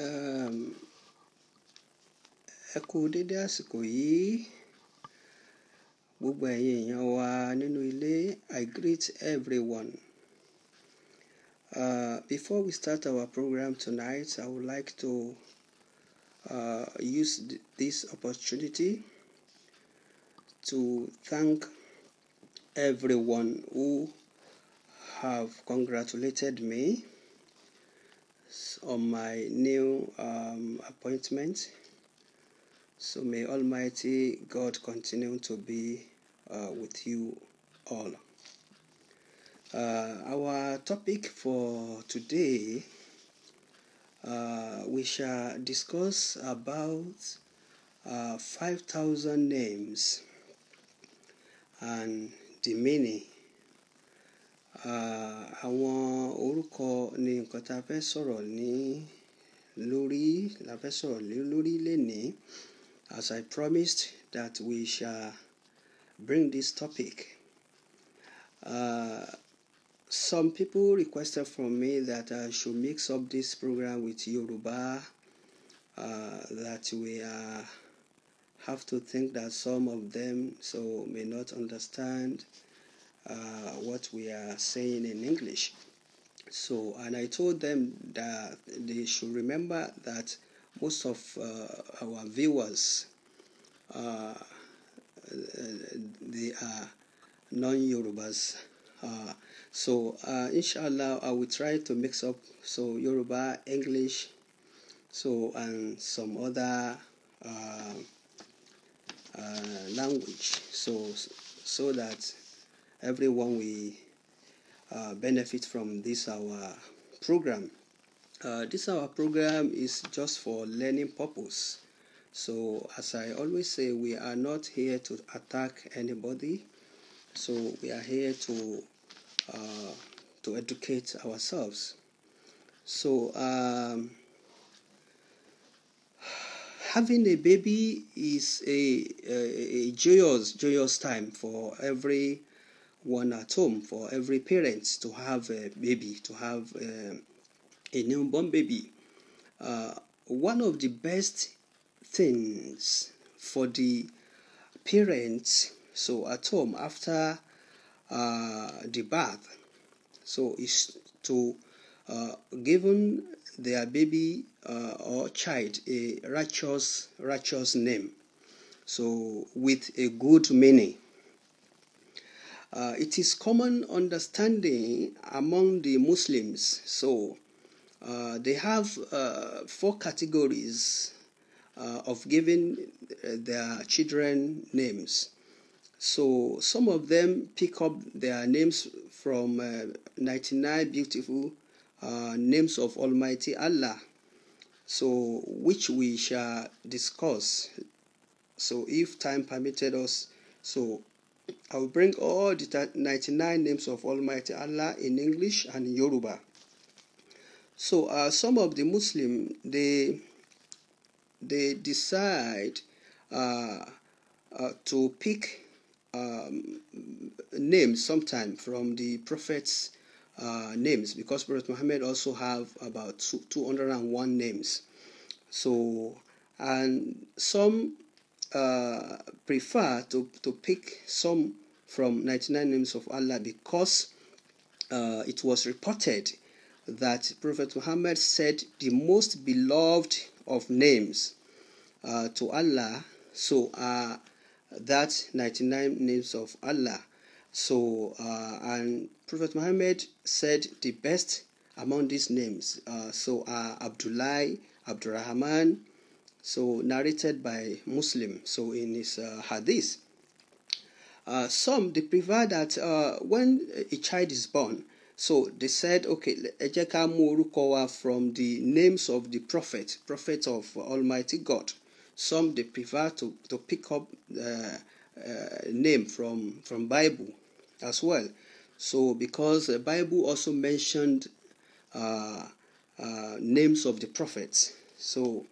Ehm, ẹ dédé àsìkò yìí gbogbo ẹ̀yin èèyàn wa nínú ilé I greet everyone. Uh, before we start our program tonight, I would like to uh, use th this opportunity to thank everyone who have congratulated me on my new um, appointment. So may Almighty God continue to be uh, with you all. Uh, our topic for today, uh, we shall discuss about uh, 5,000 names and the meaning àwọn orúkọ ni nǹkan tá a fẹ́ sọ̀rọ̀ ní lórí la fẹ́ sọ̀rọ̀ lórí lénìí as I promised that we shall bring this topic. Uh, some people requested from me that I should mix up this program with Yoruba uh, that we uh, have to think that some of them so may not understand. uh, what we are saying in English. So, and I told them that they should remember that most of uh, our viewers uh, they are non-Yorubas. Uh, so uh, inshallah, I will try to mix up so Yoruba, English, so and some other uh, uh, language. So so that everyone will uh, benefit from this our program. Uh, this our program is just for learning purpose. So as I always say, we are not here to attack anybody. So we are here to uh, to educate ourselves. So um, having a baby is a, a, a joyous joyous time for every one at home for every parent to have a baby, to have a, uh, a newborn baby. Uh, one of the best things for the parents, so at home after uh, the birth, so is to uh, given their baby uh, or child a righteous righteous name, so with a good meaning. Uh, it is common understanding among the Muslims. So uh, they have uh, four categories uh, of giving uh, their children names. So some of them pick up their names from uh, 99 beautiful names of Almighty Allah. So which we shall discuss. So if time permitted us, so I will bring all the 99 names of Almighty Allah in English and in Yoruba. So uh, some of the Muslim they they decide uh, uh, to pick um, names sometime from the prophets' uh, names because Prophet Muhammad also have about two hundred and one names. So and some uh, prefer to, to pick some from 99 names of Allah because uh, it was reported that Prophet Muhammad said the most beloved of names uh, to Allah so are uh, that 99 names of Allah so uh, and Prophet Muhammad said the best among these names so are Abdullah Abdurrahman so narrated by Muslim, so in his uh, hadith. Uh, some they prefer that uh, when a child is born, so they said, okay, ejeka murukowa from the names of the prophet, prophet of Almighty God. Some they prefer to, to pick up uh, uh name from from Bible as well. So because the Bible also mentioned uh, uh, names of the prophets, so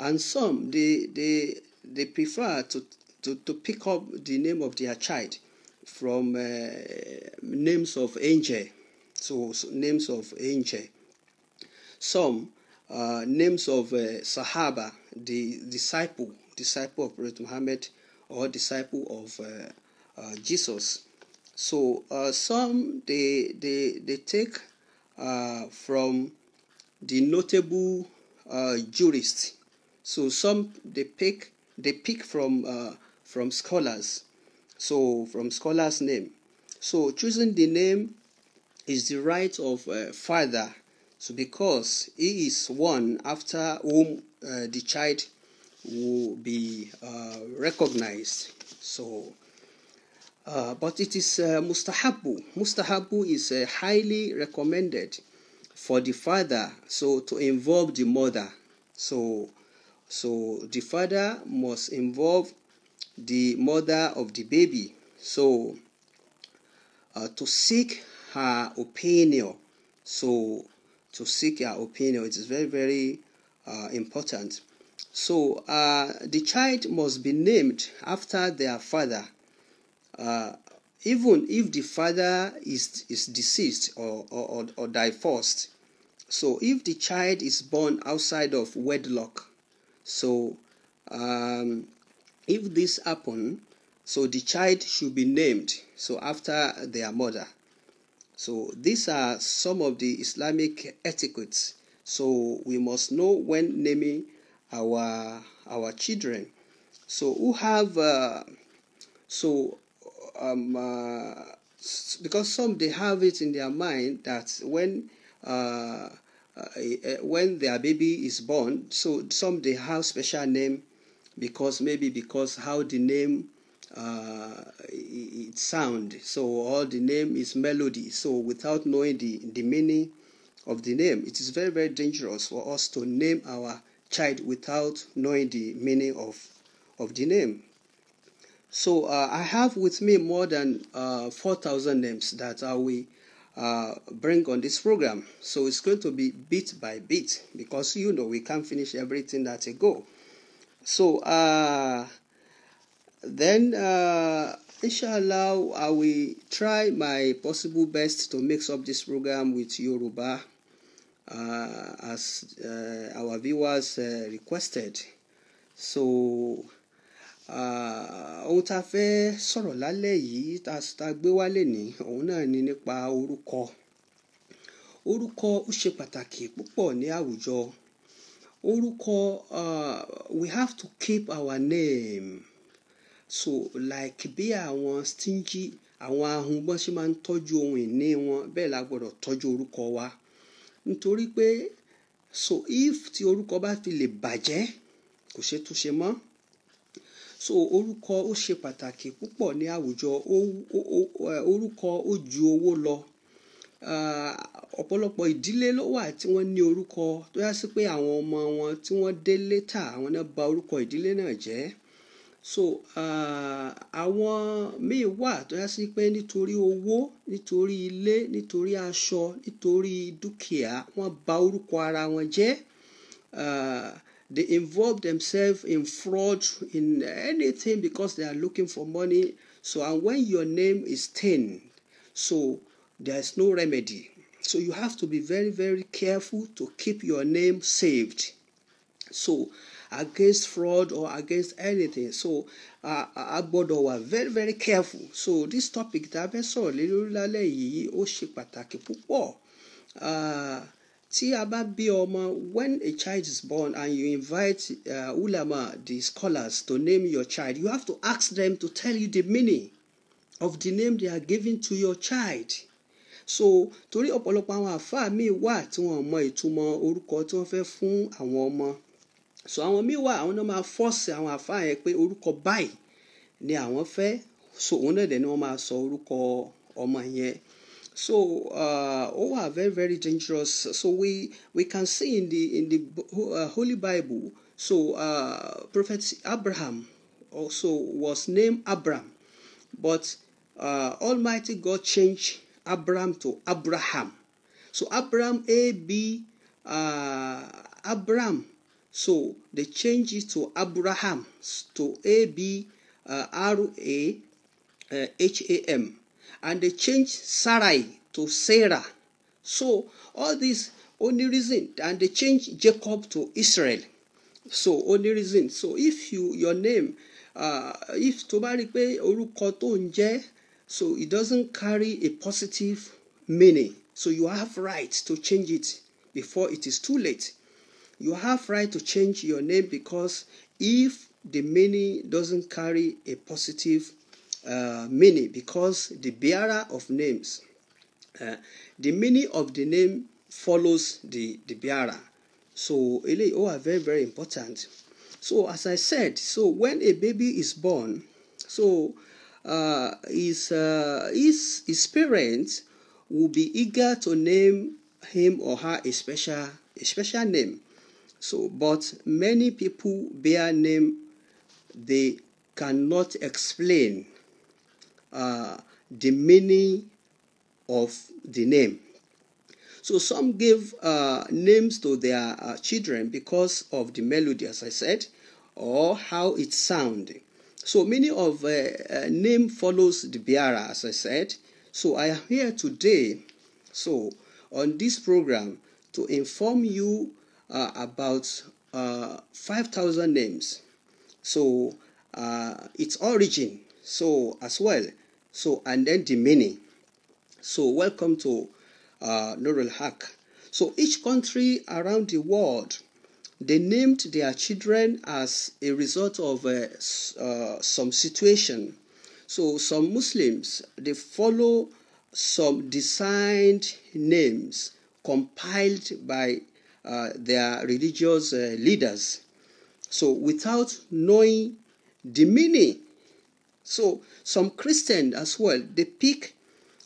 and some they they they prefer to to, to pick up the name of their child from uh, names of angel so, so, names of angel some uh, names of uh, sahaba the disciple disciple of prophet muhammad or disciple of uh, uh, jesus so uh, some they they they take from the notable jurists so some they pick they pick from uh, from scholars, so from scholars' name. So choosing the name is the right of a father, so because he is one after whom uh, the child will be uh, recognized. So. Uh, but it is uh, mustahabu. Mustahabu is uh, highly recommended for the father, so to involve the mother. So so the father must involve the mother of the baby. So uh, to seek her opinion. So to seek her opinion, it is very, very uh, important. So uh, the child must be named after their father, uh, even if the father is is deceased or, or, or divorced. So if the child is born outside of wedlock, so um, if this happen, so the child should be named. So after their mother. So these are some of the Islamic etiquettes. So we must know when naming our our children. So who have uh, so um, uh, because some they have it in their mind that when uh, uh, eh, when their baby is born. So some they have special name because maybe because how the name uh, it sound. So all the name is melody. So without knowing the, the meaning of the name, it is very very dangerous for us to name our child without knowing the meaning of of the name. So uh, I have with me more than uh, four thousand names that I uh, will uh, bring on this program. So it's going to be bit by bit because you know we can't finish everything that a go. So uh, then, uh, inshallah, I will try my possible best to mix up this program with Yoruba uh, as uh, our viewers uh, requested. So ohun tá a fẹ́ sọ̀rọ̀ lálẹ́ yìí tá a gbé wálé ní òun náà ni nípa orúkọ orúkọ ó ṣe pàtàkì púpọ̀ ní àwùjọ orúkọ we have to keep our name so like bí àwọn stingy àwọn ahun bọ́n ṣe máa ń tọ́jú ohun ìní wọn bẹ́ẹ̀ la gbọ́dọ̀ tọ́jú orúkọ wa nítorí pé so if ti orúkọ bá fi lè bàjẹ́ kò ṣe túnṣe mọ́ so orúkọ ó ṣe pàtàkì púpọ̀ ní àwùjọ orúkọ ó ju owó lọ ọ̀pọ̀lọpọ̀ ìdílé ló wà tí wọ́n ní orúkọ tó yá sí pé àwọn ọmọ wọn tí wọ́n dé létà àwọn náà ba orúkọ ìdílé náà jẹ́ so àwọn míì wà tó yá sí pé nítorí owó nítorí ilé nítorí aṣọ nítorí dúkìá wọ́n ba orúkọ ara wọn jẹ́. Uh, They involve themselves in fraud, in anything because they are looking for money. So, and when your name is stained, so there's no remedy. So, you have to be very, very careful to keep your name saved. So, against fraud or against anything. So, a gbọ́dọ̀ wà very, very careful. So, this topic tá a fẹ́ sọ̀rọ̀ lé lórí lálẹ́ yìí ó ṣe pàtàkì púpọ̀. Uh, tí a bá bí ọmọ when a child is born and you invite uh, ulama the scholars to name your child you have to ask them to tell you the meaning of the name they are giving to your child so torí ọ̀pọ̀lọpọ̀ àwọn àfáà míì wà tí wọ́n mọ ìtumọ̀ orúkọ tí wọ́n fẹ́ fún àwọn ọmọ so àwọn míì wà àwọn náà máa fọ́ọ̀sì àwọn àfáà yẹn pé orúkọ báyìí ni àwọn fẹ́ so òun náà dẹ̀ ni wọ́n máa sọ orúkọ ọmọ yẹn so uh, all are very very dangerous so we we can see in the in the uh, holy bible so uh, prophet abraham also was named abram but uh, almighty god changed abram to abraham so abram a b uh, abram so they changed it to abraham to a b uh, r a h a m and they changed Sarai to Sarah. So all this only reason, and they changed Jacob to Israel. So only reason. So if you your name, uh, if tó bá rí so it doesn't carry a positive meaning. So you have right to change it before it is too late. You have right to change your name because if the meaning doesn't carry a positive uh, meaning because the bearer of names, uh, the meaning of the name follows the, the bearer. So, they all are very very important. So, as I said, so when a baby is born, so uh, his, uh, his, his parents will be eager to name him or her a special, a special name. So, but many people bear name they cannot explain uh, the meaning of the name. So some give uh, names to their uh, children because of the melody, as I said, or how it sounds. So many of uh, uh, name follows the bearer, as I said. So I am here today, so on this program, to inform you uh, about uh, 5,000 names. So its origin, so as well so, and then the meaning. So, welcome to uh, Nurul Hack. So, each country around the world, they named their children as a result of uh, uh, some situation. So, some Muslims, they follow some designed names compiled by uh, their religious uh, leaders. So, without knowing the meaning so some Christians as well, they pick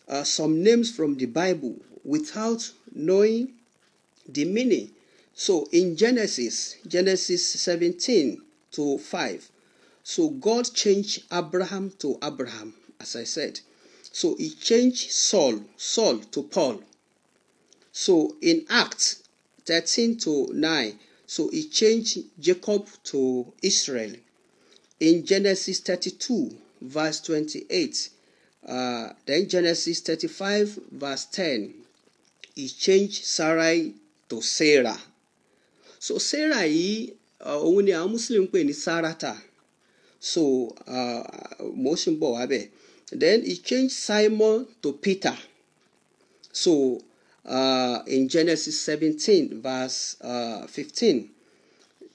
uh, some names from the Bible without knowing the meaning. So in Genesis, Genesis 17 to 5, so God changed Abraham to Abraham, as I said. So he changed Saul, Saul to Paul. So in Acts 13 to 9, so he changed Jacob to Israel. In Genesis 32 verse 28. Uh, then Genesis 35, verse 10. He changed Sarai to Sarah. So Sarah yìí uh, òun ni àwọn Muslim pè ní Sarata. So uh, mo ṣì Then he changed Simon to Peter. So uh, in Genesis 17, verse uh, 15,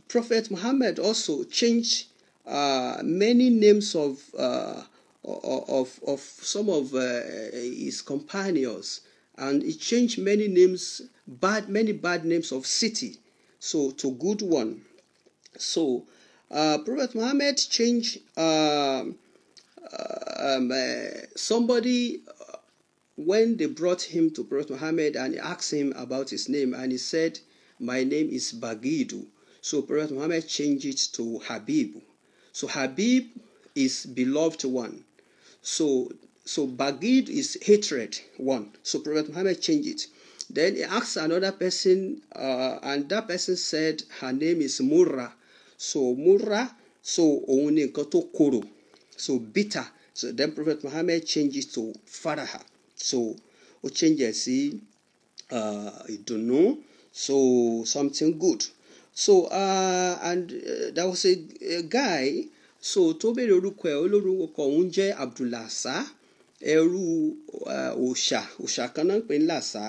Prophet Muhammad also changed uh, many names of, uh, of, of some of uh, his companions, and he changed many names, bad, many bad names of city, so to good one. So uh, Prophet Muhammad changed uh, um, uh, somebody when they brought him to Prophet Muhammad and asked him about his name, and he said, My name is Bagidu. So Prophet Muhammad changed it to Habibu. So Habib is beloved one. So so Bagid is hatred one. So Prophet Muhammad changed it. Then he asked another person, uh, and that person said her name is Murra. So Murra, so Ouni Koto kuru. So bitter. So then Prophet Muhammad changes to Faraha. So o changes see uh, I don't know. So something good. so uh, and uh, there was a, a guy so tó béèrè orúkọ ẹ̀ olórúkọ òun jẹ́ Abdulasa ẹrú uh, òòṣà òòṣà kan náà ń pè ní Lasa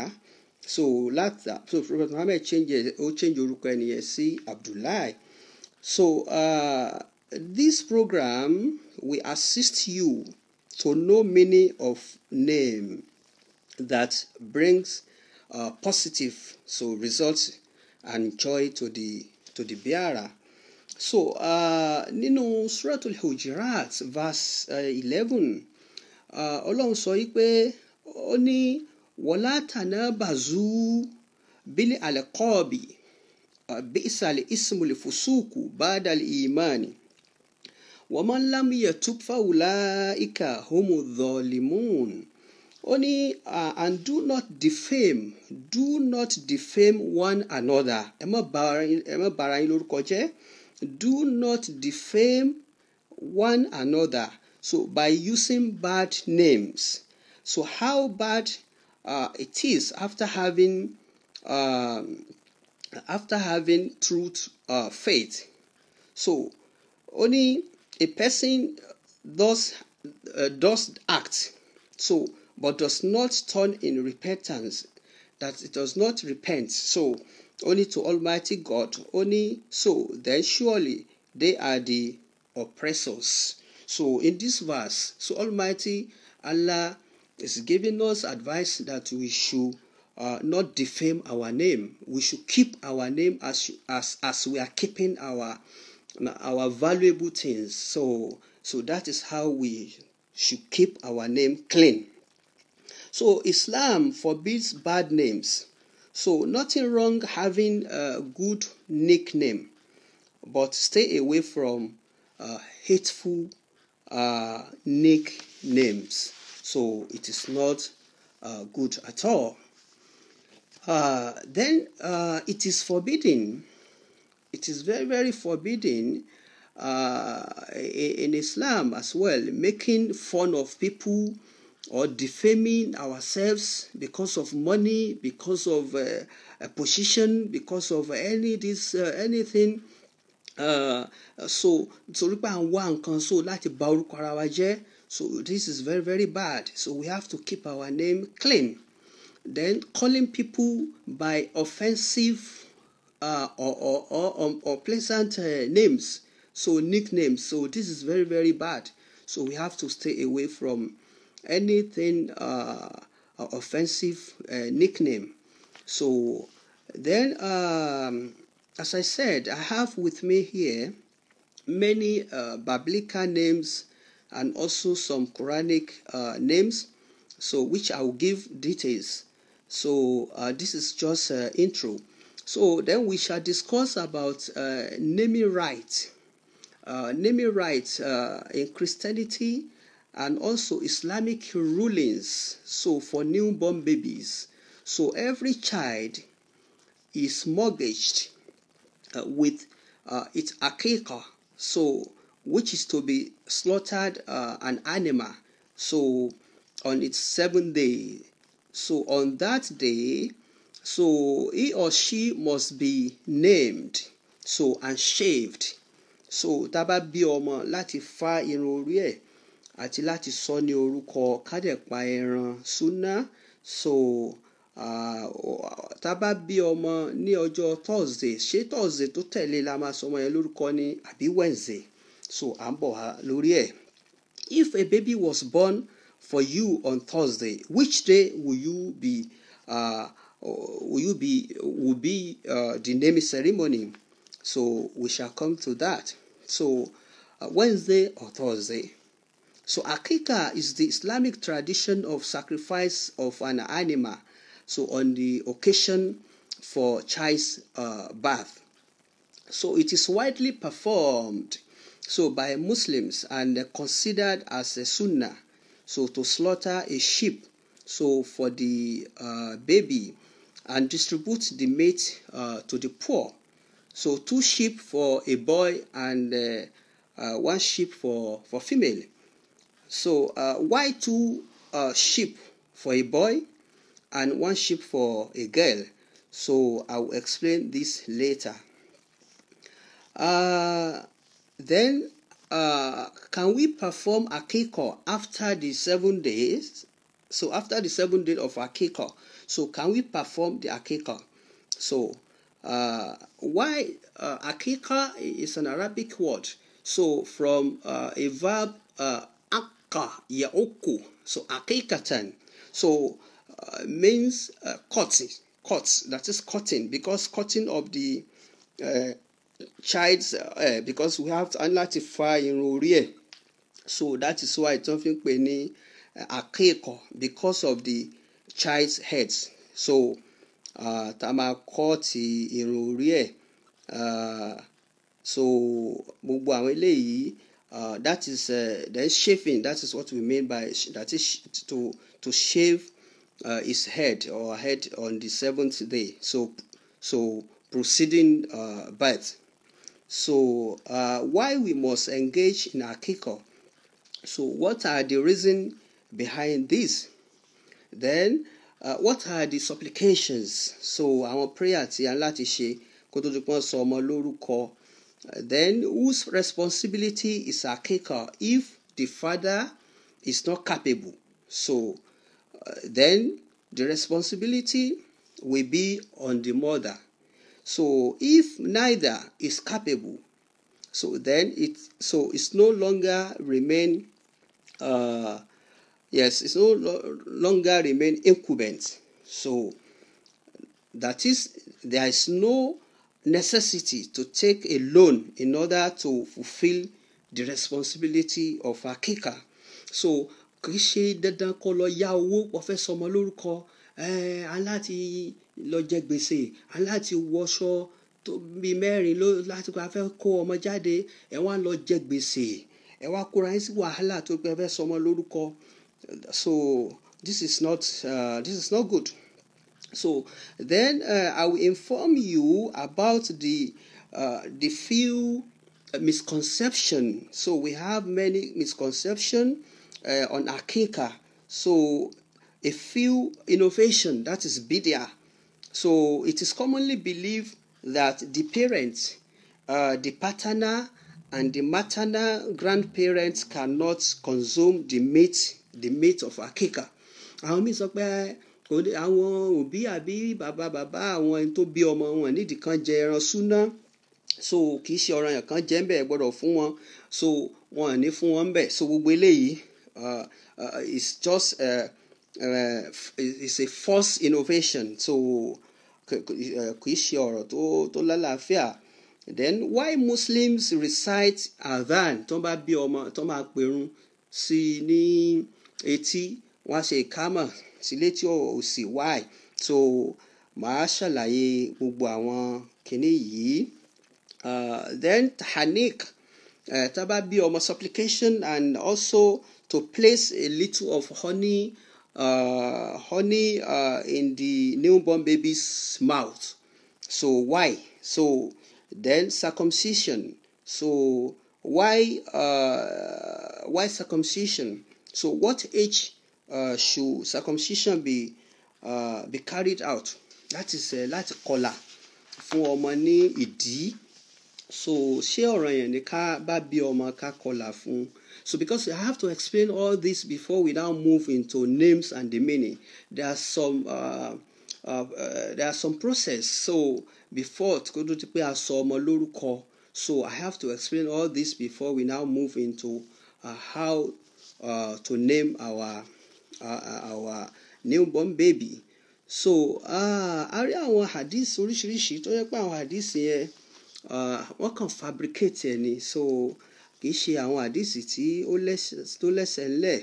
so láta so Prophet Muhammad change ó change orúkọ ẹ̀ nìyẹn sí Abdullahi so uh, this program will assist you to know many of name that brings uh, positive so results and joy to the to the bearer. So uh, nínú Suratul Hujurat verse uh, eleven uh, Ọlọ́run sọ yìí pé ó ní wala tanabazu bil alqabi bi'sal ismul fusuku ba'dal imani wa man lam yatub fa ulaika the dhalimun. ó ní uh, and do not defame do not defame one another ẹ má bara yín lórúkọ jẹ́ do not defame one another so by using bad names so how bad uh, it is after having um, after having truth uh, faith so only a person does uh, does act so but does not turn in repentance, that it does not repent, so only to Almighty God, only so, then surely they are the oppressors. So in this verse, so Almighty Allah is giving us advice that we should uh, not defame our name. We should keep our name as as as we are keeping our our valuable things. So so that is how we should keep our name clean. So Islam forbids bad names. So nothing wrong having a good nickname, but stay away from uh, hateful uh, nicknames. So it is not uh, good at all. Uh, then uh, it is forbidden. It is very very forbidden uh, in Islam as well, making fun of people or defaming ourselves because of money, because of uh, a position, because of any this uh, anything. Uh, so torí pé so so this is very very bad so we have to keep our name clean then calling people by offensive uh, or, or, or, or pleasant uh, names so nicknames so this is very very bad so we have to stay away from anything uh, offensive uh, nickname. So then, um, as I said, I have with me here many uh, biblical names and also some Quranic uh, names, so which I will give details. So uh, this is just uh, intro. So then we shall discuss about uh, naming rights. Uh, naming rights uh, in Christianity and also Islamic rulings. So for newborn babies, so every child is mortgaged uh, with uh, its akika, so which is to be slaughtered uh, an animal. So on its seventh day, so on that day, so he or she must be named, so and shaved. So taba bá bí ọmọ láti fá àti láti sọ ní orúkọ kádẹ̀pa ẹran súná so tá a bá bí ọmọ ní ọjọ́ thursday ṣé thursday tó tẹ̀lé la máa sọ ọmọ yẹn lórúkọ ni àbí wednesday so à ń bọ̀ wá lórí ẹ̀ if a baby was born for you on thursday which day will you be uh, will you be will be uh, the naming ceremony so we shall come to that so uh, wednesday or thursday. So akika is the Islamic tradition of sacrifice of an animal. So on the occasion for child's uh, birth. So it is widely performed so by Muslims and considered as a sunnah. So to slaughter a sheep so for the uh, baby and distribute the meat uh, to the poor. So two sheep for a boy and uh, uh, one sheep for, for female. So uh, why two uh, sheep for a boy and one sheep for a girl? So I will explain this later. Uh, then uh, can we perform a kiko after the seven days? So after the seven days of akiko, so can we perform the akiko? So uh, why uh, akika is an Arabic word? So from uh, a verb uh, ka yaoku. So akikatan. So uh, means uh, cotton. cut that is cutting because cutting of the uh, child's uh, eh, because we have to láti in irun orí so that is why tí wọ́n fi ń uh, because of the child's heads. so uh, tama a in kọ́ ti uh, so gbogbo àwọn eléyìí. Uh, that is uh, there is shaving. That is what we mean by that is to to shave uh, his head or head on the seventh day. So so proceeding uh, birth. So uh, why we must engage in akiko? So what are the reason behind this? Then uh, what are the supplications? So our prayer ti a láti ṣe kó tó di pọ́n sọ ko then whose responsibility is a kicker? if the father is not capable so uh, then the responsibility will be on the mother so if neither is capable so then it so it's no longer remain uh, yes it's no lo- longer remain incumbent so that is there is no necessity to take a loan in order to fulfil the responsibility of her akika so kì í ṣe dandan kó lọ yá owó wọ́n fẹ́ sọmọ lórúkọ eh, aláti lọ jẹ gbèsè aláti wọṣọ tó bíi mẹ́rin ló láti kó afẹ́ kó ọmọ jáde ẹ wá lọ jẹ gbèsè ẹ wá kóra yín sí wàhálà tó pé fẹ́ sọmọ lórúkọ so this is not uh, this is not good. So then uh, I will inform you about the uh, the few uh, misconception. So we have many misconception uh, on Akinka. So a few innovation that is bidia. So it is commonly believed that the parents, uh, the paternal and the maternal grandparents cannot consume the meat, the meat of Akika. sọ àwọn òbí àbí bàbá bàbá àwọn ẹni tó bí ọmọ wọn nídìí kan jẹ ẹran súná so kì í ṣe ọ̀ràn yẹn kan jẹ́ ń bẹ̀ gbọ́dọ̀ fún wọn so wọn ò ní fún wọn bẹ̀ so gbogbo eléyìí uh, uh it's just uh, uh, it's a false innovation so uh, kì í ṣe ọ̀rọ̀ tó tó lálàáfíà then why Muslims recite adhan tó bá bí ọmọ tó máa pèrun sí ní etí wọ́n á ṣe ìkámà sílé tí ò sí why so màá ṣàlàyé gbogbo àwọn kinní yìí uh, then tahanik uh, tábà bí ọmọ supplication and also to place a little of honey uh, honey uh, in the newborn baby's mouth so why so then circumcision so why uh, why circumcision so what age Uh, should circumcision be uh, be carried out that is uh, láti kọlà fún ọmọ ní ìdí so ṣé ọ̀ràn yẹn ni ká bá bí ọmọ ká kọlà fún so because I have to explain all this before we now move into names and the meaning there are some uh, uh, uh, there are some process so before kó tó ti pé a sọ ọmọ lórúkọ so I have to explain all this before we now move into uh, how uh, to name our. Uh, uh, our newborn baby so uh, a rí àwọn hadith oríṣiríṣi tó yẹ pé àwọn hadith yẹn wọ́n kàn fabricate ẹ̀ ni so kìí ṣe àwọn hadith tí ó lẹ́sẹ̀ ńlẹ̀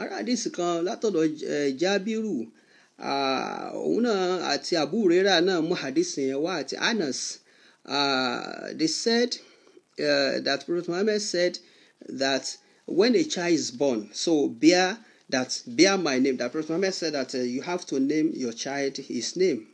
ara hadith kan látọ̀dọ̀ jábírù òun náà àti Abu Hurairah náà mú hadith yẹn wá àti Anas uh, they said uh, that Prophet Muhammad said that when a child is born, so bear that bear my name. That Prophet Muhammad said that uh, you have to name your child his name.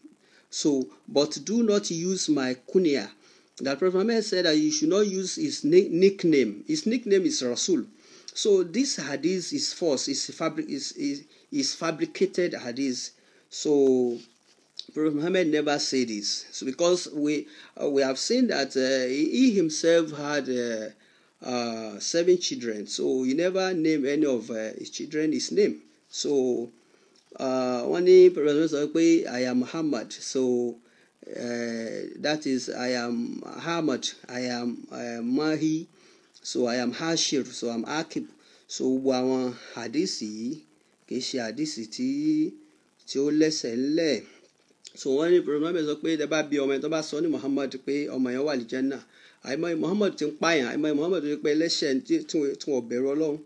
So, but do not use my kunya. That Prophet Muhammad said that you should not use his ni- nickname. His nickname is Rasul. So this hadith is false. It's fabric is is fabricated hadith. So Prophet Muhammad never said this. So because we uh, we have seen that uh, he himself had uh, uh, seven children. So he never named any of uh, his children his name. So one uh, ní pẹ̀lú sọ pé I am Muhammad so uh, that is I am Muhammad I am uh, Mahi so I am Hashir so I am Akib so gbogbo àwọn hadisi yìí hadisi tí tí ó lẹ́sẹ̀ ńlẹ̀ so wọ́n ní pẹ̀lú sọ pé tẹ́ bá bí ọmọ yẹn tó bá sọ ní Muhammad pé ọmọ yẹn wà ní Jannah àìmọye Muhammad ti ń pààyàn àìmọye Muhammad ti pẹ́ ẹlẹ́ṣẹ̀ tí wọ́n bẹ̀rù Ọlọ́run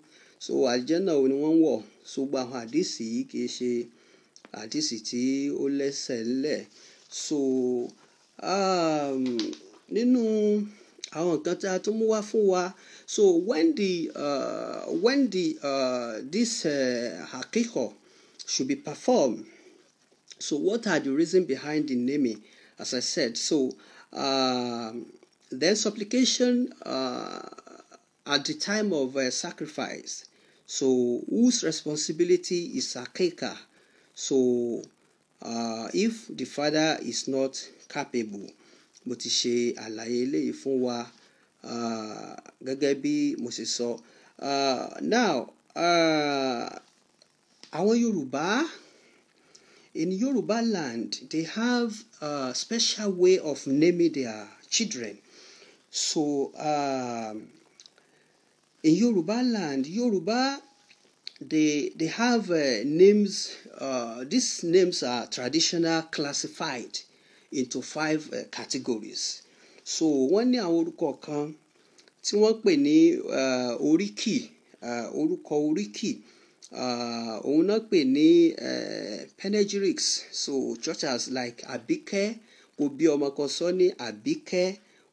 so àlìjẹ́nà wo ni wọ́n ń wọ̀ so gba àwọn àdìsí yìí kì í ṣe àdìsí tí ó lẹ́sẹ̀ ńlẹ̀ so um, nínú àwọn nǹkan tí a tún mú wá fún wa so when the uh, when the uh, this uh, hakiko should be performed so what are the reason behind the naming as I said so um, Then supplication uh, at the time of uh, sacrifice. So whose responsibility is Akeka? So uh, if the father is not capable, mo ti ṣe àlàyé eléyìí fún wa gẹ́gẹ́ bí mo ṣe sọ. now àwọn uh, Yorùbá in Yoruba land they have a special way of naming their children So, um, in Yoruba land, Yoruba, they, they have uh, names, uh, these names are traditional classified into five uh, categories. So, wọ́n ní àwọn orúkọ kan tí wọ́n pè ní uh, oríkì, uh, orúkọ oríkì, uh, òun náà pè ní panegyrics, so churches like Abike, kò bí ọmọ kan sọ ní Àbíkẹ́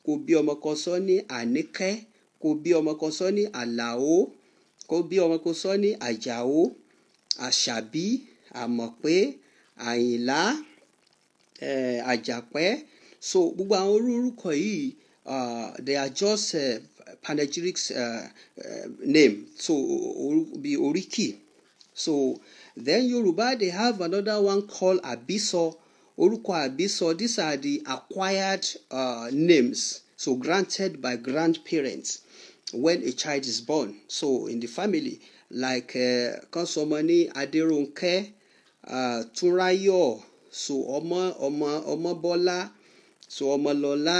kó bí ọmọ kan sọ ní àníkẹ́ kó bí ọmọ kan sọ ní àlàó kó bí ọmọ kan sọ ní àjàó àṣàbí àmọ̀pé àyìnlá eh, àjàpẹ́ so gbogbo àwọn orúkọ yìí ah, they are just uh, panegyric uh, uh, name so or, oríkì so then Yorùbá they have another one called Abiso orúkọ àbísọ these are the acquired uh, names so granted by grandparents when a child is born so in the family like uh, kan sọ ọmọ ní adéròǹkẹ́ uh, túnráyọ̀ so ọmọ ọmọ ọmọbọ́lá so ọmọlọ́lá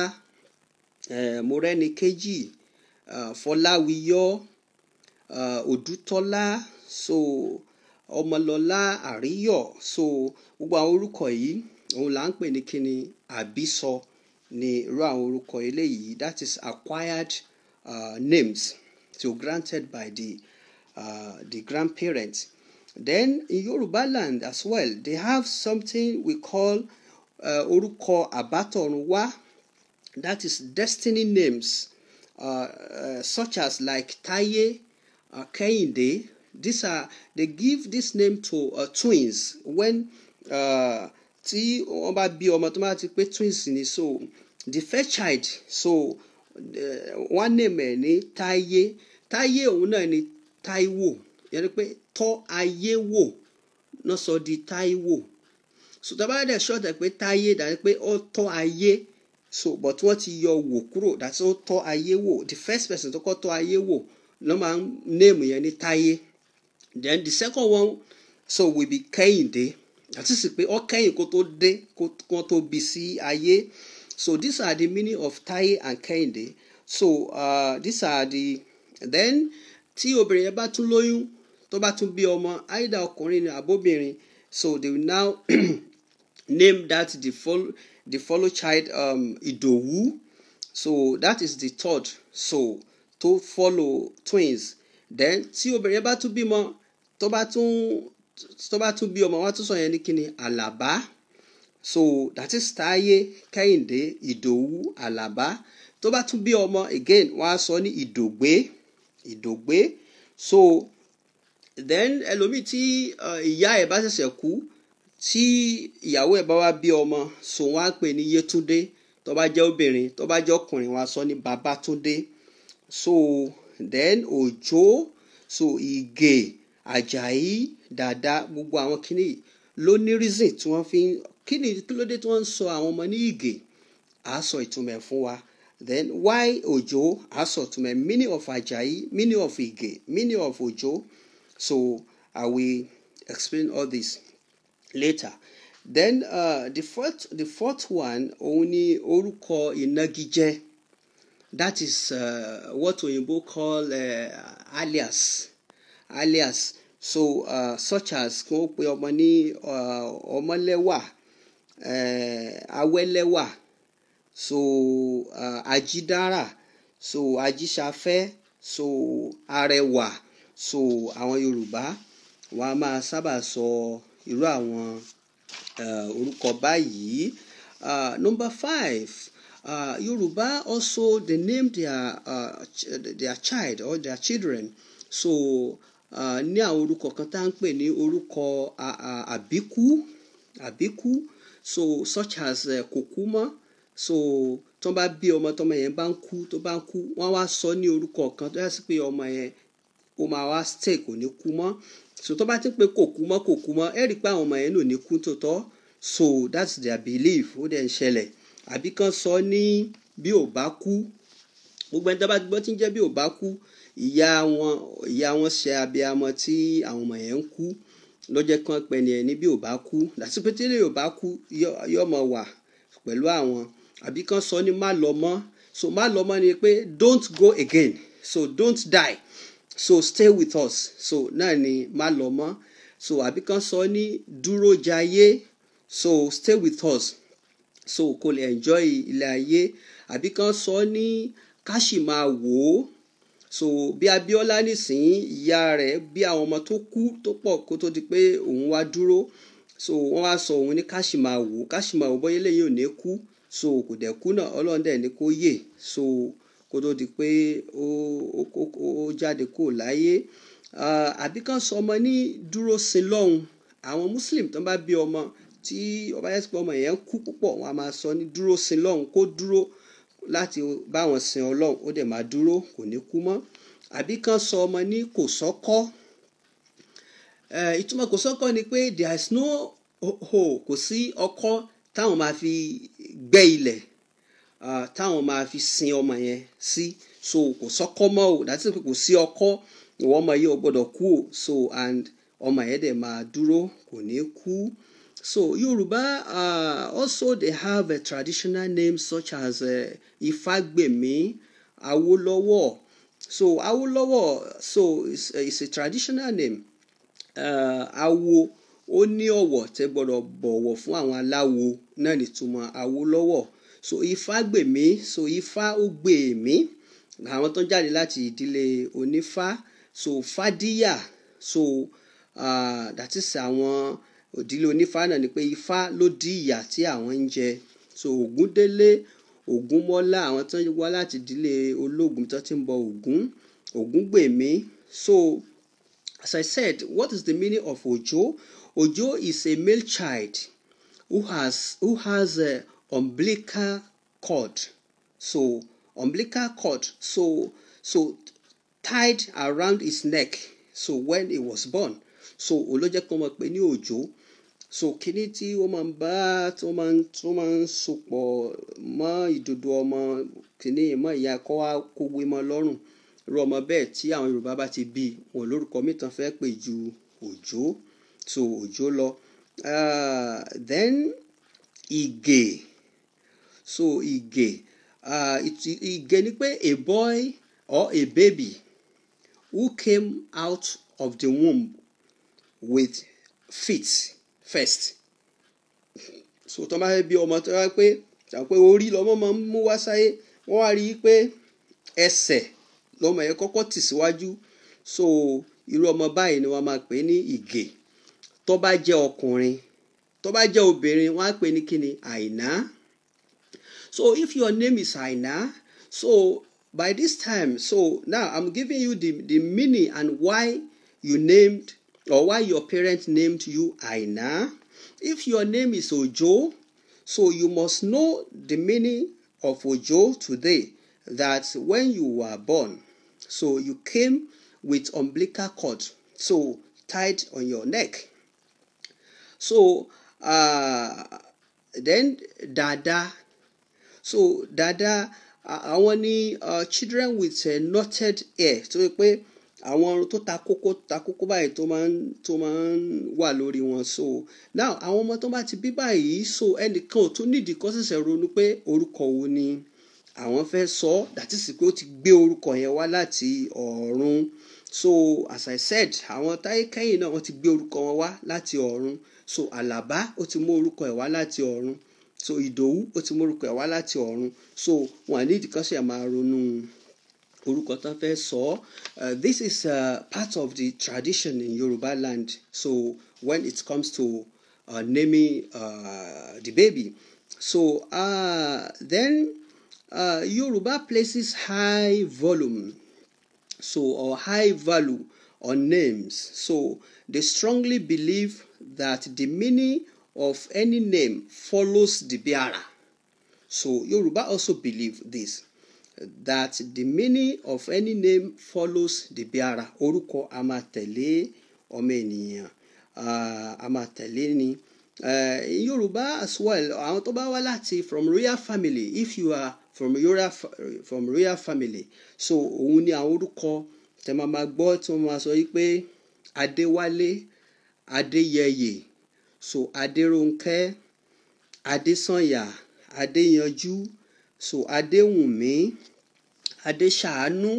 uh, mọrẹ́nikẹ́jì fọláwiyọ́ òdútọ́lá so ọmọlọ́lá àríyọ̀ so gbogbo àwọn orúkọ yìí òun là ń pè ní kíni àbísọ ní irú àwọn orúkọ eléyìí that is acquired uh, names so granted by the uh, the grandparents then in Yoruba land as well they have something we call uh, orúkọ àbátọ̀runwá that is destiny names uh, uh, such as like Taye uh, Kehinde these are they give this name to uh, twins when uh, tí wọ́n bá bí ọmọ tó bá ti pé twins ni so the first child so wọ́n eh, nèmẹ̀ ní táyé táyé òun náà ni táíwò yẹn ni pé tọ́ ayé wò náà sọ di táíwò so tá a bá dẹ̀ ṣọ́ọ̀tẹ̀ pé táyé dàbí pé ó tọ́ ayé so but wọ́n ti yọ wò kúrò dàtí ó tọ́ ayé wò the first person tó kọ́ tọ́ ayé wò ló máa ń néèmù yẹn ní táyé then the second one so will be kẹ́hìndé àti sì pé ọkẹyìn kó tó dé kó tó bí sí ayé so these are the meaning of Táyé and Kẹ́hìndé so uh, these are the then tí obìnrin yẹn bá tún lóyún tó bá tún bí ọmọ àìdá ọkùnrin ni àbóbìnrin so they will now name that the follow the follow child um, Ìdòwú so that is the third so to follow twins then tí obìnrin yẹn bá tún bímọ tó bá tún tó bá tún bí ọmọ wọn tún sọ yẹn ní kíni alaba. so that is táyé kẹ́hìndé ìdòwú àlàbá tó bá tún bí ọmọ again wọn á sọ ní ìdògbé ìdògbé so then ẹlòmíì tí ìyá ẹ̀ bá ṣẹ̀ṣẹ̀ kú tí ìyàwó ẹ̀ bá wá bí ọmọ so wọn á pè ní yétúndé tó bá jẹ́ obìnrin tó bá jẹ́ ọkùnrin wọn á sọ ní babátúndé so then òjó so ìgè. So, Àjàyí dada gbogbo àwọn kinní yìí ló ní reason tí wọ́n fi ń kíni kí ló dé tí wọ́n sọ àwọn ọmọ ní Ìgè à sọ ìtumọ̀ fún wa then why Òjó à sọ ìtumọ̀ meaning of Àjàyí meaning of Ìgè meaning of Òjó so I will explain all this later then uh, the fourth the fourth one òun ni orúkọ ìnagijẹ that is uh, what oyinbo call uh, alias alias so uh, such as kí wọ́n pe ọmọ ní uh, ọmọlẹ́wà uh, awẹ́lẹ́wà so uh, ajídára so ajíṣafẹ́ so arẹwà so àwọn yorùbá wọn a máa sábà sọ irú àwọn uh, orúkọ báyìí uh, number five uh, yorùbá also they name their uh, ch their child or their children so ní àwọn orúkọ kan tá à ń pè ní orúkọ àbíkú àbíkú so such as uh, so tó bá bí ọmọ tọmọ yẹn bá ń kú tó bá ń kú wọ́n wá sọ ní orúkọ kan tó yẹ sí pé ọmọ yẹn ó máa wá stay kò ní kú mọ́ so tó bá ti pé kòkúmọ́ kòkúmọ́ ẹ rí i pé àwọn ọmọ yẹn ló ní kú tó tọ́ so that's their belief ó dẹ̀ ń ṣẹlẹ̀ àbí kan sọ ní bí ò bá kú gbogbo ẹni tó bá gbọ́ ń jẹ́ bí ò bá kú ìyá wọn ìyá wọn ṣe abiyamọ tí àwọn ọmọ yẹn ń kú lọ́jọ́ kan pẹ́ ni ẹni bí ò bá kú làtúpẹ́tẹ́lẹ̀ ò bá kú yọ mọ wà pẹ̀lú àwọn àbí kan sọ ní má lọ mọ́ so má lọ mọ́ ni pé don't go again so don't die so stay with us so náà ni má lọ mọ́ so àbí kan sọ ní dúró jayé so stay with us so kò lè enjoy ilé ayé àbí kan sọ ní ká sì máa wò ó so bí Abíọ́lá nìsín ìyá rẹ̀ bí àwọn ọmọ tó kú tó pọ̀ kó tó di pé òun wá dúró so wọ́n wá sọ òun ní káṣímáwò káṣímáwò bóyá eléyìí ò kú so kò dẹ̀ kú náà ọlọ́run dẹ̀ ní yè so kó tó di pé ó ó ó jáde kó láyé àbí kan sọ ọmọ ní dúró sin lọ́hùn àwọn muslim tó bá bí ọmọ tí ọba yẹn ti pé ọmọ yẹn kú púpọ̀ wọn a máa sọ ní dúró sin lọ́hùn kó dúró láti bá wọn sin ọlọ́run ó dẹ̀ máa dúró kò ní kú mọ́ àbí kan sọ ọmọ ní kò sọ́kọ́ ìtumọ̀ kò sọ́kọ́ ni pé there is no hoe kò sí ọkọ́ táwọn máa fi gbẹ́ ilẹ̀ táwọn máa fi sin ọmọ yẹn sí so kò sọ́kọ́ mọ́ o dàtí pé kò sí ọkọ́ ìwọ ọmọ yìí ò gbọ́dọ̀ kú o so and ọmọ yẹn dẹ̀ máa dúró kò ní kú. So Yoruba uh, also they have a traditional name such as uh, Ifagbemi, Awolowo. So Awolowo, so uh, it's, a traditional name. Uh, Awo ó ní ọ̀wọ̀ tẹ́ gbọ́dọ̀ bọ̀wọ̀ fún àwọn aláwo náà nìtumọ̀ Awolowo. So Ifagbemi, so Ifa ó gbè mí àwọn tó ń jáde láti ìdílé onífá so Fadíyà so uh, that is àwọn. Uh, òdílé onífá náà ni pé ifá ló dí ìyà tí àwọn ń jẹ so ògúndélé ògúnmọ́lá àwọn tó wá láti ìdílé ológun tó ti ń bọ ògún ògúngbèmí so as i said what is the meaning of ojo ojo is a male child who has who has a umbilical cord so umbilical cord so so tied around his neck so when he was born so olójẹ́ kó mọ̀ pé ní òjò so kíní tí ó máa ń bá tó Ma, ń tó máa ń sopọ̀ mọ́ ìdodo ọmọ kíní mọ́ ìyá kọ́ wá kógbé mọ́ lọ́rùn irú ọmọ bẹ́ẹ̀ tí àwọn Yorùbá bá ti bí wọn lórúkọ mìtàn fẹ́ pè ju Òjó so Òjó lọ uh, then Ìgè so Ìgè uh, Ìgè ni pé a boy or a baby who came out of the womb with feet first so tó bá fẹ́ bí ọmọ tó wá pé tàbí pé orí lọ́mọ máa ń mú wá sáyé wọ́n wá rí i pé ẹsẹ̀ lọ́mọ yẹn kọ́kọ́ tì so irú ọmọ báyìí ni wọ́n máa pè ní ìgè tó bá jẹ́ ọkùnrin tó bá jẹ́ obìnrin wọ́n á pè ní kíni àìná so if your name is àìná so by this time so now i'm giving you the the meaning and why you named or why your parents named you Aina. If your name is Ojo, so you must know the meaning of Ojo today that when you were born, so you came with umbilical cord, so tied on your neck. So uh, then Dada, so Dada, uh, àwọn uh, ni uh, children with uh, knotted hair tó yẹ pé àwọn tó ta kókó ta kókó báyìí tó máa ń tó máa ń wà lórí wọn so now àwọn ọmọ tó bá ti bí báyìí so ẹnìkan ò tún nídìí kó ṣẹ̀ṣẹ̀ ronú pé orúkọ wo ni àwọn fẹ́ sọ dàtí sì pé ó ti gbé orúkọ yẹn wá láti ọ̀run so as i said àwọn táyé kẹ́yìn náà wọ́n ti gbé orúkọ wọn wá láti ọ̀run so àlàbá ó ti mú orúkọ ẹ̀ wá láti ọ̀run so ìdòwú ó ti mú orúkọ ẹ̀ wá láti ọ̀run so wọn àníjì kan ṣe máa ronú orúkọ tán fẹ́ sọ ọ́ uh, this is uh, part of the tradition in Yoruba land so when it comes to uh, naming uh, the baby so uh, then uh, Yoruba places high volume so or high value on names so they strongly believe that the meaning of any name follows the biara. so Yoruba also believe this that the meaning of any name follows the bearer orúkọ a máa tẹ̀lé ọmọ ènìyàn ah, a máa tẹ̀lé ni eh, in Yoruba as well àwọn tó bá wá láti from royal family if you are from royal from royal family so òun ni àwọn orúkọ tẹ máa máa gbọ́ tí wọ́n máa sọ yìí pé Adéwálé Adéyẹyè so Adérónkẹ́ Adésànyà Adéyanjú so Adéwùnmí adéṣàánú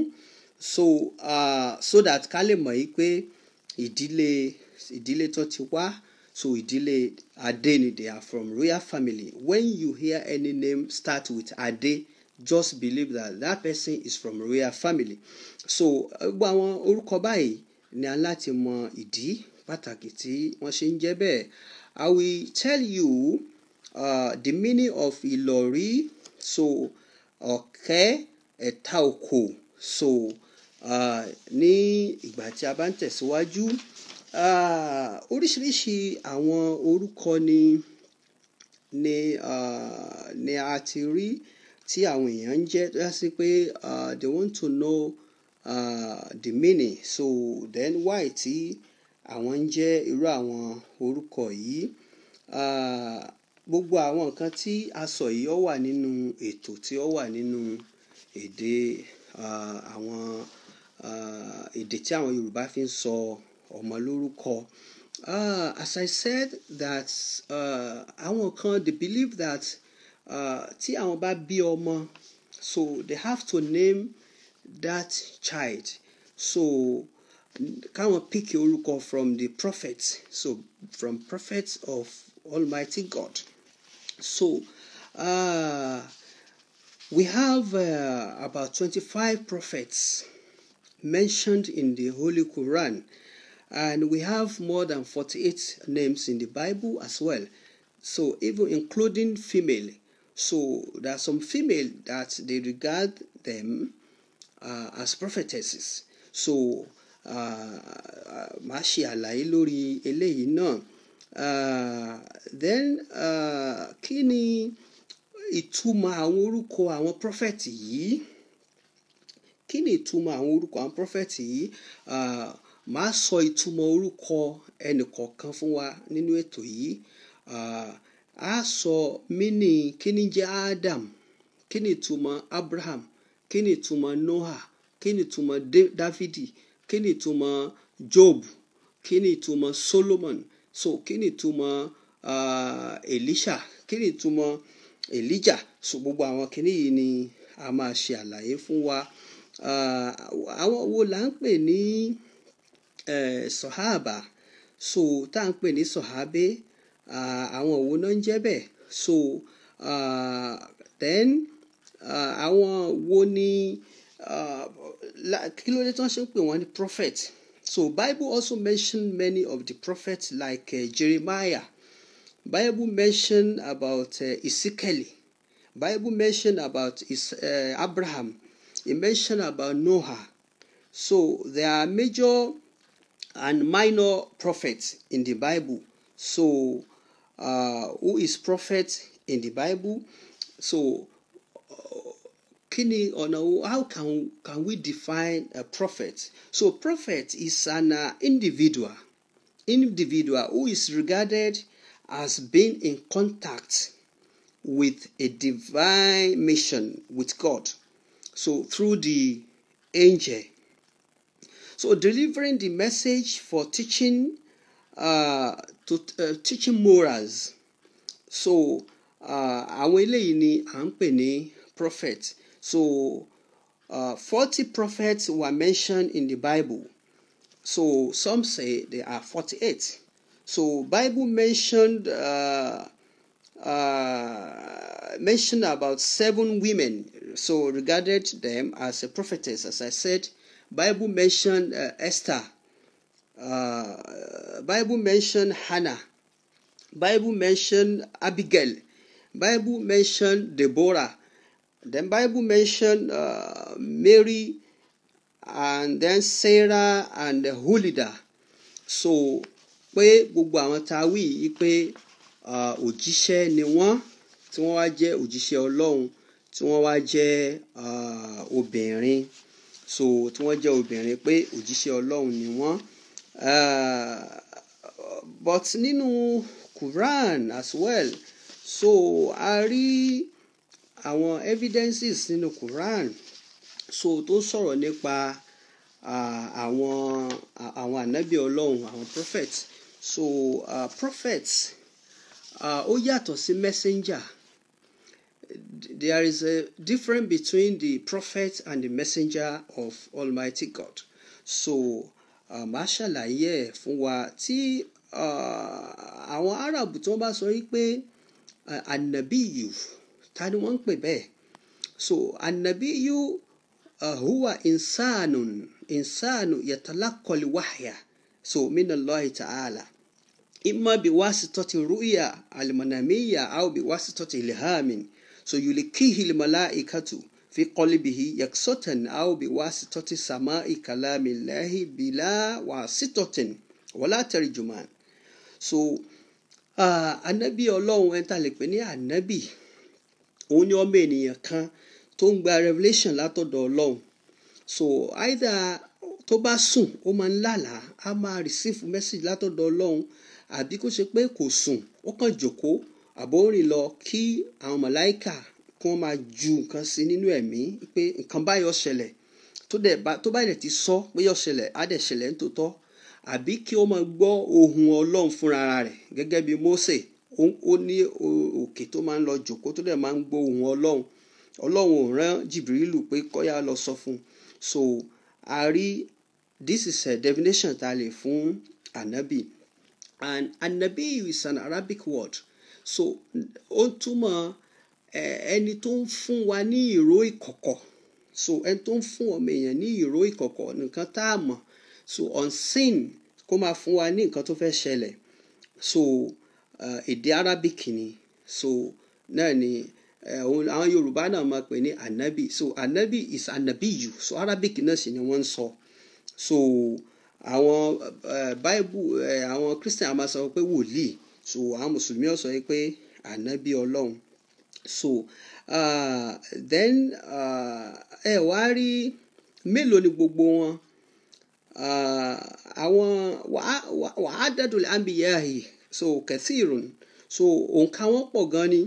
so uh, so that ká lè mọ̀ yí pé ìdílé ìdílé tó ti wá so ìdílé adé ni they are from royal family when you hear any name start with adé just believe that that person is from royal family so gbogbo àwọn orúkọ báyìí ni a láti mọ ìdí pàtàkì tí wọ́n ṣe ń jẹ́ bẹ́ẹ̀ I will tell you uh, the meaning of ìlọ̀rí so ọ̀kẹ́. Okay, ẹ̀ta òkò so uh, ní ìgbà tí a bá ń tẹ̀síwájú uh, oríṣiríṣi àwọn orúkọ ni ni uh, ni a ti rí tí àwọn èèyàn ń jẹ́ tó yà sí pé they want to know uh, the meaning so then why tí àwọn ń jẹ́ irú àwọn orúkọ yìí gbogbo àwọn nǹkan tí a sọ yìí ó wà nínú ètò tí ó wà nínú èdè àwọn èdè tí àwọn Yorùbá fi ń sọ ọmọ lórúkọ. Uh, as I said that àwọn uh, kan they believe that uh, tí àwọn bá bí ọmọ so they have to name that child so káwọn pick orúkọ from the prophets so from prophets of Almighty God so. Uh, We have uh, about 25 prophets mentioned in the Holy Quran, and we have more than 48 names in the Bible as well. So, even including female. So, there are some female that they regard them uh, as prophetesses. So, uh, uh, máa ṣe àlàyé uh, Then, uh, ìtumọ̀ àwọn orúkọ àwọn prọfẹ̀tì yìí kí ni ìtumọ̀ àwọn orúkọ àwọn prọfẹ̀tì yìí màá sọ ìtumọ̀ orúkọ ẹnìkọ̀ọ̀kan fún wa nínú ètò yìí a sọ mínì kí ni jẹ́ Adam kí ni ìtumọ̀ Abraham kí ni ìtumọ̀ Noah kí ni ìtumọ̀ Dávidi kí ni ìtumọ̀ Job kí ni ìtumọ̀ Solomon so kí ni ìtumọ̀ uh, Elisha kí ni ìtumọ̀ Elijah so gbogbo àwọn kinní yìí ni a máa ṣe àlàyé fún wa ah, àwọn wo là ń pè ní eh, sọ̀háàbà so tá à ń pè ní sọ̀hábé ah, àwọn wo náà ń jẹ́ bẹ́ẹ̀ so ah, then àwọn wo ni kí ló dé tí wọ́n ṣe ń pè wọ́n ní prophet so Bible also mention many of the prophets like uh, Jeremiah Bible mention about uh, Ezekiel. Bible mention about uh, Abraham. It mention about Noah. So there are major and minor prophets in the Bible. So uh, who is prophet in the Bible? So uh, kini or how can can we define a prophet? So prophet is an uh, individual, individual who is regarded has been in contact with a divine mission with God. So through the angel. So delivering the message for teaching uh, to uh, teaching morals. So uh, àwọn eléyìí ni à pè ní prophet. So uh, 40 prophets were mentioned in the Bible. So some say there are 48. So Bible mentioned uh, uh, mentioned about seven women, so regarded them as a prophetess. As I said, Bible mentioned uh, Esther. Uh, Bible mentioned Hannah. Bible mentioned Abigail. Bible mentioned Deborah. Then Bible mentioned uh, Mary, and then Sarah and Hulida. So pé gbogbo àwọn táwí yìí pé òjíṣẹ́ ni wọ́n tí wọ́n wá jẹ́ òjíṣẹ́ ọlọ́run tí wọ́n wá jẹ́ obìnrin so tí wọ́n jẹ́ obìnrin pé òjíṣẹ́ ọlọ́run ni wọ́n but nínú Quran as well so a rí àwọn evidences nínú Quran so tó sọ̀rọ̀ nípa àwọn àwọn ànábì ọlọ́run àwọn prophet so uh, prophet uh, ó yàtọ̀ sí messenger there is a difference between the prophet and the messenger of Almighty God so màá ṣàlàyé ẹ̀ fún wa tí uh, àwọn Arab tí wọ́n bá sọ wípé uh, anabiyu ta ni wọ́n ń pè bẹ́ẹ̀ so anabiyu uh, huwa insanun insanu yatalakoli wahya so minallahi ta'ala imma biwasitati ru'ya almanamiyya aw biwasitati ilhamin so yulikihi almalaikatu fi qalbihi yaksatan aw biwasitati sama'i kalamillahi bila wasitatin wala tarjuman so uh, anabi ọlọ́run ẹni tá a lè pè ní anabi òun ni ọmọ ènìyàn kan tó ń gba revelation látọ̀dọ̀ ọlọ́run so either tó bá sùn ó máa ń lálàá á máa receive message látọ̀dọ̀ ọlọ́run àbí kó ṣe pé kò sùn ó kàn jókòó àbó rìn lọ kí àwọn màláìkà kí wọ́n máa ju nǹkan sí nínú ẹ̀mí pé nǹkan báyọ̀ ṣẹlẹ̀ tó bá dẹ̀ ti sọ pé yọ̀ ṣẹlẹ̀ á dẹ̀ ṣẹlẹ̀ nítòótọ́ àbí kí ó máa gbọ́ ohùn ọlọ́run fúnra rẹ̀ gẹ́gẹ́ bí Mósè ó ní òkè tó máa ń lọ jòkó tó dẹ̀ máa ń gbọ́ ohùn ọlọ́run ọlọ́run ò rán jìbìrìlù pé kọ́yà lọ sọ fún so a rí This is a definition tá a lè fún anabi. And anabi is an Arabic word. So ó túmọ̀ ẹni tó ń fún wa ní ìró ìkọ̀kọ̀. So ẹni tó ń fún ọmọ èèyàn ní ìró ìkọ̀kọ̀ nǹkan tá a mọ̀. So unseen kó máa fún wa ní nǹkan tó fẹ́ ṣẹlẹ̀. So èdè uh, Arabic ni. So náà ni òun àwọn Yorùbá náà máa pè ní anabi. So anabi is anabiyu. So Arabic náà sì ni wọ́n ń sọ. So, so àwọn eh, bible eh, àwọn christian a máa sọ pé wòlíì so àwọn mùsùlùmí ó sọ pé ànábì ọlọ́run so uh, then ah, ẹ wá rí mélòó ni gbogbo wọn ah, àwọn wàá dẹ́dùn àmbìyàhì so kẹsìrún so òǹkà wọn pọ̀ gan ni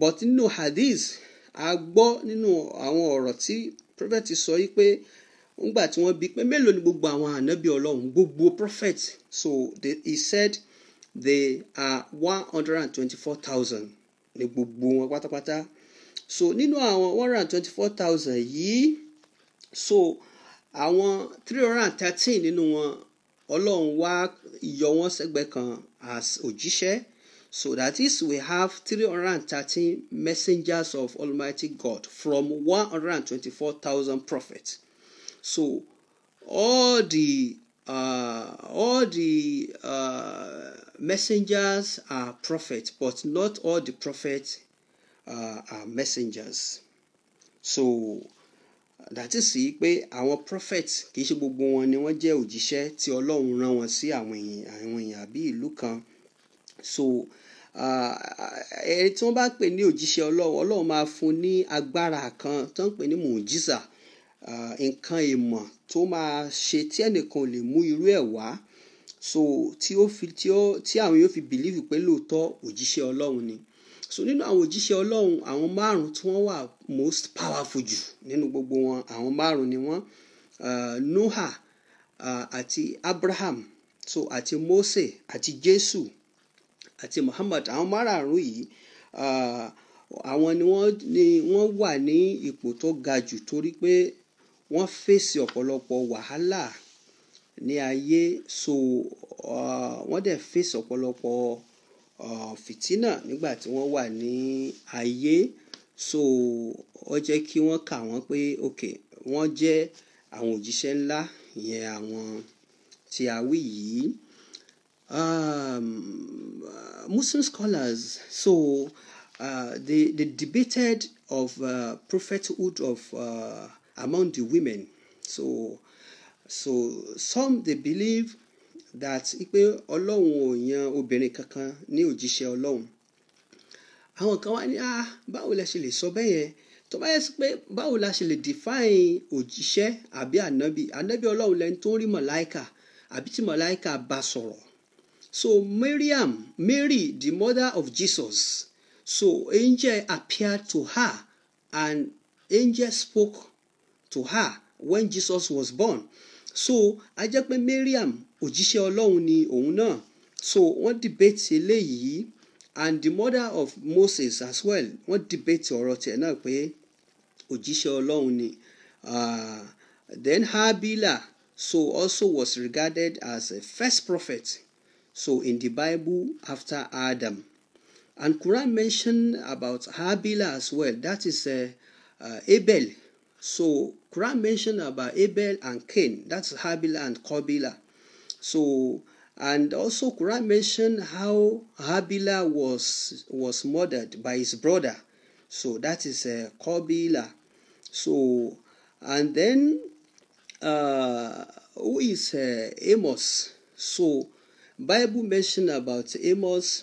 but nínú hadith a gbọ́ nínú àwọn ọ̀rọ̀ tí prophet sọ yìí pé ńgbà tí wọ́n bi pé mélòó ni gbogbo àwọn ànábì ọlọ́run gbogbo prophet so they, he said they are one hundred and twenty-four thousand ní gbogbo wọn pátápátá so nínú àwọn one hundred and twenty-four thousand yìí so àwọn three hundred and thirteen nínú wọn ọlọ́run wa yọ wọ́n sẹ́gbẹ̀ẹ́ kan as òjíṣẹ́ so that is we have three hundred and thirteen messengers of Almighty God from one hundred and twenty-four thousand prophets. So all the uh, all the uh, messengers are prophets, but not all the prophets uh, are messengers. So that is sí pé àwọn prophets kì í ṣe gbogbo wọn ni wọ́n jẹ́ òjíṣẹ́ tí Ọlọ́run rán wọn sí àwọn èèyàn àwọn èèyàn kan. So uh, ẹni tí wọ́n bá pè ní òjíṣẹ́ Ọlọ́run Ọlọ́run máa fún ní agbára kan tó ń pè ní nǹkan ìmọ̀ tó máa ṣe tí ẹnìkan lè mú irú ẹ̀ wá so tí ó fi tí ó tí àwọn yóò fi bìlíìfù pé lóòótọ́ òjíṣẹ́ ọlọ́run ni so nínú àwọn òjíṣẹ́ ọlọ́run àwọn márùn-ún tí wọ́n wà most powerful jù nínú gbogbo wọn àwọn márùn-ún ni wọ́n uh, Noha uh, àti Abraham so àti Mose àti Jésù àti Muhammad àwọn márààrún yìí uh, àwọn ni wọ́n ni wọ́n wà ní ipò tó ga jù torí pé wọ́n fèsì ọ̀pọ̀lọpọ̀ wàhálà ní ayé so uh, wọ́n dẹ̀ fèsì ọ̀pọ̀lọpọ̀ uh, fìtínà nígbà tí wọ́n wà ní ayé so ó jẹ́ kí wọ́n kà wọ́n pé ok wọ́n jẹ́ àwọn òjíṣẹ́ ńlá ìyẹn àwọn tí a wí yìí um, Muslim scholars so uh, they they debated of uh, prophethood of. Uh, among the women so so some they believe that pé ọlọ́run ò yan obìnrin kankan ní òjíṣẹ́ ọlọ́run àwọn kan wá ní ah báwo la ṣe lè sọ bẹ́ẹ̀ yẹn tó bá yẹ sí pé báwo la ṣe lè define òjíṣẹ́ àbí ànábì ànábì ọlọ́run lẹ́ni tó ń rí mọ̀láìkà àbí tí mọ̀láìkà bá sọ̀rọ̀ so Miriam Mary the mother of Jesus so angel appeared to her and angel spoke to her when Jesus was born so a jẹ́ pé Mariam òjíṣẹ́ Ọlọ́run ni òun náà so wọ́n debate eléyìí and the mother of Moses as well wọ́n debate ọ̀rọ̀ tiẹ̀ náà pé òjíṣẹ́ Ọlọ́run ni ah, then Habila so also was regarded as a first prophet so in the Bible after Adam and Quran mentioned about Habila as well that is uh, uh, Abel so Quran mentioned about Abel and Cain. That's Habil and Qabila. So and also Quran mentioned how Habila was was murdered by his brother. So that is uh, Qabila. So and then uh, who is uh, Amos? So Bible mentioned about Amos.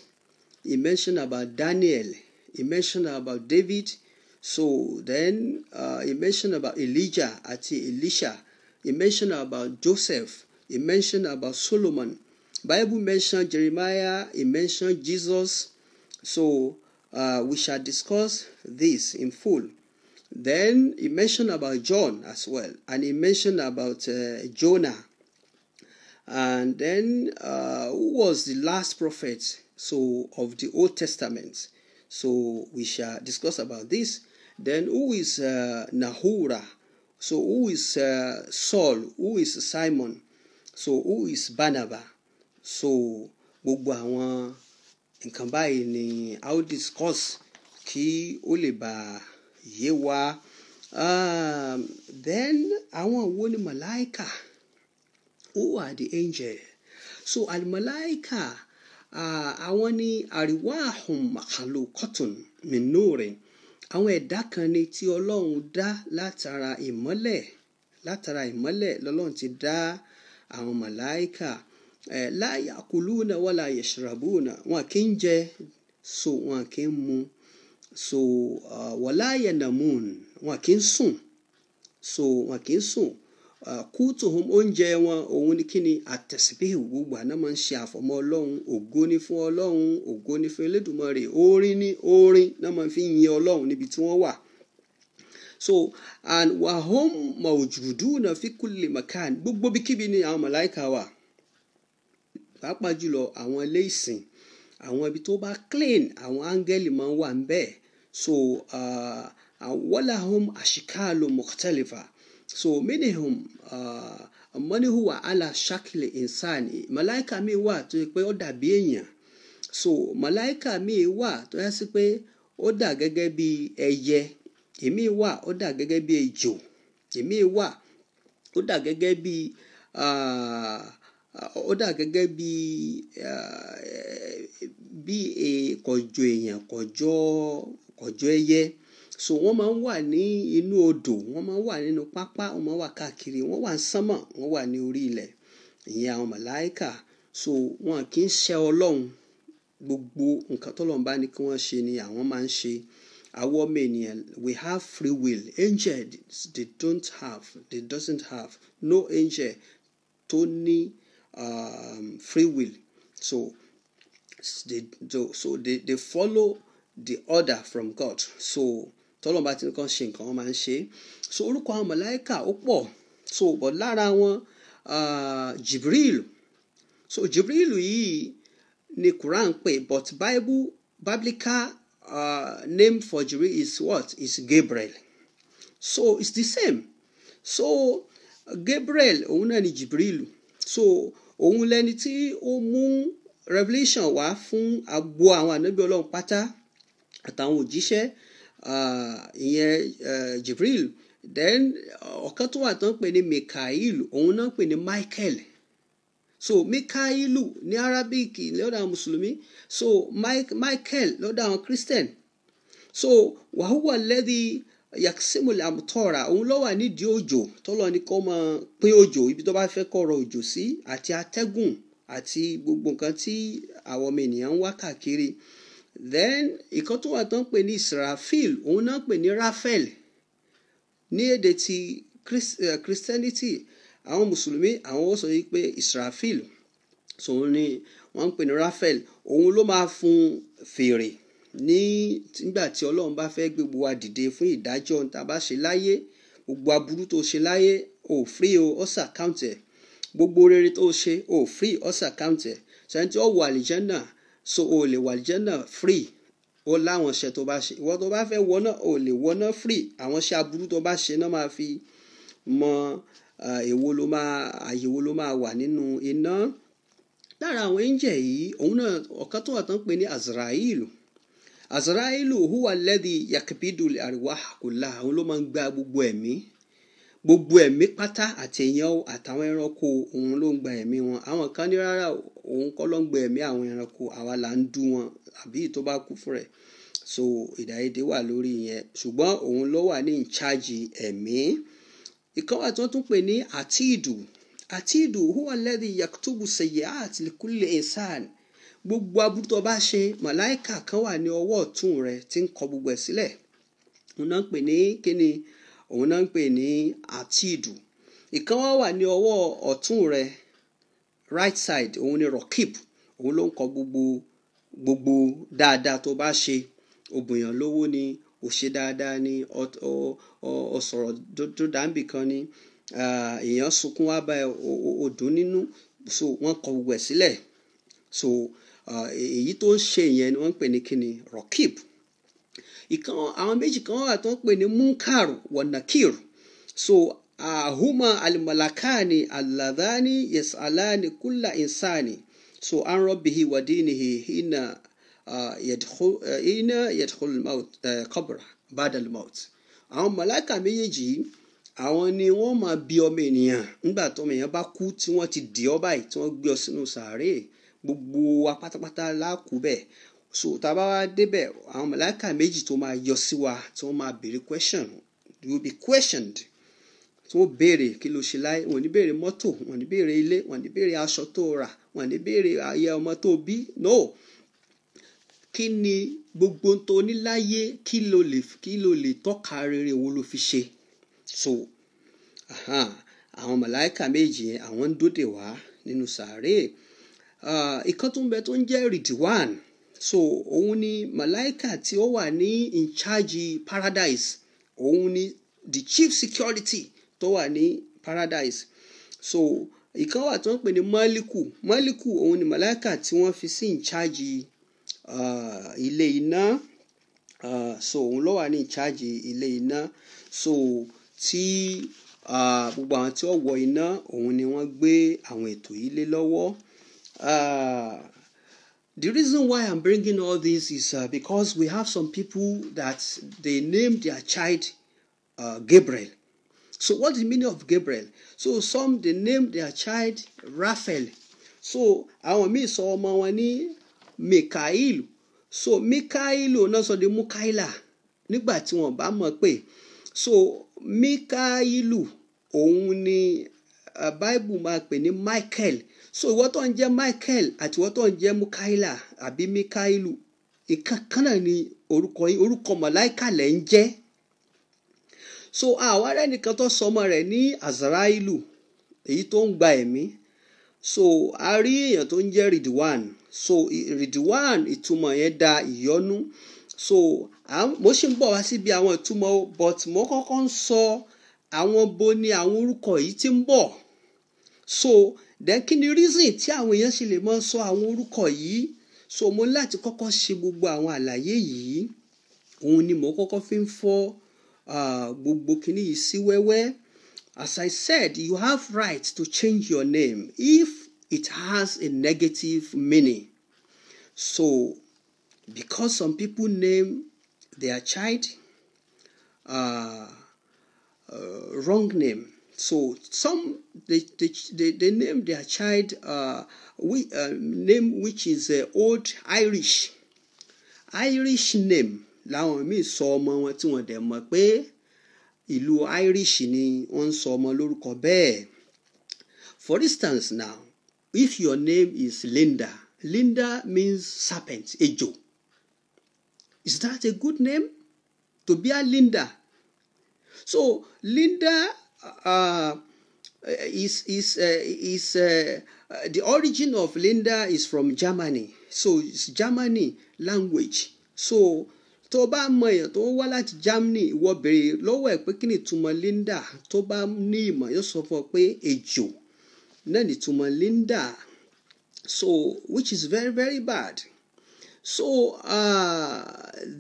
He mentioned about Daniel. He mentioned about David. So then uh, he mentioned about Elijah, actually Elisha. He mentioned about Joseph. He mentioned about Solomon. Bible mentioned Jeremiah. He mentioned Jesus. So uh, we shall discuss this in full. Then he mentioned about John as well, and he mentioned about uh, Jonah. And then uh, who was the last prophet? So of the Old Testament. So we shall discuss about this. Then who is uh, Nahura? So who is uh, Saul? Who is Simon? So who is Barnabas? So gbogbo àwọn nǹkan báyìí ni a ó discuss kí ó lè bá yé wa. Um, then àwọn wo ni Malaika. Who are the angel? So al-malaika uh, àwọn uh, ni àríwá àhùn màkàlù kọ́tùn mìnúrin àwọn ẹ̀dá kan ni tí ọlọ́run dá látara ìmọ́lẹ̀ látara ìmọ́lẹ̀ lọ́lọ́run ti dá àwọn màláìkà la yakuluna wala yashrabuna wọn kì í jẹ so wọn kì í mu so uh, wala yanamun wọn kì í sùn so wọn kì í sùn kútùhùn oúnjẹ wọn òun ni kíni àtẹ̀síbíhì gbogbo àná máa ń ṣe àfọ̀mọ́ ọlọ́run ògo ni fún ọlọ́run ògo ni fún Elédùmarè orin ní orin náà máa fi yin ọlọ́run níbi tí wọ́n wà so and wahom mawjuduna fi kulli makan gbogbo bíkíbi ni àwọn màláìka wà pàápàá jùlọ àwọn ilé ìsìn àwọn ibi tó bá clean àwọn áńgẹ́lì máa ń wà ń bẹ́ẹ̀ so uh, wọ́lá hom àṣìkáàlò mọ̀tẹ́lifà so minihum ah, mọ́níhùwà ala shakili insani malaika mi wa tó yẹ pé ó dàbí so malaika mi wa tó yẹ sí pé ọ dà gẹ́gẹ́ bí ẹyẹ èmi wà ọ dà gẹ́gẹ́ bí ejò èmi wà ọ dà gẹ́gẹ́ bí dà bi kọjọ èèyàn kọjọ ẹyẹ. so wọ́n máa ń wà ní inú odò wọ́n máa ń wà nínú pápá wọ́n máa ń wà káàkiri wọ́n wà ń sánmọ̀ wọ́n wà ní orí ilẹ̀ ìyẹn àwọn màláìkà so wọn kì í ṣe ọlọ́run gbogbo nǹkan tọ́lọ́run bá ní kí wọ́n ṣe ni àwọn máa ń ṣe àwọn ọmọ ènìyàn we have free will angel they don't have they doesn't have no angel tó ní um, free will so they so they they follow the order from God so tọ́lọ́run bá ti ní kàn ṣe nǹkan wọ́n máa ń ṣe so orúkọ àwọn màláíkà ó pọ̀ so bọ̀ lára wọn ah, Jibril so Jibril yìí ni Quran pè but Bible biblical uh, name for Jibril is what is Gabriel so it's the same so Gabriel òun náà ni Jibril so òun lẹni tí ó mú revelation wá fún agbo àwọn ànábì Ọlọ́run pátá àtàwọn òjíṣẹ́ Ah, ìyẹn eh, Jibril then ọ̀kan tó wà tó ń pè ní Mikael òun náà pè ní Michael so Mikailu ní Arabic lọ́dọ̀ àwọn mùsùlùmí so Mike, Michael lọ́dọ̀ àwọn Christian so wàhùwà lẹ́dí yakisimul amutora òun ló wà nídìí òjò tọlọ ni kó máa pín òjò ibi tó bá fẹ́ kọrọ òjò sí àti atẹ́gùn àti gbogbo nǹkan tí àwọn ọmọ ènìyàn ń wá káàkiri then ìkan tó wà tán pè ní Israfil òun náà pè ní Raphael ní èdè ti eh, Christianity àwọn mùsùlùmí àwọn ó sọ yìí pé Israfil so ni wọ́n ń pè ní Raphael òun ló máa fún fèrè ní nígbà tí Ọlọ́run bá fẹ́ gbé gbogbo wa dìde fún ìdájọ́ tá a bá ṣe láyé gbogbo aburú tó ṣe láyé ò frí o ọ̀sà káùntẹ̀ gbogbo rere tó ṣe ò frí ọ̀sà káùntẹ̀ sẹ́ni tí ó wọ àlìjẹ́nà so o lè wà àlìjẹ́nà free ó láwọn iṣẹ́ tó bá ṣe ìwọ tó bá fẹ́ wọná o lè wọná free àwọn iṣẹ́ aburú tó bá ṣe náà máa fi mọ èwo ló máa àyèwo ló máa wà nínú iná lára àwọn angel yìí òun náà ọ̀kan tó wà tán pè ní azrael azrael huwa alladhi yakbidul arwah kullaha òun ló máa ń gba gbogbo ẹ̀mí gbogbo ẹ̀mí pátá àti èèyàn àtàwọn ẹranko òun ló ń gba ẹ̀mí wọn àwọn kan ní rárá òun kọ́ ló ń gba ẹ̀mí àwọn ẹranko àwa là ń dú wọn àbí tó bá kú fún rẹ̀ so ìdáyédé wà lórí yẹn ṣùgbọ́n òun ló wà ní ìcháàjì ẹ̀mí ìkan wà tí wọ́n tún pè ní àtìdù àtìdù huwa alladhi yaktubu sayyi'at likulli insan gbogbo aburú tó bá ṣe màláìkà kan wà ní ọwọ́ ọ̀tún rẹ̀ tí ń kọ gbogbo ẹ̀ sílẹ̀ òun náà pè ní kíni òun náà ń pè ní àtìdù ìkan wá wà ní ọwọ́ ọ̀tún rẹ right side òun ni rọkìp òun ló ń kọ gbogbo gbogbo dáadáa tó bá ṣe o lówó ni o dáadáa ni o sọ̀rọ̀ tó dáńbì kan ni èèyàn sunkún wá bá ọdún nínú so wọ́n kọ gbogbo ẹ̀ sílẹ̀ so èyí tó ń ṣe yẹn ni wọ́n ń pè ní kíni rọkìp ìkan àwọn méjì kan wà tó ń pè ní munkar wa so ahuma alimalakani aladani yasalani kula insani so an rabbihi wa dinihi hina uh, yadkhul uh, hina yadkhul maut uh, qabra badal maut àwọn malaka méjèèjì àwọn ni wọ́n máa bi ọmọ ènìyàn nígbà tó ọmọ ènìyàn bá kú tí wọ́n ti dì ọ́ báyìí tí wọ́n gbé ọ sínú sàárè gbogbo wa láàkú bẹ́ẹ̀ so tá a bá wá débẹ̀ àwọn màláíkà méjì tó máa yọ sí wa tí wọ́n máa béèrè question you will be questioned tí wọ́n béèrè kí ló ṣe láyé wọ́n ní béèrè mọ́tò wọ́n ní béèrè ilé wọ́n ní béèrè aṣọ tó rà wọ́n ní béèrè ayé ọmọ tó bí no kí ni gbogbo tó ní láyé kí ló lè kí ló lè tọ́ka rere wo ló fi ṣe so àwọn màláìka méjì yẹn àwọn ń dóde wá nínú sàárè ah, ìkan tó ń bẹ tó ń jẹ́ rìdíwán so òun ni màláìkà tí ó wà ní in charge paradise òun ni the chief security tó wà ní paradise so ìkan wà tó ń pè ní málíkù málíkù òun ni màláìkà tí wọ́n fi sí in charge uh, ilé iná uh, so òun ló wà ní in charge ilé iná so tí gbogbo àwọn tí ó wọ iná òun ni wọ́n gbé àwọn ètò yìí lé lọ́wọ́ The reason why I'm bringing all this is uh, because we have some people that they name their child uh, Gabriel. So what is the meaning of Gabriel? So some they name their child Raphael. So our míì sọ ọmọ wọn ní Mikael. So Mikael náà sọ di Mukaila Nibati tí wọn bá mọ̀ so Mika'ilu òun ni uh, Bible máa pè ní Michael so ìwọ tó ń jẹ́ Michael àti ìwọ tó ń jẹ́ Mukaila àbí Mikailu ìkankan náà ni orúkọ yín orúkọ màláìkà ń jẹ́ so àwa rẹ nìkan tó sọmọ rẹ̀ ní Azrailu èyí tó ń gba ẹ̀mí so a rí èèyàn tó ń jẹ́ Ridwan so Ridwan ìtumọ̀ yẹn da ìyọ́nú so mo ṣì ń bọ̀ wá síbi àwọn ìtumọ̀ but mo kọ́kọ́ ń sọ àwọn bo ni àwọn orúkọ yìí ti ń bọ̀ so then kí ni reason tí àwọn èèyàn ṣe lè máa sọ àwọn orúkọ yìí so mo láti kọ́kọ́ ṣe gbogbo àwọn àlàyé yìí òun ni mo kọ́kọ́ fi ń fọ́ gbogbo kinní yìí sí wẹ́wẹ́ as I said you have right to change your name if it has a negative meaning so because some people name their child uh, uh, wrong name So some they they, they, they name their child uh, we, uh, name which is uh, old Irish Irish name làwọn míì sọ ọmọ wọn tí wọ́n dẹ̀ mọ̀ pé ìlú Irish ni wọ́n sọ ọmọ lórúkọ bẹ́ẹ̀ for instance now if your name is Linda Linda means serpent ejò is that a good name to be a Linda so Linda Uh, uh, is is uh, is uh, uh, the origin of Linda is from Germany so it's Germany language so tó bá mọ èèyàn tó wá láti Germany ìwọ béèrè lọ́wọ́ ẹ̀ pé kí ni ìtumọ̀ Linda tó bá ní ìmọ̀ yóò sọ fún ọ pé ejò náà ni ìtumọ̀ Linda so which is very very bad so uh,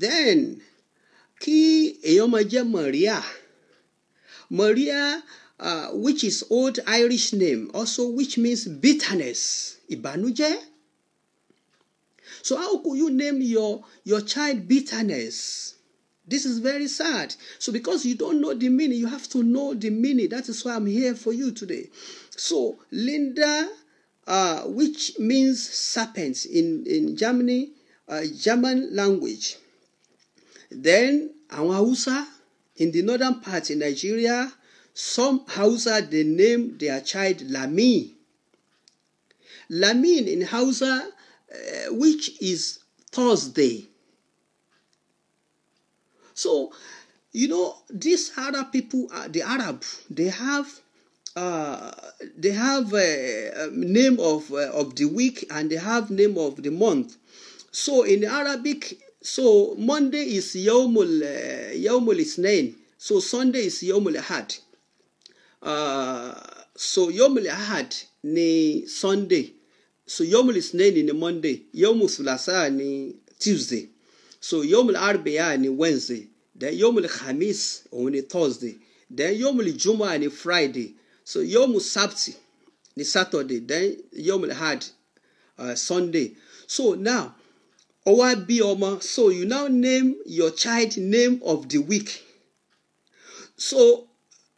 then kí èèyàn máa jẹ́ Maria. Maria, uh, which is old Irish name, also which means bitterness, Ibanuje. So how could you name your, your child bitterness? This is very sad. So because you don't know the meaning, you have to know the meaning. That is why I'm here for you today. So Linda, uh, which means serpents in, in Germany, uh, German language. Then Awusa. In the northern part in Nigeria, some Hausa they name their child Lami. Lamin in Hausa, uh, which is Thursday. So, you know, these Arab people, uh, the Arab, they have uh, they have a uh, name of uh, of the week and they have name of the month. So in Arabic, So Monday is Yawmul, uh, Yawmul Isnain. So Sunday is Yawmul Ahad. Uh, so Yawmul Ahad ni Sunday. So Yawmul Isnain ni Monday. Yawmul Sulasa ni Tuesday. So Yawmul Arbiya ni Wednesday. Then Yawmul Khamis òun ni Thursday. Then Yawmul Juma ni Friday. So Yawmul Sabti ni Saturday. Then Yawmul Ahad uh, Sunday. So now ó wá bí ọmọ so you now name your child name of the week so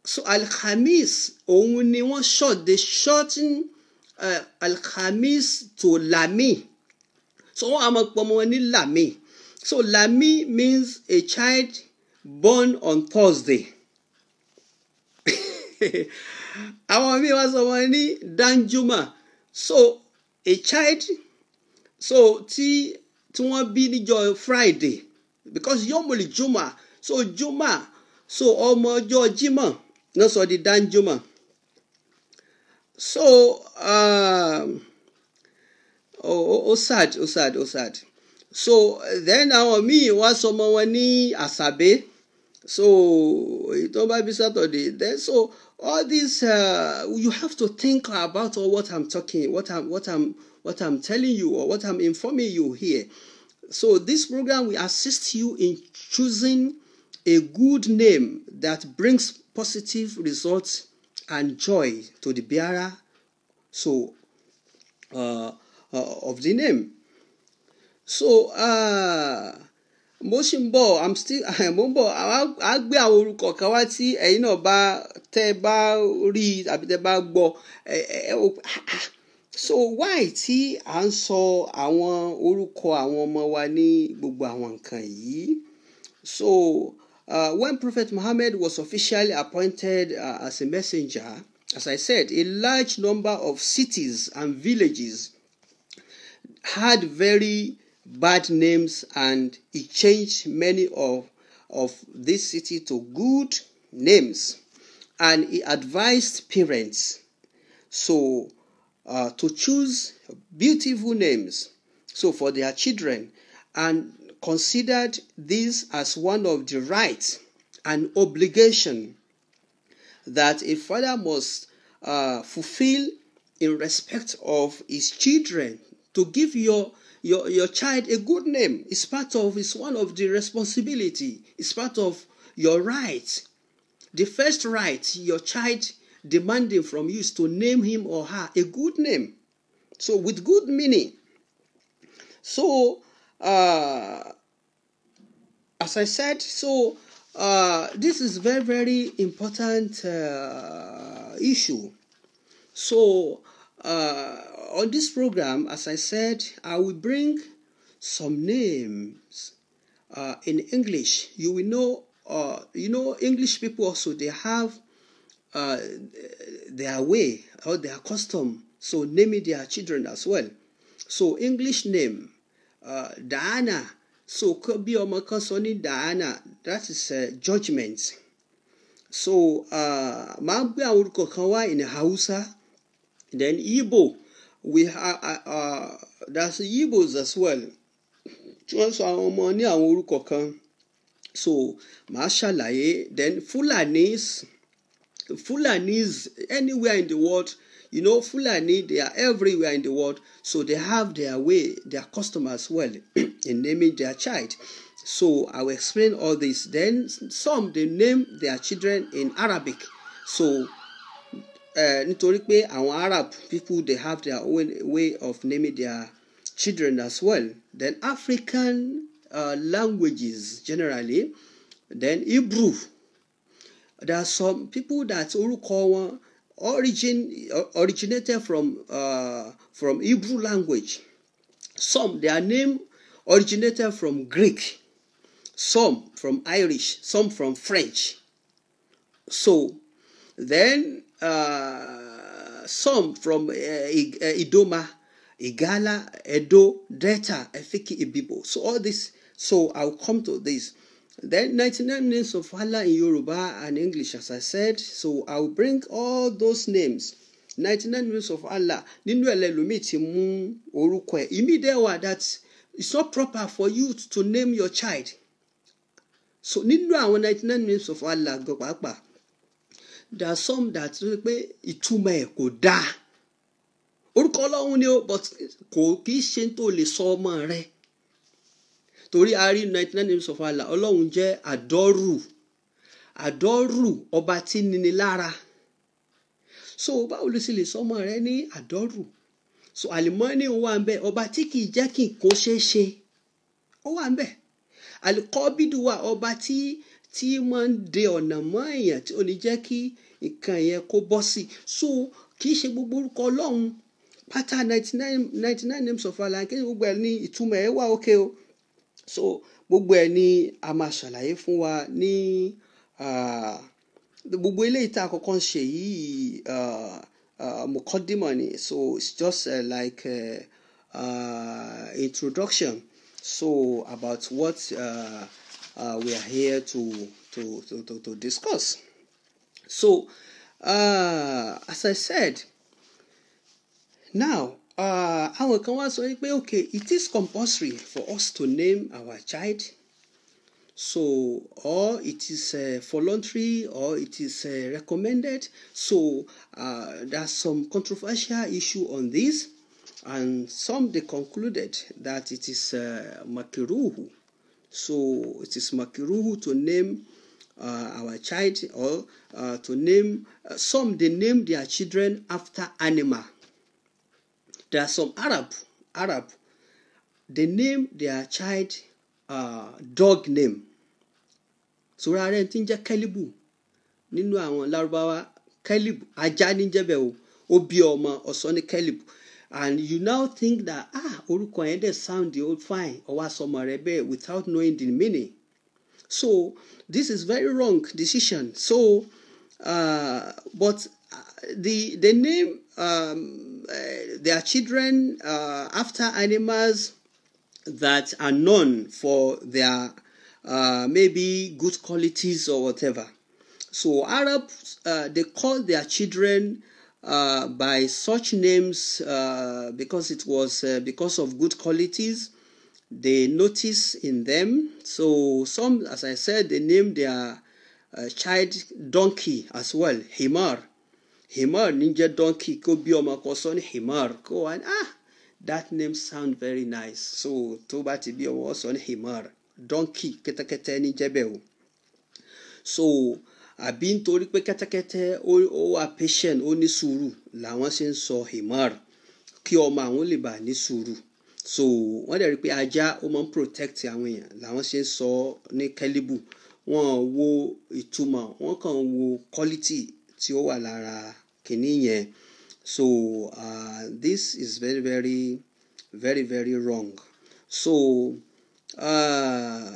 so alhamis òun ni wọ́n short the shorting uh, alhamis to lami so wọ́n á mọ̀ ní lami so lami means a child born on Thursday àwọn míì wá sọ wọn ní danjuma so a child so ti tí wọ́n bí níjọ́ Friday because yomoli juma so juma so ọmọ ọjọ́ Jímọ̀ náà sọ di danjuma so um, oh, sad oh sad oh sad so then àwọn míì wá sọmọ wọn ní àṣàbẹ so ìtàn bá bí Saturday then so all this uh, you have to think about all what I'm talking what I'm what I'm what I'm telling you or what I'm informing you here. So this program will assist you in choosing a good name that brings positive results and joy to the bearer. So uh, uh, of the name. So uh, mo ṣì ń i'm still I'm ń bọ̀ a gbé àwọn orúkọ kan wá tí ẹ̀yin náà bá tẹ́ bá rí tàbí tẹ́ bá gbọ́ ẹ so why tí à ń sọ àwọn orúkọ àwọn ọmọ wa ní gbogbo àwọn nǹkan yìí so uh, when prophet muhammad was officially appointed uh, as a messenger as i said a large number of cities and villages had very bad names and he changed many of of this city to good names and he advised parents so uh, to choose beautiful names so for their children and considered this as one of the rights and obligation that a father must uh, fulfill in respect of his children to give your your your child a good name is part of is one of the responsibility it's part of your right the first right your child demanding from you is to name him or her a good name. So, with good meaning. So, uh, as I said, so uh, this is very, very important uh, issue. So, uh, on this program, as I said, I will bring some names uh, in English. You will know, uh, you know, English people also, they have uh, their way or their custom. So name their children as well. So English name, uh, Diana. So Kobi ọmọ kan Diana that is uh, judgement. So uh, máa gbé àwọn orúkọ in Hausa then Igbo we have uh, uh, that's Igbos as well. Tí our money àwọn ọmọ ní So màá then Fulanis. The Fulanis, anywhere in the world, you know, Fulani, they are everywhere in the world, so they have their way, their custom as well in naming their child. So I will explain all this. Then some they name their children in Arabic. So uh, nítorí Arab people they have their own way of naming their children as well. Then African uh, languages generally, then Hebrew there are some people that orúkọ origin originated from uh, from Hebrew language some their name originated from Greek some from Irish some from French so then uh, some from uh, uh Idoma Igala Edo Delta Efiki Ibibo so all this so I'll come to this Then 99 names of Allah in Yoruba and English, as I said. So I will bring all those names. 99 names of Allah. Nínú ẹlẹ́lòmíì ti mú orúkọ ẹ̀. Ìmí dẹ̀ wà that it's not proper for you to name your child. So nínú àwọn 99 names of Allah gan pàápàá. There are some that ṣe pé ìtumọ̀ ẹ̀ kò dáa. Orúkọ Ọlọ́run ni o but kò kì í ṣe tó lè sọ ọmọ rẹ̀ torí a rí ninety nine names of Allah ọlọ́run jẹ́ àdọ́rù àdọ́rù ọba tí nini lára so báwo ló sì lè sọmọ rẹ ní àdọ́rù so àlìmọ́nì wà ń bẹ ọba tí kì í jẹ́ kí nǹkan ṣeé ṣe ó wà ń bẹ àlìkọ́bídù ọba tí tí máa ń de ọ̀nà mọ́ èèyàn tí ò ní jẹ́ kí nǹkan yẹn kó bọ́ sí so kì í ṣe gbogbo orúkọ ọlọ́run pátá ninety nine ninety nine names of Allah kí gbogbo ẹ̀ ní ìtumọ̀ ẹ̀ wà ókè o. Okay, oh so gbogbo ẹ ni a máa ṣàlàyé fún wa ní gbogbo eléyìí tá a kọ́kọ́ ń ṣe yìí mukọ́dímọ̀ ni so it's just uh, like uh, uh, introduction so about what uh, uh, we are here to, to, to, to, to discuss so uh, as I said now uh, àwọn wá sọ pé okay it is compulsory for us to name our child so or it is uh, voluntary or it is uh, recommended so uh, there's some controversial issue on this and some they concluded that it is uh, makiruhu so it is makiruhu to name uh, our child or uh, to name uh, some they name their children after animal there are some Arab, Arab, they name their child uh, dog name. So rẹ̀ ti ń Kalibu, Kẹ́líbù nínú àwọn Lárúbáwá Kalibu, ajá ní be o, ó bí ọmọ And you now think that ah orúkọ yẹn sound the old fine Or asọmọ without knowing the meaning. So this is very wrong decision. So uh, but uh, the the name um, uh, their children uh, after animals that are known for their uh, maybe good qualities or whatever. So Arabs they call their children uh, by such names uh, because it was uh, because of good qualities they notice in them. So some, as I said, they name their child donkey as well, Himar. himar Ninja donkey ko bí ọmọ kan sọ ní himar kó wá ní ah that name sound very nice so tó bá ti bí ọmọ sọ ní himar donkey kẹ́tẹ́kẹ́tẹ́ ní jẹ́bẹ̀ o so àbí nítorí pé kẹ́tẹ́kẹ́tẹ́ ó wà patient ó ní sùúrù làwọn ṣe ń sọ himar kí ọmọ àwọn lè bà ní sùúrù so wọ́n dẹ̀ rí pé ajá ó máa ń protect àwọn èèyàn làwọn ṣe ń sọ ní kẹ́líbù wọ́n wo ìtumọ̀ wọ́n kàn wo quality tí ó wà lára kìíní yẹn so uh, this is very very very very wrong so uh,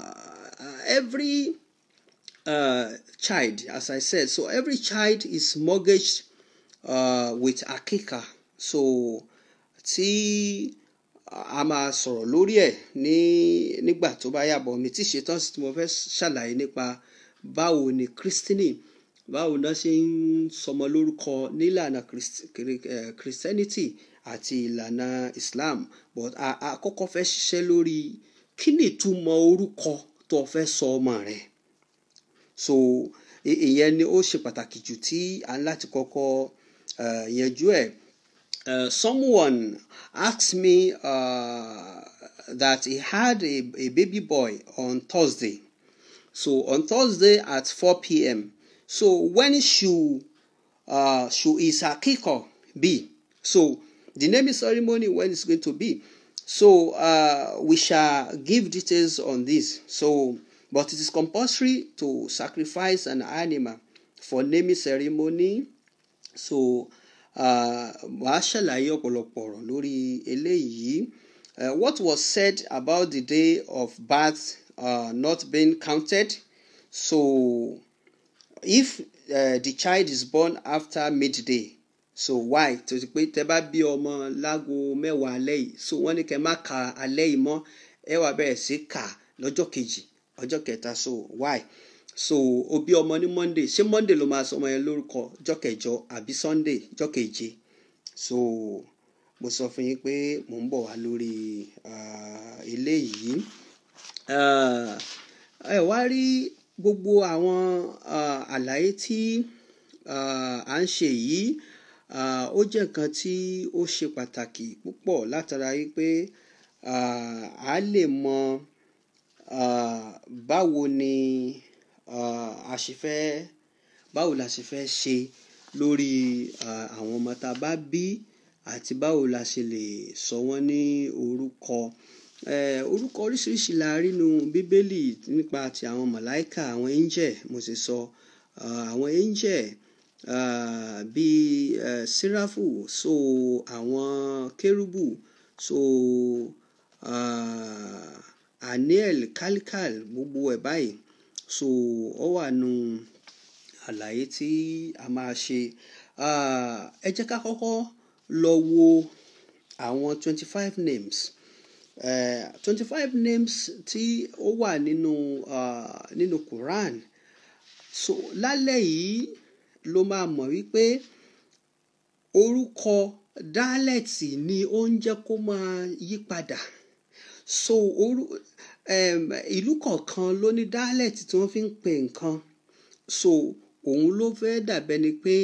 every uh, child as I said so every child is mortgaged uh, with akika so tí a máa sọ̀rọ̀ lórí ẹ̀ ní nígbà tó bá yàbọ̀ mi tí ṣetán sí tí mo fẹ́ ṣàlàyé nípa báwo ni Christianity báwo náà ṣe ń sọmọ lórúkọ nílànà christianity àti ìlànà islam but àkọ́kọ́ fẹ́ ṣiṣẹ́ lórí kí ni ìtumọ̀ orúkọ tó fẹ́ sọ ọmọ rẹ̀ so ìyẹn ni ó ṣe pàtàkì jù tí à ń láti kọ́kọ́ yanjú ẹ̀ someone asked me uh, that he had a, a baby boy on Thursday so on Thursday at 4 p.m. So when should uh, should is be? So the naming ceremony when it's going to be. So uh, we shall give details on this. So, but it is compulsory to sacrifice an animal for naming ceremony. So uh, lórí uh, What was said about the day of birth uh, not being counted? So. if uh, the child is born after midday so why tó ti pé tẹ bá bí ọmọ lágo mẹ́wàá alẹ́ yìí so wọ́n ní kẹ́ má ka alẹ́ yìí mọ́ ẹ wá bẹ̀rẹ̀ sí kà lọ́jọ́ kejì ọjọ́ kẹta so why so o ọmọ ní monday ṣé monday ló máa sọ ọmọ yẹn lórúkọ jọ́ kẹjọ àbí sunday jọ́ keje so mo sọ fún yín pé mò ń bọ̀ wá lórí ah, eléyìí ah, ẹ wá rí gbogbo àwọn àlàyé tí à ń ṣe yìí ó jẹ́ nǹkan tí ó ṣe pàtàkì púpọ̀ látara wípé a lè mọ báwo ni a ṣe fẹ́ báwo la ṣe fẹ́ ṣe lórí àwọn ọmọ tá a bá bí àti báwo la ṣe lè sọ wọ́n ní orúkọ Eh, orúkọ oríṣiríṣi la rí nu bíbélì nípa ti àwọn màláìka àwọn angel mo sì sọ eh, àwọn angel eh, bíi sírafù so àwọn kérúbù so aniel kalikal gbogbo ẹ̀ báyìí so ọ wà nu àlàyé tí a máa ṣe ẹ jẹ́ ká kọ́kọ́ lọ wo àwọn twenty five names Eh, twenty five names tí ó wà nínú ah, nínú Quran so lálẹ́ yìí ló máa mọ̀ wípé orúkọ dálẹ́tì ni ó ń jẹ́ kó máa yí padà so orú ìlú kọ̀ọ̀kan ló ní dálẹ́tì tí wọ́n fi ń pè nǹkan so òun ló fẹ́ dàbẹ́ pé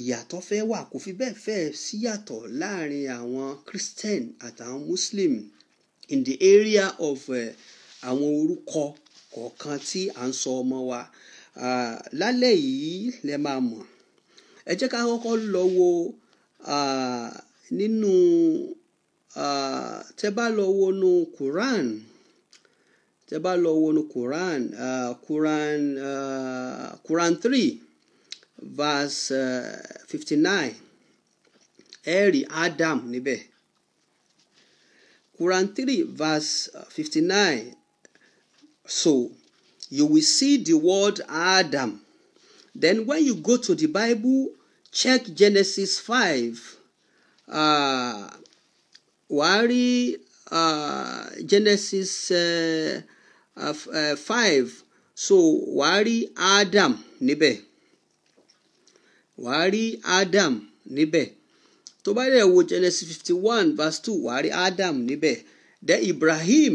ìyàtọ̀ fẹ́ wà kò fi bẹ́ẹ̀ fẹ́ síyàtọ̀ láàrin àwọn Christian àtàwọn Muslim in the area of àwọn orúkọ kọ̀ọ̀kan tí à ń sọ ọmọ wa lálẹ́ yìí lẹ máa mọ̀ ẹ jẹ́ ká kọ́kọ́ lọ wo nínú tẹ́ bá lọ wo nu Quran tẹ́ bá lọ wo nu Quran uh, Quran uh, Quran three. verse uh, fifty nine Adam níbẹ̀ Quran three verse uh, fifty nine so you will see the word Adam then when you go to the Bible check Genesis five uh, uh, Genesis uh, uh, uh five so wari Adam níbẹ̀. wàá rí Adam níbẹ̀ tó bá dẹ̀ wo Genesis fifty one verse two wàá rí Adam níbẹ̀ then Ibrahim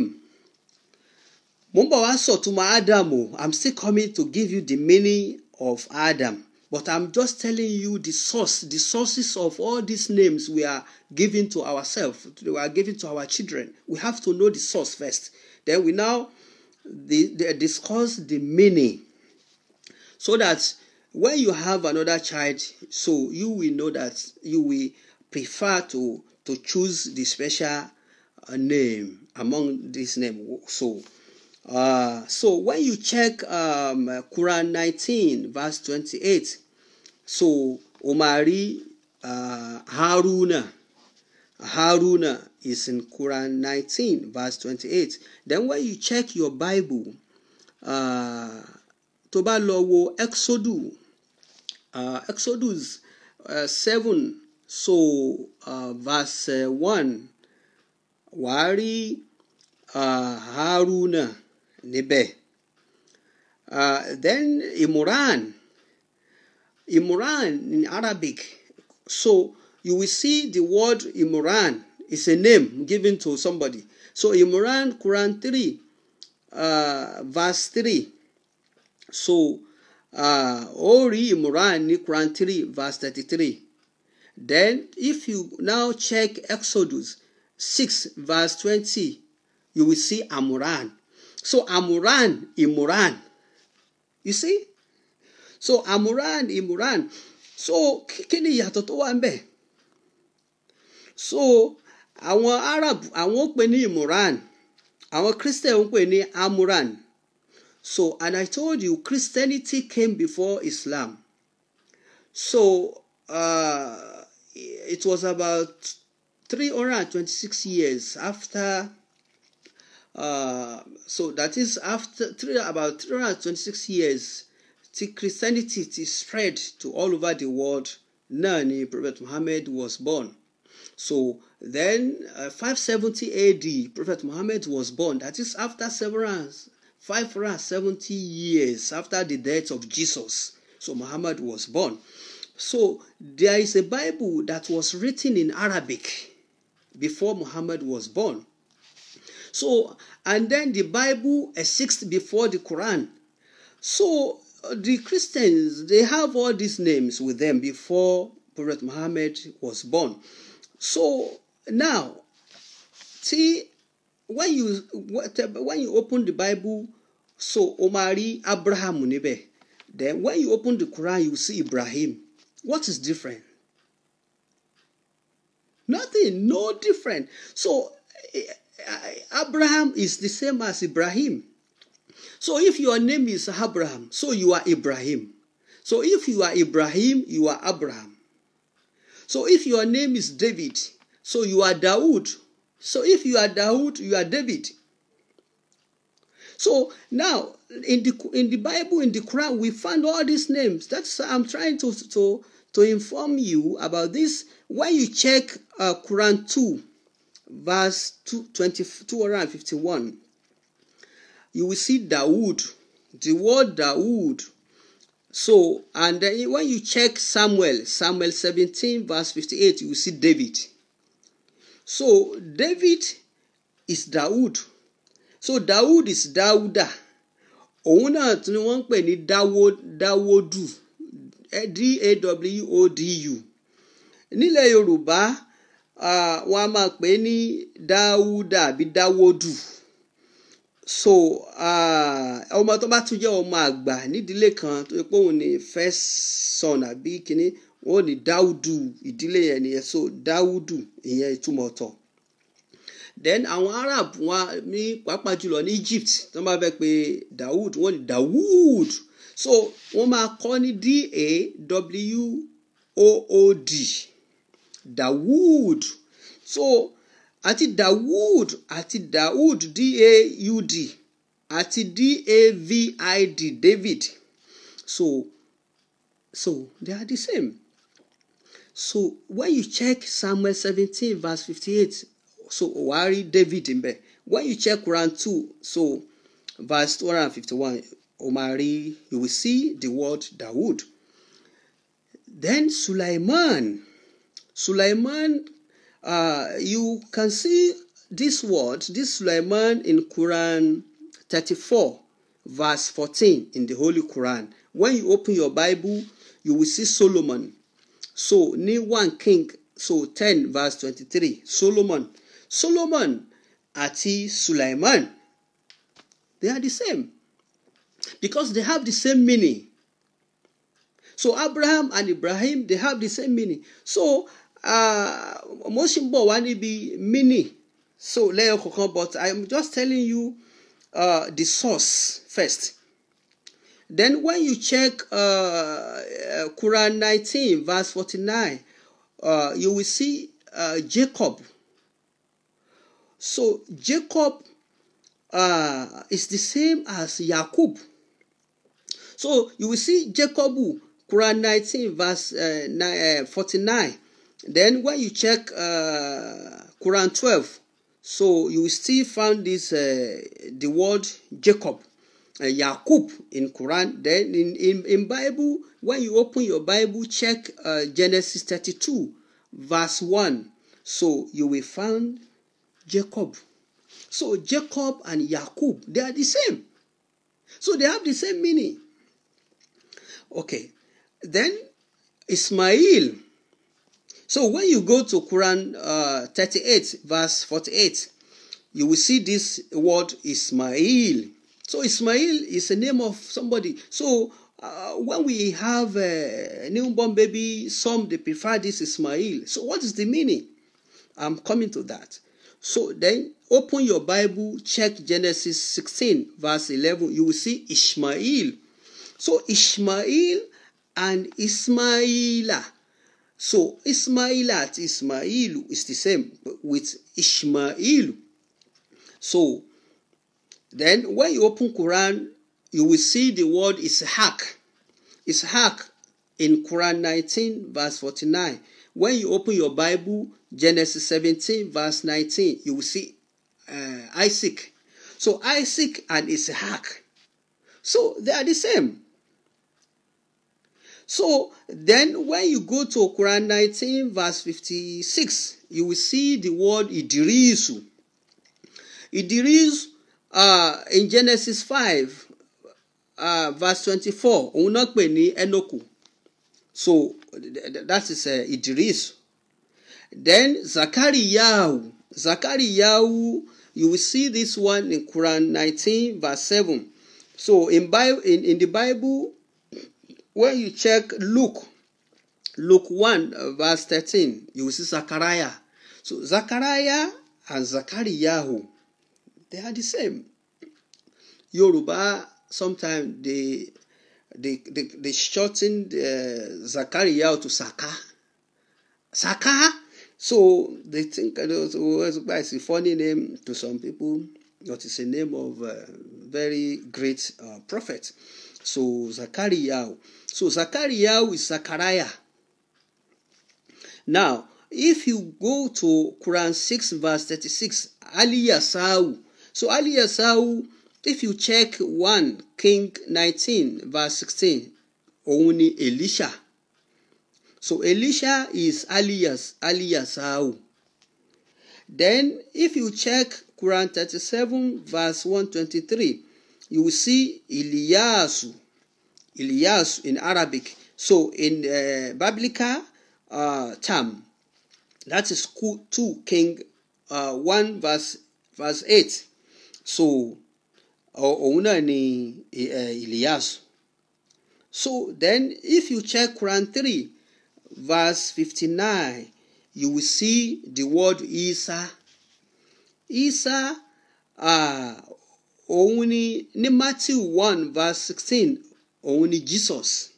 mo ń bọ̀ wá sọ̀túnmọ̀ Adam o I'm still coming to give you the meaning of Adam but I'm just telling you the source the sources of all these names we are giving to ourselves we are giving to our children we have to know the source first then we now the, the discuss the meaning so that When you have another child, so you will know that you will prefer to, to choose the special uh, name among this name. So, uh, so when you check um, Quran 19 verse 28, so Omari uh, Haruna, Haruna is in Quran 19 verse 28. Then when you check your Bible, uh, tó Exodus uh, Exodus uh, 7, so uh, verse uh, 1, Wari uh, Haruna níbẹ̀. then Imran, Imran in Arabic. So you will see the word Imran is a name given to somebody. So Imran Quran 3, uh, verse 3. So Ah, ó rí ìmúràn ní Quran three verse thirty-three then if you now check Exodus six verse twenty you will see amuran so amuran imuran you see so amuran imuran so kí ni ìyàtọ̀ tó wà ń bẹ̀ so àwọn Arab àwọn ń pè ní imuran àwọn Christian ń pè ní amuran. So, and I told you, Christianity came before Islam. So, uh, it was about 326 years after. Uh, so that is after three, about 326 years Christianity spread to all over the world. Nani Prophet Muhammad was born. So then, uh, 570 AD, Prophet Muhammad was born. That is after several 570 years after the death of Jesus. So Muhammad was born. So there is a Bible that was written in Arabic before Muhammad was born. So, and then the Bible exists before the Quran. So uh, the Christians, they have all these names with them before Prophet Muhammad was born. So now, see, when you when you open the Bible so o máa rí abraham níbẹ̀ then when you open the quran you see ibrahim what is different nothing no different so eh, eh, abraham is the same as ibrahim so if your name is abraham so you are ibrahim so if you are ibrahim you are abraham so if your name is david so you are dawood so if you are dawood you are david So now in the in the Bible, in the Quran, we find all these names. That's I'm trying to to to inform you about this. When you check uh, Quran two, verse 2, around fifty one, you will see Dawood, the word Dawood. So, and then when you check Samuel, Samuel 17, verse 58, you will see David. So, David is Dawood. so Dawud is Dawuda òun náà ni wọ́n ń pè ní Dawo Dawodu D-A-W-O-D-U nílẹ̀ Yorùbá uh, wọn a máa pè ní Dáwúdà àbí Dáwódù so ọmọ tó bá tún jẹ́ ọmọ àgbà nídìílé kan tó yẹ pé òun ni first son àbí kínní òun ni Dáwúdù ìdílé yẹn nìyẹn so Dáwúdù ìyẹn ìtumọ̀ ọ̀tọ̀ then àwọn arab wa ní pàápàá jùlọ ní Egypt tó bá fẹ́ pe Dawood wọ́n ní Dawood so wọ́n máa kọ ní d-a-w-o-o-d Dawood so àti Dawood àti Dawood d-a-u-d àti d-a-v-i-d David so so they are the same so when you check Samuel seventeen verse fifty-eight so wàá rí David ń when you check Quran two so verse two hundred and fifty one o máa rí you will see the word Dawood then Sulaiman Sulaiman uh, you can see this word this Sulaiman in Quran thirty-four verse fourteen in the Holy Quran when you open your Bible you will see Solomon so ní one king so ten verse twenty-three Solomon Solomon àti Sulaiman they are the same because they have the same meaning so Abraham and Ibrahim they have the same meaning so uh, mo ṣì ń bọ̀ wá níbi meaning so lẹ́yìn kọ̀ọ̀kan but I'm just telling you uh, the source first then when you check uh, uh Quran 19 verse 49 uh, you will see uh, Jacob So Jacob uh, is the same as Jacob. So you will see Jacob, Quran 19, verse uh, uh 49. Then when you check uh, Quran 12, so you will still find this uh, the word Jacob. Uh, Jacob in Quran. Then in, in, in Bible, when you open your Bible, check Genesis 32, verse 1. So you will find Jacob. So Jacob and Yakub, they are the same. So they have the same meaning. Okay. Then Ismail. So when you go to Quran uh, 38, verse 48, you will see this word Ismail. So Ismail is the name of somebody. So uh, when we have a newborn baby, some they prefer this Ismail. So what is the meaning? I'm coming to that. So then open your Bible, check Genesis 16, verse 11. You will see Ishmael. So Ishmael and Ismaila. So Ismailat, Ismail is the same with Ishmael. So then when you open Quran, you will see the word is Hak. Ishaq. Hak in Quran 19, verse 49. When you open your Bible, Genesis 17, verse 19, you will see uh, Isaac. So Isaac and Isaac. So they are the same. So then when you go to Quran 19, verse 56, you will see the word Idirisu. Idirisu uh, in Genesis 5, uh, verse 24, Enoku. So that is uh, then Zachariah, Zachariah, you will see this one in Quran 19 verse 7. So in Bible, in, in the Bible, when you check Luke, Luke 1 verse 13, you will see Zachariah. So Zachariah and Zachariah, they are the same. Yoruba sometimes they they they, they shorten uh, Zachariah to Saka. Saka so they think it was, it's a funny name to some people, but it's a name of a very great uh, prophet. So Zachariah. So Zachariah is Zachariah. Now, if you go to Quran 6 verse 36, Ali Yasau. So Ali Yasau, if you check 1 King 19 verse 16, only Elisha. So Elisha is alias, alias how. Then if you check Quran 37 verse 123, you will see Eliasu, Elias in Arabic. So in uh, biblical uh, term, that is 2 King uh, 1 verse, verse 8. So òun náà ni Elias. Uh, so then if you check Quran 3, verse 59, you will see the word Isa. Isa, uh, òun In Matthew one verse sixteen òun Jesus.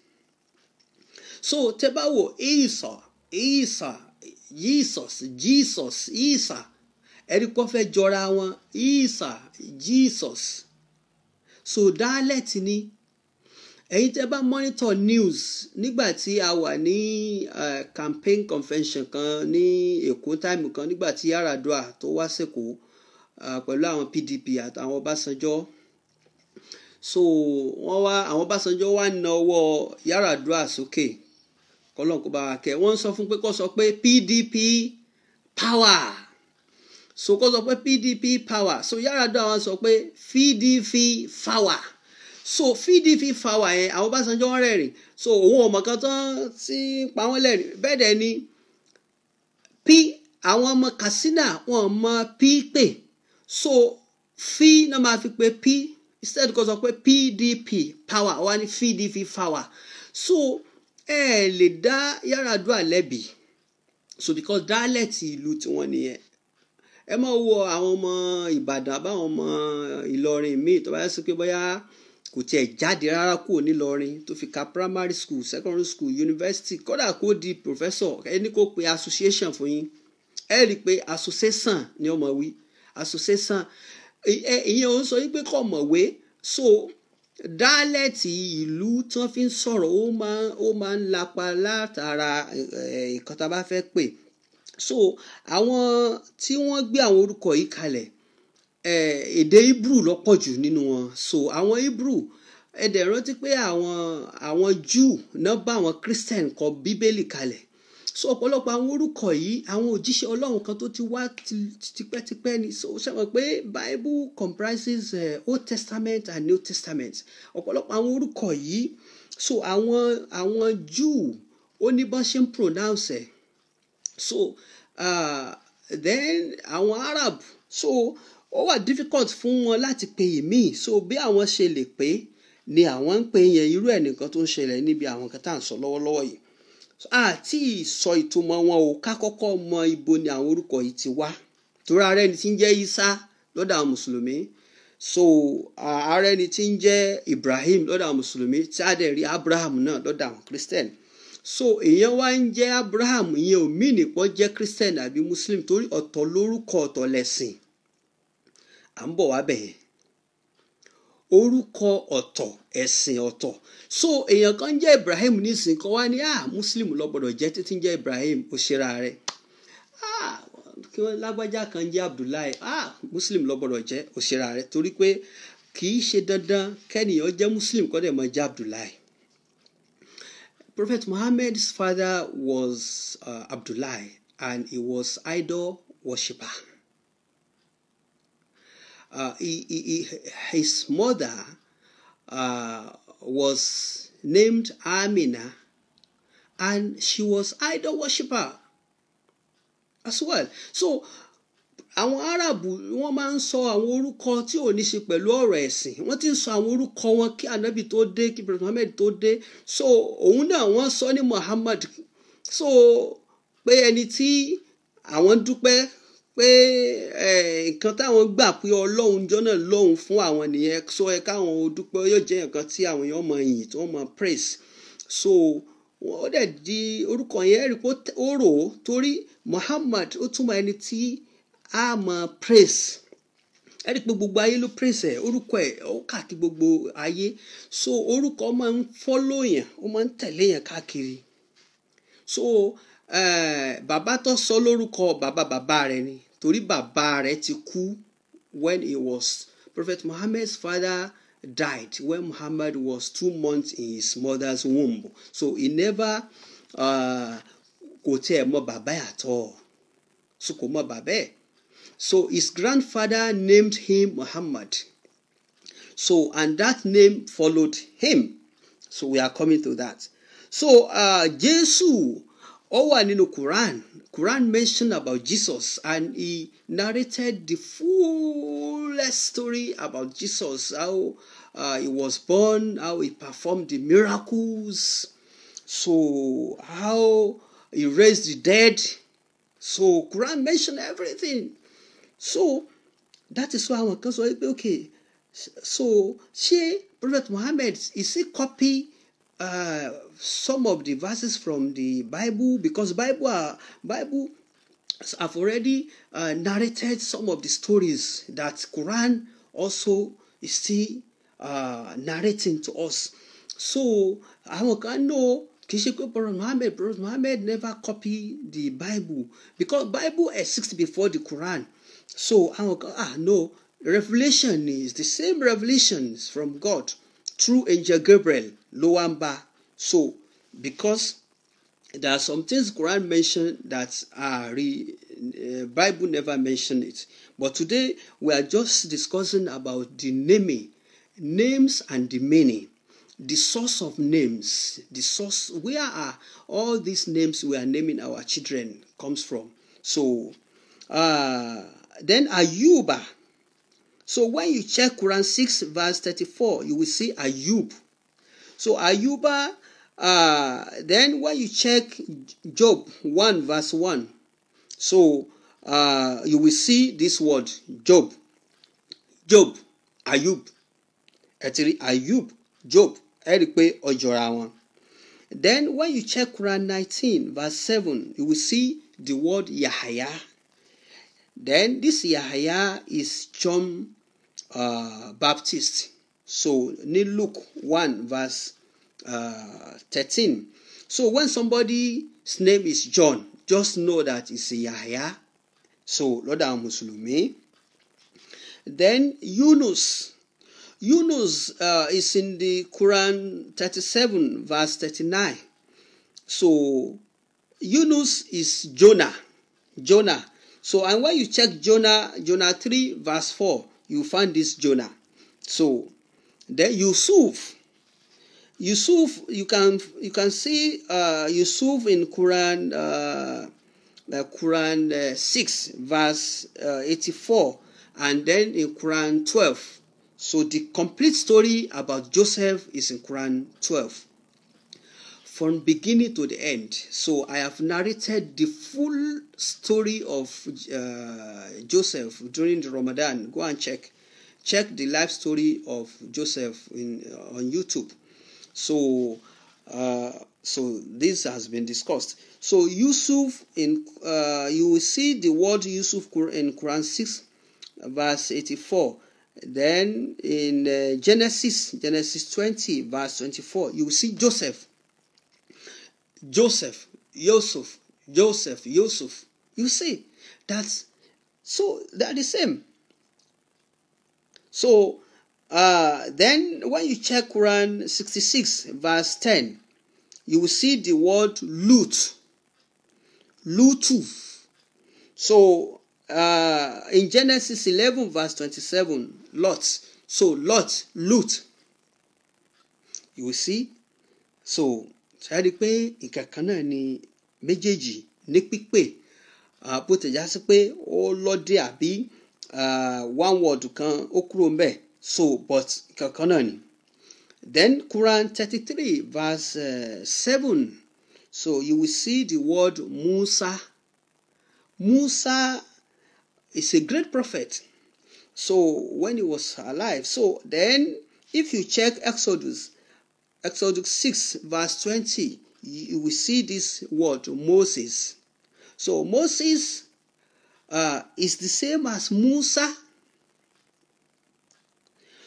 So tẹ́ Isa Isa Jesus Jesus Isa ẹ̀rí pọ́ fẹ́ jọra Isa Jesus. So dialect ni ẹ̀yin tẹ́ bá monitor news nígbà tí a wà ní eh, campaign convention kan ní èkó táìmù kan nígbà tí Yar'Adua tó wá sẹ́kọ̀ uh, eh, pẹ̀lú àwọn PDP àtàwọn Ọbásanjọ́ so wọ́n wá àwọn Ọbásanjọ́ wá na Yar'Adua sókè kọ́lọ́n kó bá wa kẹ́ wọ́n ń sọ fún pé kó sọ pé PDP power so kó sọ pé PDP power so Yar'Adua wọ́n sọ pé fídífí fáwà so fídífì fáwà yẹn àwọn Ọbásanjọ́ ń rẹ́rìn so òun ọmọ kan tán sí pa wọ́n lẹ́rìn bẹ́ẹ̀ dẹ̀ ni p àwọn ọmọ Katsina wọn mọ p pè so fi náà máa fi pé p instead kó sọ pé PDP power wà ní fídífì fáwà so ẹ eh, lè dá Yar'Adua lẹ́bi so because dialect ìlú tiwọn nìyẹn ẹ máa wo àwọn ọmọ Ìbàdàn àbáwọn ọmọ Ìlọrin míì tó bá yẹ sí pé bóyá kò tiẹ̀ jáde rárá kúrò nílọrin tó fi ka primary school secondary school university kódà kó di professor ẹni kó pe association fún yín ẹ rí i pé association ni ọmọ wí association ìyẹn ò ń sọ yín pé kọ̀ mọ̀wé so dálẹ́tì ìlú tí wọ́n fi ń sọ̀rọ̀ ó máa ó máa ń lapa látara nǹkan tá a bá fẹ́ pè so àwọn tí wọ́n gbé àwọn orúkọ yìí kalẹ̀ Eh, èdè hebrew ló pọ̀ jù nínú wọn so àwọn hebrew ẹ dẹ̀ rántí pé àwọn jew náà bá àwọn christian kọ bíbélì kalẹ̀ so ọ̀pọ̀lọpọ̀ àwọn orúkọ yìí àwọn òjíṣẹ́ ọlọ́run kan tó ti wá tipẹ́tipẹ́ ni so ṣe pé bible comprises uh, old testament and new testament ọ̀pọ̀lọpọ̀ àwọn orúkọ yìí so àwọn àwọn jew ó ní bọ́n ṣe ń pronounce ẹ̀ so uh, then àwọn arab so ó wà difficult fún wọn láti pe èmi so bí àwọn ṣe lè pé ni àwọn ń pe yẹn irú ẹ̀ nìkan tó ń ṣẹlẹ̀ níbi àwọn kan tá à ń sọ lọ́wọ́lọ́wọ́ yìí àti ìsọ ìtumọ̀ wọn ò ká kọ́kọ́ mọ ibo ni àwọn orúkọ yìí ti wá torí ààrẹ ni ti ń jẹ́ Isa lọ́dọ̀ àwọn mùsùlùmí so ààrẹ ni ti ń jẹ́ Ibrahim lọ́dọ̀ àwọn mùsùlùmí tí a dẹ̀ rí Abraham náà lọ́dọ̀ àwọn Christian so èèyàn wá ń jẹ́ Abraham ìyẹn ò mí nìkan jẹ́ Christian àbí Muslim torí ọ̀tọ̀ lórúkọ ọ̀tọ̀ lẹ̀sìn à ń bọ̀ wá bẹ̀yẹn orúkọ ọ̀tọ̀ ẹ̀sìn ọ̀tọ̀ so èèyàn kan jẹ́ Ibrahim nísìn kan wá ní ah muslim lọ́gbọ́dọ̀ jẹ́ títí jẹ́ Ibrahim ó ṣera rẹ̀ ah kí wọ́n lágbájá kan jẹ́ Abdullahi ah muslim lọ́gbọ́dọ̀ jẹ́ ó ṣera rẹ̀ torí pé kì í ṣe dandan kẹ́nìyàn jẹ́ muslim kọ́ dẹ̀ mọ́ jẹ́ Abdullahi Prophet Muhammad's father was uh, Abdullahi and he was idol worshiper uh, he, he, his mother uh, was named Amina, and she was idol worshiper as well. So àwọn Árábù wọ́n máa ń sọ àwọn orúkọ tí ò ní ṣe pẹ̀lú ọ̀rọ̀ ẹ̀sìn wọ́n ti ń sọ àwọn orúkọ wọn kí anabi tó dé kí ibrahim muhammed tó dé so òun náà wọ́n sọ ní muhammad so pé ẹni tí àwọn dúpẹ́ pé nǹkan táwọn gbà pé ọlọ́run jọ́nà lóhun fún àwọn nìyẹn sọ ẹ káwọn ó dúpẹ́ yóò jẹ́ nǹkan tí àwọn èèyàn mọ yìn tí wọ́n mọ praise so ó dẹ̀ di orúkọ yẹn rí pé ó rò ó torí Muhammad ó túmọ̀ ẹni tí a mọ praise ẹ rí pé gbogbo ayé ló praise ẹ orúkọ ẹ ó kàkí gbogbo ayé so orúkọ máa ń follow yẹn ó máa ń tẹ̀lé yẹn káàkiri so bàbá tó sọ lórúkọ bàbá bàbá rẹ ni torí bàbá rẹ̀ ti kú when he was Prophet Muhammad's father died when Muhammad was two months in his mother's womb so he never uh, kò tiẹ̀ mọ bàbá ẹ̀ at all so kò mọ bàbá ẹ̀ so his grandfather named him Muhammad so and that name followed him so we are coming to that so uh, Jésù ó wà nínú Quran Quran mentioned about Jesus and he narrated the full story about Jesus, how uh, he was born, how he performed the miracles, so how he raised the dead. So Quran mentioned everything. So that is why I kan sọ pé okay so she, Prophet Muhammad is a copy uh, some of the verses from the Bible because Bible are, Bible have already uh, narrated some of the stories that Quran also is still uh, narrating to us. So àwọn know kì í ṣe pé Prophet Muhammad Prophet Muhammad never copy the Bible because Bible exists before the Quran. So I kan ah no revelation is the same revelations from God through angel Gabriel. ló so because there are some things Quran mentioned that are re uh, Bible never mentioned it but today we are just discussing about the naming names and the meaning the source of names the source where are all these names we are naming our children comes from so uh, then ayuba so when you check quran six verse thirty four, you will see ayub So Ayuba, uh, then when you check Job 1 verse 1, so uh, you will see this word Job, Job, Ayub, actually Ayub, Job, ẹ rí i Then when you check Quran 19 verse 7, you will see the word Yahya. Then this Yahya is John uh, Baptist. So, in Luke 1, verse uh, 13. So, when somebody's name is John, just know that it's Yahya. So, Lord Muslimi. Then Yunus. Yunus uh, is in the Quran 37, verse 39. So, Yunus is Jonah. Jonah. So, and when you check Jonah, Jonah 3, verse 4, you find this Jonah. So, then Yusuf. Yusuf, you can you can see uh, Yusuf in Quran uh, Quran uh, 6 verse uh, 84 and then in Quran 12. So the complete story about Joseph is in Quran 12 from beginning to the end. So I have narrated the full story of uh, Joseph during the Ramadan. Go and check. Check the life story of Joseph in uh, on YouTube. So, uh, so this has been discussed. So Yusuf in uh, you will see the word Yusuf in Quran six, verse eighty four. Then in uh, Genesis Genesis twenty verse twenty four, you will see Joseph. Joseph, Yusuf, Joseph, Yusuf. You see that's so they are the same. So uh, then when you check Quran 66 verse 10, you will see the word loot. Lutu. So uh, in Genesis 11 verse 27, Lot. So Lot, loot. You will see. So ṣáàrí pé nǹkan kan náà ni méjèèjì ní pípé uh, bó sí pé ó lọ́dẹ àbí uh, one word kan ó kúrò ń bẹ̀ so but kankan náà ni then Quran thirty three verse uh, seven so you will see the word Musa Musa is a great prophet so when he was alive so then if you check Exodus Exodus six verse twenty you will see this word Moses so Moses. uh, is the same as Musa.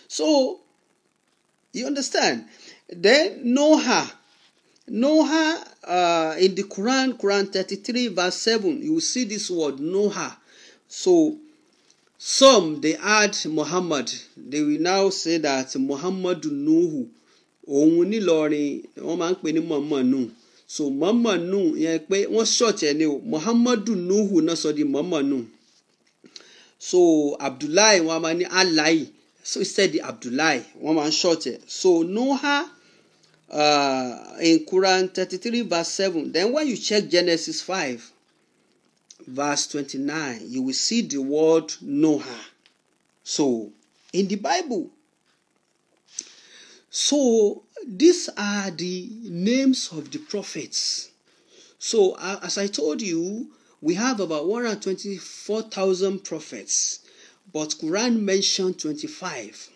So, you understand? Then Noah. Noah uh, in the Quran, Quran 33, verse 7, you see this word Noah. So, some they add Muhammad. They will now say that Muhammad Nuhu. Òun nílọrin wọ́n máa ń pè ní Mọ̀mọ́ Nuhu so mọ́mọ́ nù yẹn pé wọ́n ṣọ̀tì ẹni o muhammadu nuhu náà sọ di mọ́mọ́ nù so abdullahi wọn máa ní alayi so instead abdullahi wọn máa ń ṣọ̀tì ẹ so nuha uh, in quran thirty three verse seven then when you check genesis five verse twenty-nine you will see the word noha so in the bible so these are the names of the prophets. So, uh, as I told you, we have about 124,000 prophets, but Quran mentioned 25.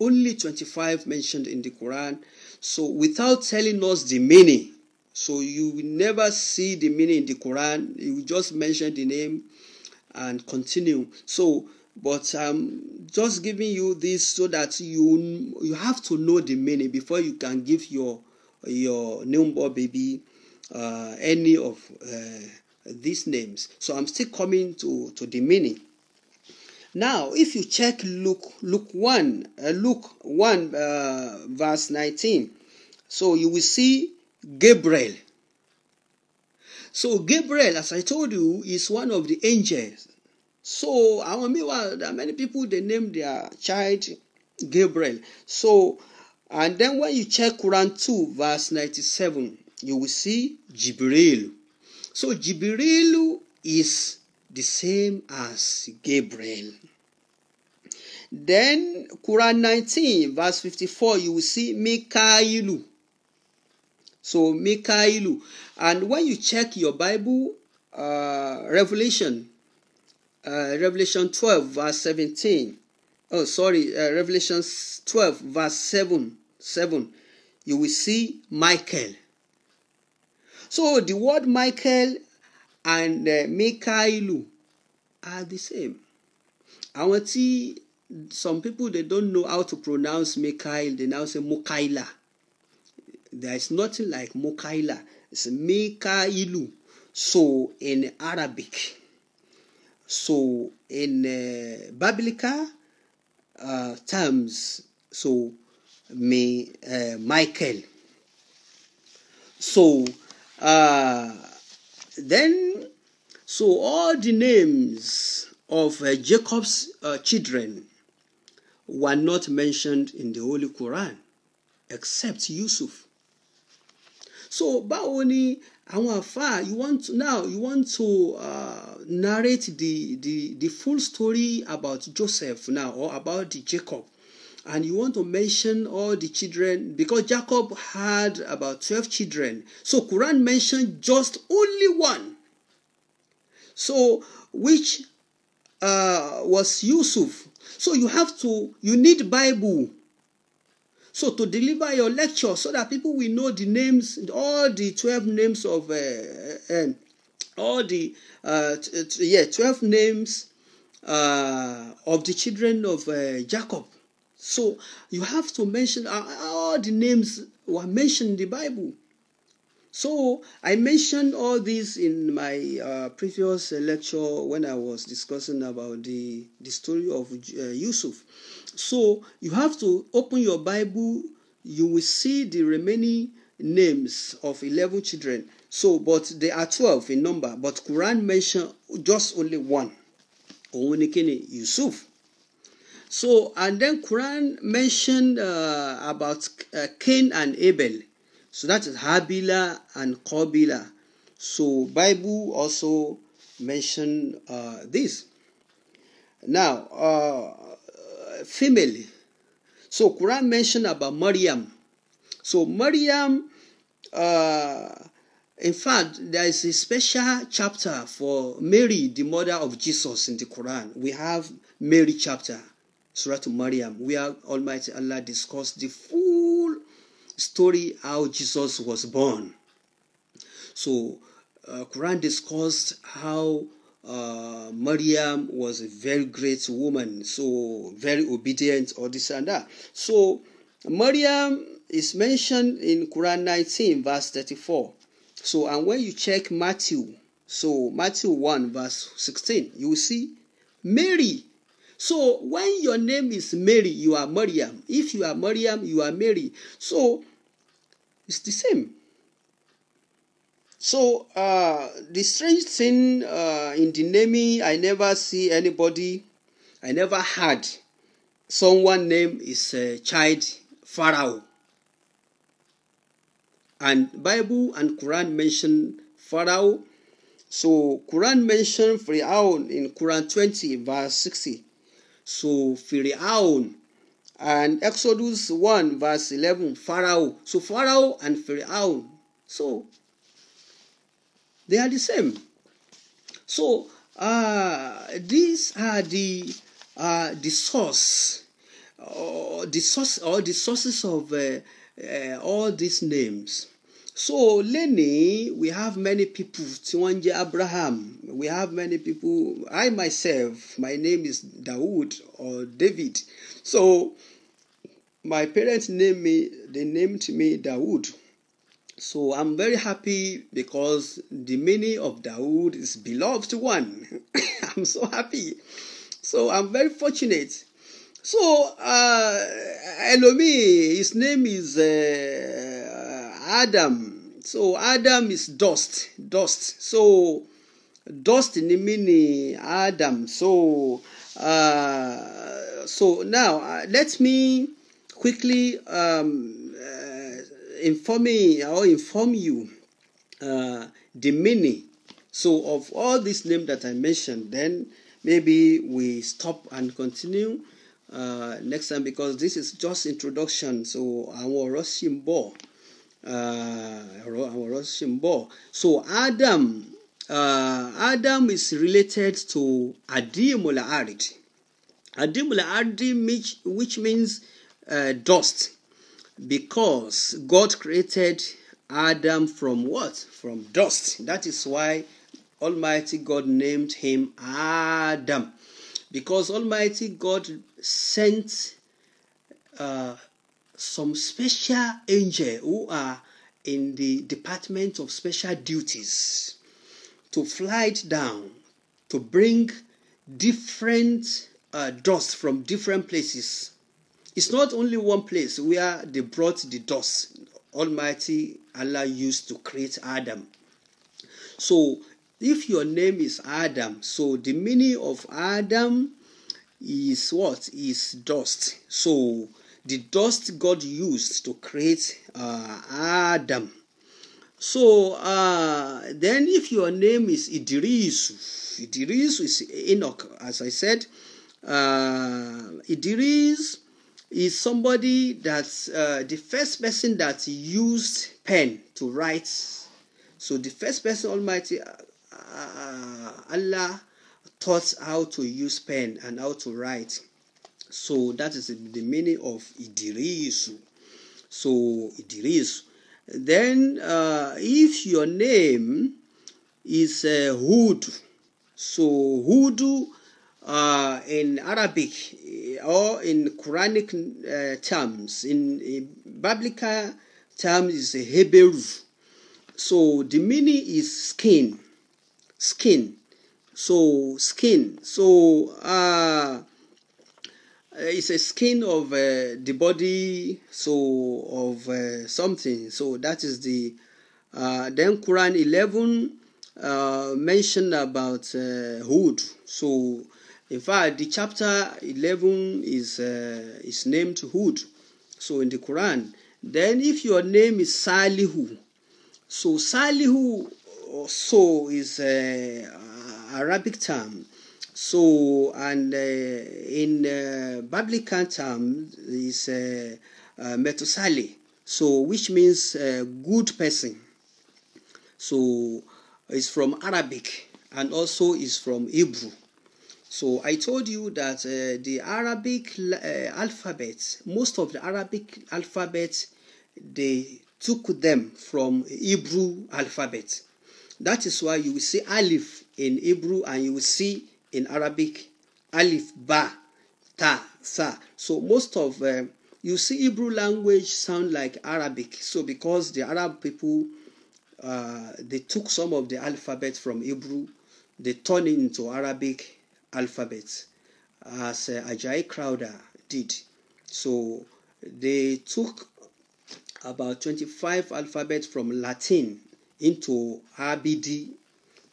Only 25 mentioned in the Quran. So, without telling us the meaning, so you will never see the meaning in the Quran. You just mention the name and continue. So but um, just giving you this so that you you have to know the meaning before you can give your your newborn baby uh, any of uh, these names. So I'm still coming to to the meaning. Now, if you check Luke Luke one uh, Luke one uh, verse nineteen, so you will see Gabriel. So Gabriel, as I told you, is one of the angels so I mean, there are many people they name their child Gabriel so and then when you check Quran two verse ninety-seven you will see Jibril so Jibril is the same as Gabriel. Then Quran 19, verse 54, you will see Mikailu. So Mikailu. And when you check your Bible, uh, Revelation uh, Revelation 12, verse 17. Oh, sorry, uh, Revelation 12, verse 7. 7. You will see Michael. So the word Michael and uh, are the same. I want to see some people they don't know how to pronounce Mekail, they now say Mokaila. There is nothing like Mokaila. It's Mekailu. So in Arabic, so in uh, biblical uh, terms, so me uh, Michael. So uh, then, so all the names of uh, Jacob's uh, children were not mentioned in the Holy Quran, except Yusuf. So Baoni àwọn àfáà you want to, now you want to uh, narrate the, the the full story about Joseph now or about the Jacob and you want to mention all the children because Jacob had about 12 children so Quran mentioned just only one so which uh, was Yusuf so you have to you need Bible so to deliver your lecture so that people will know the names, all the 12 names of, uh, uh um, all the, uh, t- t- yeah, 12 names uh, of the children of uh, Jacob. So you have to mention uh, all the names were mentioned in the Bible. So I mentioned all this in my uh, previous lecture when I was discussing about the, the story of uh, Yusuf. So you have to open your Bible, you will see the remaining names of eleven children. So, but they are twelve in number, but Quran mention just only one. Owunikini Yusuf. So, and then Quran mentioned uh, about uh, Cain and Abel. So that is Habila and Qabila. So Bible also mention uh, this. Now, uh, female so quran mentioned about maryam so maryam uh, in fact there is a special chapter for mary the mother of jesus in the quran we have mary chapter surah to maryam where almighty allah discussed the full story how jesus was born so uh, quran discussed how uh, Maryam was a very great woman, so very obedient, or this and that. So Maryam is mentioned in Quran 19, verse 34. So, and when you check Matthew, so Matthew 1, verse 16, you will see Mary. So when your name is Mary, you are Maryam. If you are Maryam, you are Mary. So it's the same. So uh, the strange thing uh, in the name, I never see anybody, I never heard someone name is a child Pharaoh. And Bible and Quran mention Pharaoh. So Quran mention Pharaoh in Quran 20 verse 60. So Pharaoh and Exodus 1 verse 11 Pharaoh. So Pharaoh and Pharaoh. So they are the same. So uh, these are the uh, the source, or uh, the source, or the sources of uh, uh, all these names. So Lenny, we have many people. Tiwanje Abraham, we have many people. I myself, my name is Dawood or David. So my parents named me. They named me Dawood. So I'm very happy because the mini of Dawood is beloved one. I'm so happy. So I'm very fortunate. So uh, Elomi, his name is uh, uh Adam. So Adam is dust, dust. So dust in the mini Adam. So uh, so now uh, let me quickly. Um, informing or inform you uh, the meaning. So of all these names that I mentioned, then maybe we stop and continue uh, next time because this is just introduction. So àwọn uh, bọ̀ So Adam uh, Adam is related to Adimula Arid. Adimula which, which means uh, dust because God created Adam from what? From dust. That is why Almighty God named him Adam. Because Almighty God sent uh, some special angel who are in the Department of Special Duties to fly down to bring different uh, dust from different places it's not only one place where they brought the dust Almighty Allah used to create Adam. So if your name is Adam, so the meaning of Adam is what? Is dust. So the dust God used to create uh, Adam. So uh, then, if your name is Idris, Idris is Enoch, as I said. Uh, Idris is somebody that uh, the first person that used pen to write. So the first person Almighty uh, uh Allah taught how to use pen and how to write. So that is the meaning of Idirisu. So Idirisu. Then uh, if your name is uh, Hud, so Hudu uh, in Arabic or in Quranic uh, terms, in, in biblical terms, is Hebrew. So the meaning is skin, skin. So skin. So uh, it's a skin of uh, the body. So of uh, something. So that is the. Uh, then Quran eleven uh, mentioned about uh, hood. So in fact, the chapter 11 is, uh, is named Hood. So in the Quran, then if your name is Salihu, so Salihu uh, so is an uh, uh, Arabic term. So and uh, in uh, biblical term is uh, uh, Metusali. So which means uh, good person. So it's from Arabic and also is from Hebrew. So I told you that uh, the Arabic uh, alphabet, most of the Arabic alphabet, they took them from Hebrew alphabet. That is why you will see Alif in Hebrew and you will see in Arabic Alif, Ba, Ta, Sa. So most of uh, you see Hebrew language sound like Arabic. So because the Arab people uh, they took some of the alphabet from Hebrew, they turned it into Arabic, alphabets as uh, Ajay Crowder did. So they took about 25 alphabets from Latin into RBD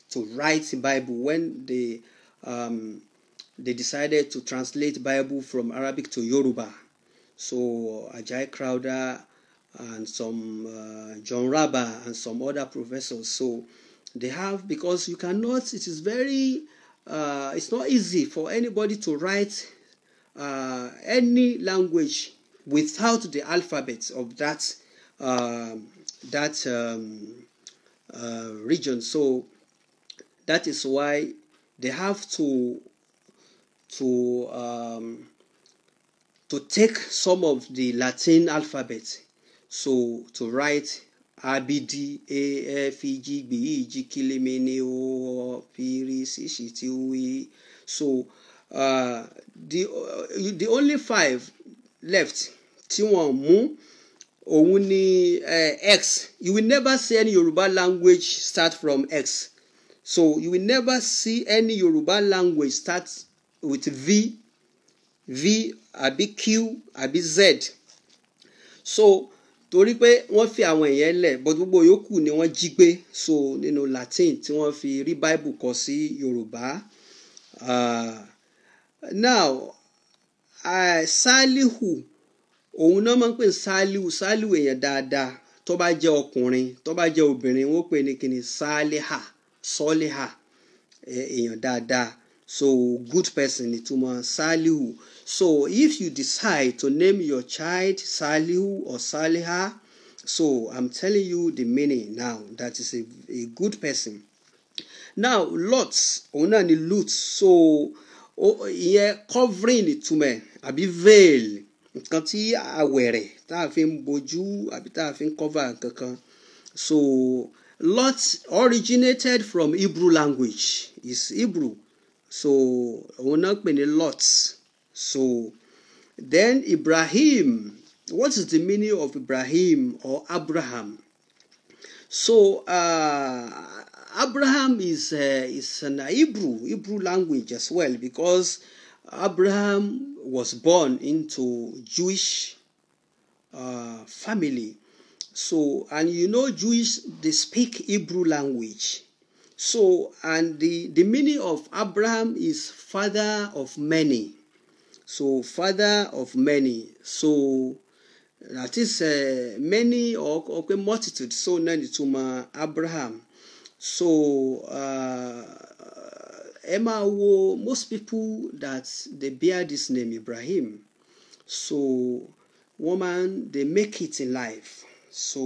to write Bible when they um, they decided to translate Bible from Arabic to Yoruba. So Ajay Crowder and some uh, John Rabba and some other professors. So they have because you cannot. It is very uh, it's not easy for anybody to write uh, any language without the alphabet of that uh, that um, uh, region. So that is why they have to to um, to take some of the Latin alphabet so to write abidi efiji gbiyi jikilimini e, e, o firi sishiti wi so uh, the uh, the only five left tí wọ́n mú òun ni uh, x you will never see any Yoruba language start from x so you will never see any Yoruba language start with v v àbí q àbí z so torí pé wọ́n fi àwọn ìyẹn lẹ̀ but gbogbo yòókù ni wọ́n jí gbé so nínú Latin tí wọ́n fi rí Bible kọ sí Yorùbá uh, now uh, Salihu òun náà máa ń pè Salihu Salihu èèyàn dáadáa tó bá jẹ́ ọkùnrin tó bá jẹ́ obìnrin wọ́n pè ní kíni Saliha Soliha èèyàn dáadáa so good person ni túmọ̀ Salihu. So if you decide to name your child Salihu or Saliha, so I'm telling you the meaning now. That is a, a good person. Now Lot, òun náà ni Lut, so ìyẹn covering ìtumẹ̀ àbí veil nǹkan tí àwẹ̀rẹ̀ tá a fi ń bojú àbí tá fi ń cover kankan. So Lot originated from Hebrew language is Hebrew so òun náà pè ní Lot. So then Ibrahim, what is the meaning of Ibrahim or Abraham? So uh, Abraham is uh, is an Hebrew Hebrew language as well because Abraham was born into Jewish uh, family. So and you know Jewish they speak Hebrew language. So and the the meaning of Abraham is father of many. so father of many so that is uh, many or, or pe multitude so náà ni túmọ̀ Abraham so eh, ẹ máa wo most people that they bear this name Ibrahim so wọ́n máa ń they make it in life so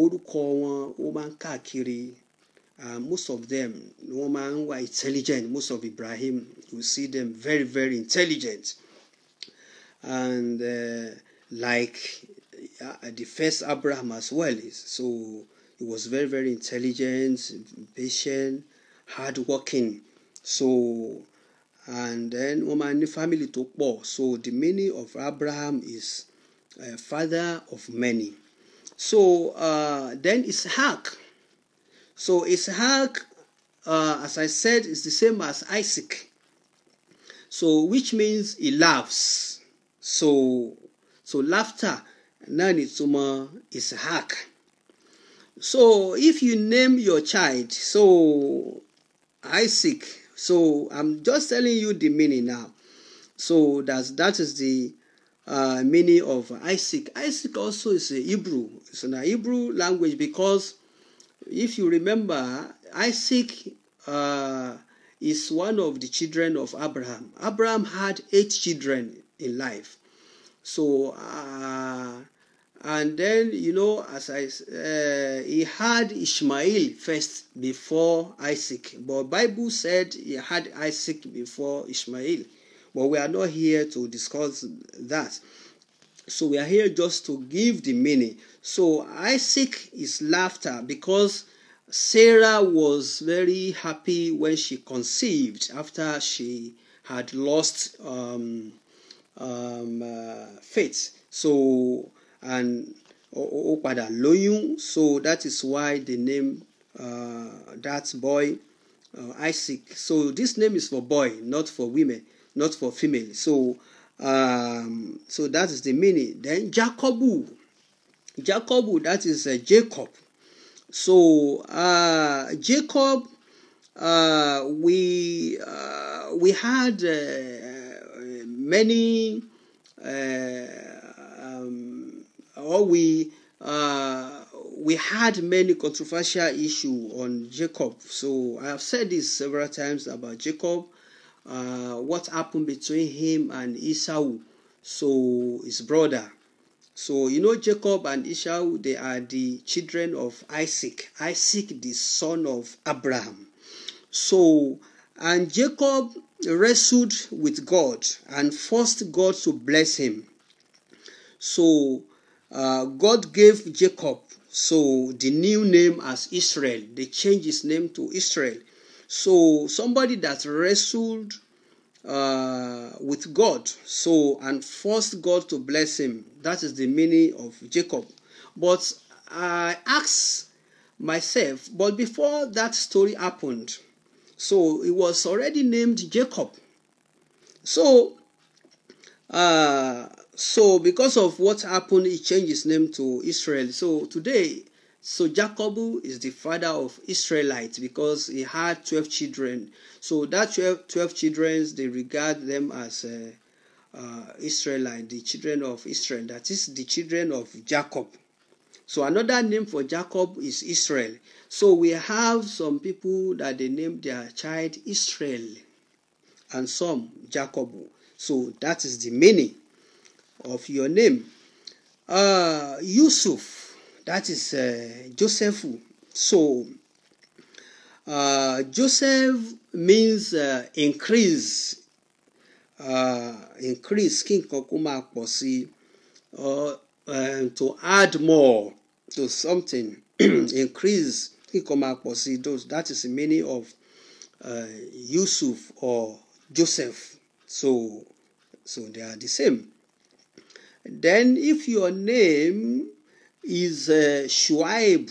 orúkọ wọn ó máa ń káàkiri uh, most of them wọ́n máa ń wà intelligent most of Ibrahim you see them very very intelligent. and uh, like uh, the first Abraham as well. So he was very, very intelligent, patient, hardworking. So and then woman ní family took pọ̀. So the meaning of Abraham is uh, father of many. So uh, then Ishaq. So it's uh, as I said, is the same as Isaac. So which means he loves so so laughter na ni tuma is hack so if you name your child so isaac so i'm just telling you the meaning now so that's that is the uh, meaning of isaac isaac also is a hebrew it's an hebrew language because if you remember isaac uh, is one of the children of abraham abraham had eight children in life. So, uh, and then, you know, as I, uh, he had Ishmael first before Isaac. But Bible said he had Isaac before Ishmael. But we are not here to discuss that. So we are here just to give the meaning. So Isaac is laughter because Sarah was very happy when she conceived after she had lost um, um, uh, faith so and ó padà lóyún so that is why the name uh, that boy uh, Isaac so this name is for boy not for women not for female so um, so that is the meaning then Jacobu Jacobu that is uh, Jacob so uh, Jacob uh, we uh, we had. Uh, many uh, um, or we uh, we had many controversial issue on Jacob. So I have said this several times about Jacob, uh, what happened between him and Esau, so his brother. So you know Jacob and Esau, they are the children of Isaac. Isaac, the son of Abraham. So and Jacob wrestled with God and forced God to bless him. So uh, God gave Jacob so the new name as Israel. They changed his name to Israel. So somebody that wrestled uh, with God, so and forced God to bless him. That is the meaning of Jacob. But I asked myself, but before that story happened, So he was already named Jacob. So, uh, so because of what happened, he changed his name to Israel. So today, so Jacob is the father of Israelites because he had twelve children. So that 12, 12 children, they regard them as uh, uh, Israelite, the children of Israel. That is the children of Jacob. So another name for Jacob is Israel. So we have some people that they name their child Israel and some Jacob. So that is the meaning of your name. Uh, Yusuf, that is uh, Joseph. So uh, Joseph means uh, increase, uh, increase King nǹkan kó uh, to add more to something increase he come out those. That is many meaning of uh, Yusuf or Joseph. So, so they are the same. Then, if your name is uh, Shuaib,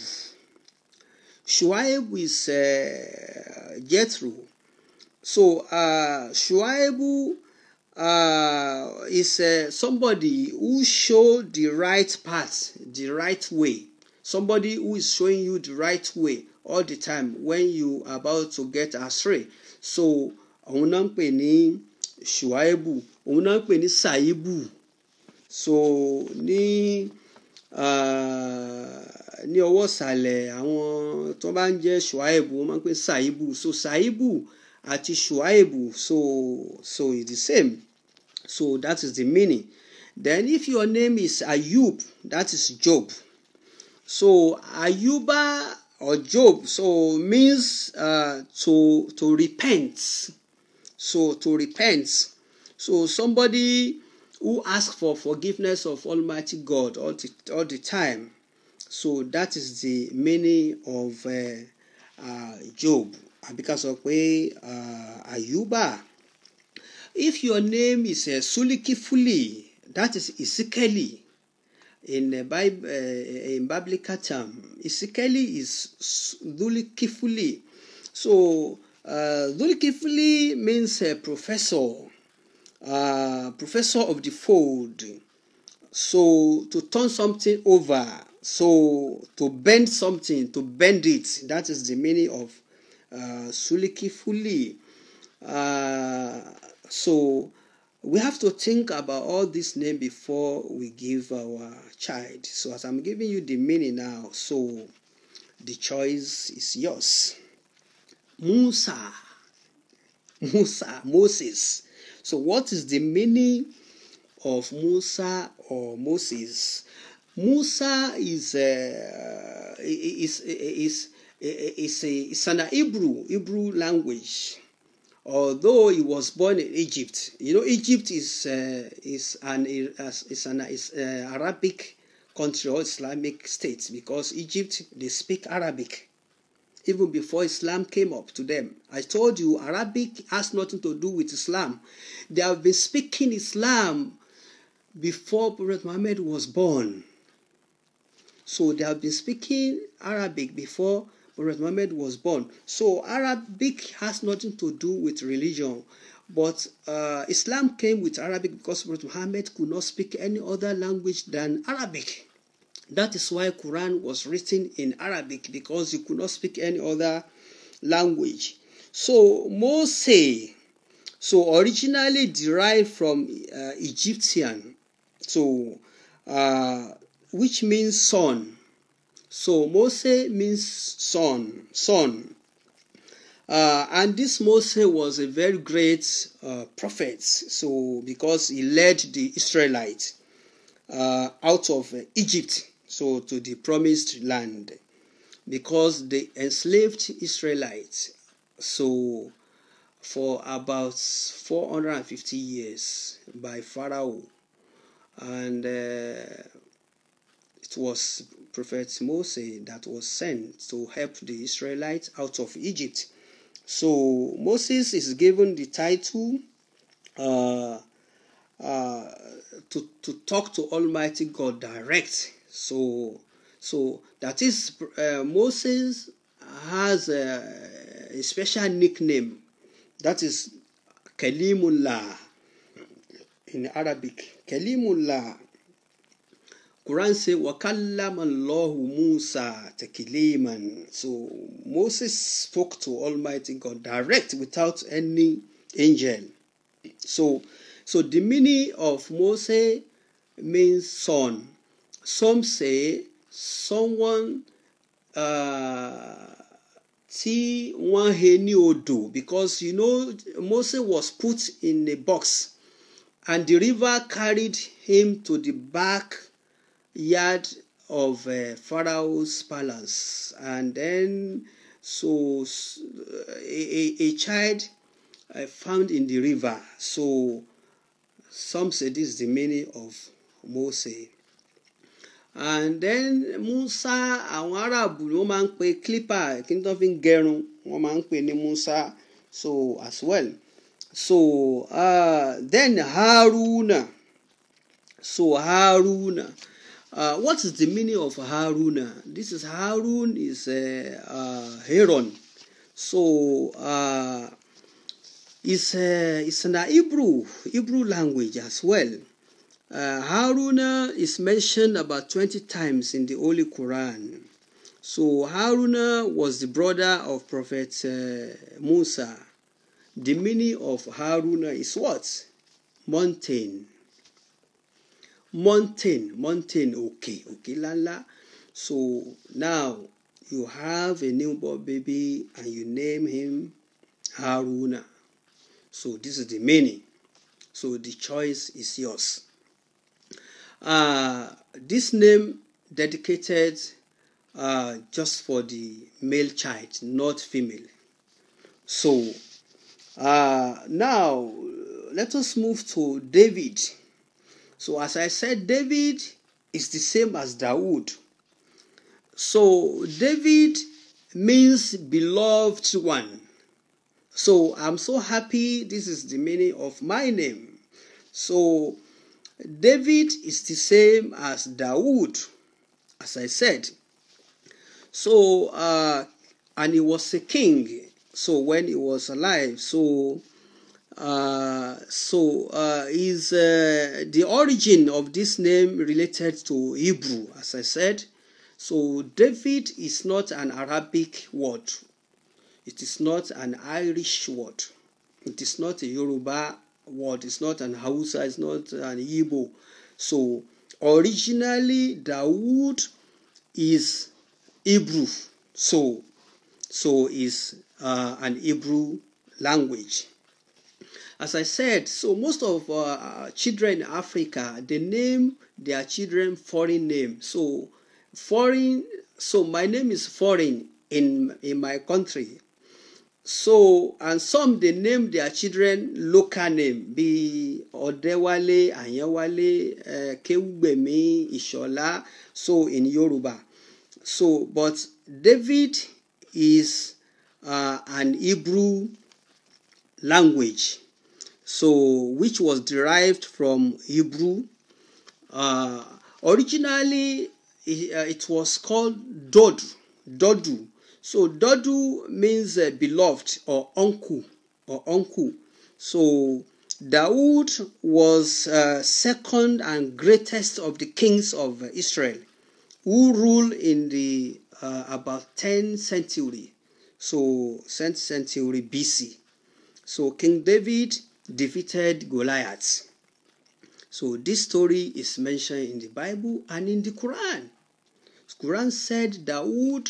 Shuaib is uh, Jethro. So, uh, Shuaib uh, is uh, somebody who showed the right path, the right way. somebody who is showing you the right way all the time when you are about to get astray so òun náà ń pè ní ṣùáìbù òun náà ń pè ní ṣàìbù so ní ní ọwọ́ ìsàlẹ̀ àwọn tó bá ń jẹ́ ṣùáìbù wọ́n máa ń pè ṣàìbù so saibu àti shuaibu. so so it's the same so that is the meaning then if your name is ayub that is job. So Ayuba or Job so means uh, to to repent. So to repent. So somebody who asks for forgiveness of Almighty God all the, all the time. So that is the meaning of uh, uh, Job. Because of way uh, Ayuba. If your name is uh, Sulikifuli, that is Isikeli in a Bible, uh, in biblical term. Isikeli is Dhulikifuli. So uh, means a professor, eh, professor of the fold. So to turn something over, so to bend something, to bend it. That is the meaning of uh, eh, Sulikifuli. Uh, so we have to think about all this name before we give our child. So as I'm giving you the meaning now, so the choice is yours. Musa, Musa, Moses. So what is the meaning of Musa or Moses? Musa is a uh, is is is is, a, is an Hebrew Hebrew language although he was born in Egypt. You know, Egypt is uh, is an is an is, uh, Arabic country or Islamic state because Egypt they speak Arabic even before Islam came up to them. I told you Arabic has nothing to do with Islam. They have been speaking Islam before Prophet Muhammad was born. So they have been speaking Arabic before Prophet Muhammad was born. So Arabic has nothing to do with religion. But uh, Islam came with Arabic because Prophet Muhammad could not speak any other language than Arabic. That is why Quran was written in Arabic because he could not speak any other language. So Moses, so originally derived from uh, Egyptian, so uh, which means son. So Mose means son, son. Uh, and this Mose was a very great uh, prophet, so because he led the Israelites uh, out of Egypt, so to the promised land, because they enslaved Israelites, so for about 450 years by Pharaoh, and uh, it was Prophet Moses that was sent to help the Israelites out of Egypt. So Moses is given the title uh, uh, to, to talk to Almighty God direct. So, so that is uh, Moses has a, a, special nickname that is Kalimullah in Arabic. Kalimullah Quran say وَكَلَّمَ اللَّهُ Musa tekiliman, So Moses spoke to Almighty God direct without any angel. So so the meaning of Moses means son. Some say someone uh, tí wọ́n he ní odò because you know Moses was put in a box and the river carried him to the back yard of uh, Pharaoh's palace. And then, so a, a child uh, found in the river. So some say this is the meaning of Moses. And then Musa àwọn Arábù ló máa ń pe clipper kí n tó fi ń gẹrun wọ́n máa ń pè ní Musa so as well. So uh, then Haruna so Haruna. Uh, what is the meaning of Haruna? This is Harun is uh, uh, Heron. So uh, it's, uh, it's an Hebrew, Hebrew language as well. Uh, Haruna is mentioned about 20 times in the Holy Quran. So Haruna was the brother of Prophet uh, Musa. The meaning of Haruna is what? Mountain mountain, mountain, okay, okay, lala. So now you have a newborn baby and you name him Haruna. So this is the meaning. So the choice is yours. Uh, this name dedicated uh, just for the male child, not female. So uh, now let us move to David. So, as I said, David is the same as Dawood. So, David means beloved one. So, I'm so happy this is the meaning of my name. So, David is the same as Dawood, as I said. So, uh, and he was a king. So, when he was alive, so uh, so uh, is uh, the origin of this name related to Hebrew, as I said. So David is not an Arabic word. It is not an Irish word. It is not a Yoruba word. It's not an Hausa. It's not an Igbo. So originally Dawood is Hebrew. So so is uh, an Hebrew language. As I said, so most of uh, children in Africa, they name their children foreign name. So foreign, so my name is foreign in, in my country. So, and some they name their children local name, be Odewale, Anyawale, uh, eh, Keugbemi, Ishola, so in Yoruba. So, but David is uh, an Hebrew language. so which was derived from Hebrew. Uh, originally, it, uh, it, was called Dodu. Dodu. So Dodu means uh, beloved or uncle or uncle. So Dawood was uh, second and greatest of the kings of Israel, who ruled in the uh, about 10th century. So 10th century BC. So King David defeated Goliath. So this story is mentioned in the Bible and in the Quran. The Quran said Dawood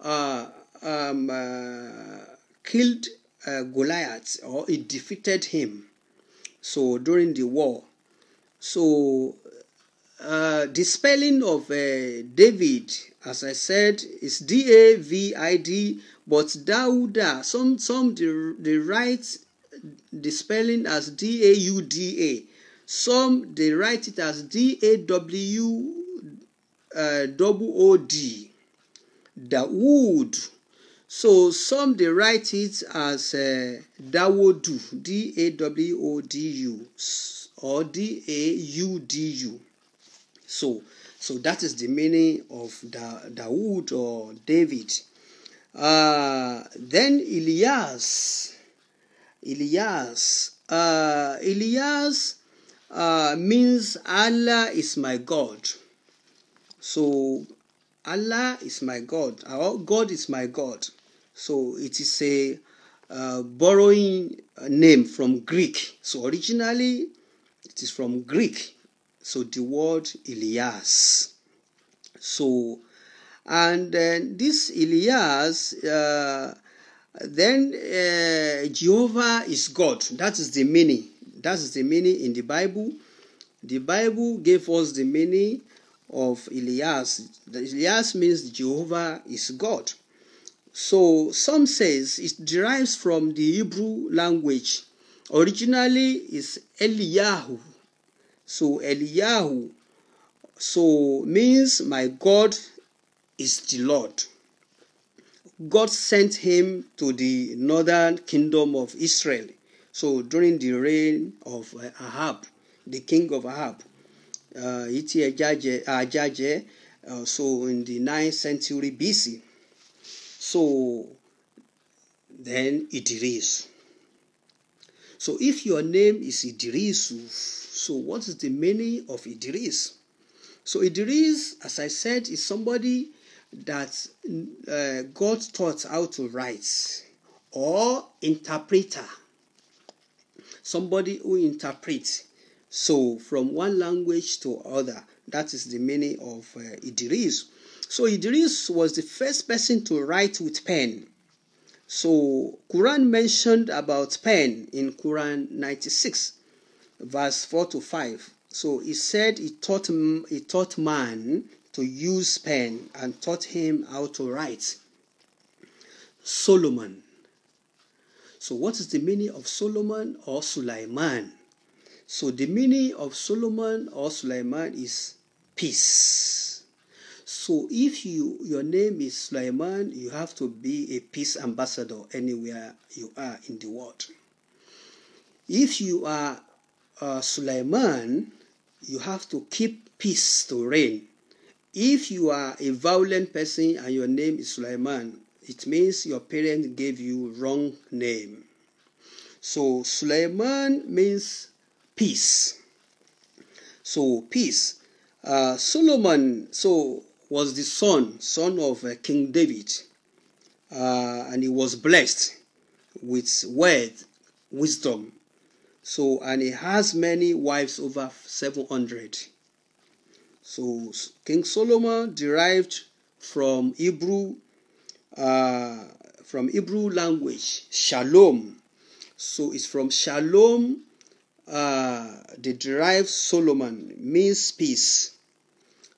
uh, um, uh, killed uh, Goliath or it defeated him. So during the war, so uh, the spelling of uh, David, as I said, is D A V I D, but Dawuda. Some some the the right the spelling as D A U D A. Some they write it as D A W uh, Dawood. So some they write it as uh, Dawodu, D A W O D U, or D A U D U. So, so that is the meaning of da- Dawood or David. Uh, then Elias Elias. Uh, Elias uh, means Allah is my God. So Allah is my God. Our God is my God. So it is a uh, borrowing name from Greek. So originally it is from Greek. So the word Elias. So and this Elias uh, then uh, Jehovah is God. That is the meaning. That is the meaning in the Bible. The Bible gave us the meaning of Elias. Elias means Jehovah is God. So some says it derives from the Hebrew language. Originally is Eliyahu. So Eliyahu so means my God is the Lord. God sent him to the northern kingdom of Israel. So during the reign of uh, Ahab, the king of Ahab, uh, Iti Ajaje, uh, so in the 9th century BC. So then Idris. So if your name is Idris, so what is the meaning of Idris? So Idris, as I said, is somebody that uh, God taught how to write or interpreter, somebody who interprets. So from one language to other, that is the meaning of uh, Idris. So Idris was the first person to write with pen. So Quran mentioned about pen in Quran 96, verse 4 to 5. So he said he taught, he taught man to use pen and taught him how to write. Solomon. So, what is the meaning of Solomon or Sulaiman? So, the meaning of Solomon or Sulaiman is peace. So, if you your name is Sulaiman, you have to be a peace ambassador anywhere you are in the world. If you are uh, Sulaiman, you have to keep peace to reign if you are a violent person and your name is Sulaiman, it means your parents gave you wrong name. So Sulaiman means peace. So peace. Uh, Solomon so was the son son of uh, King David, uh, and he was blessed with word wisdom. So and he has many wives over seven hundred. So King Solomon derived from Hebrew uh, from Hebrew language shalom. So it's from shalom uh, they derive Solomon means peace.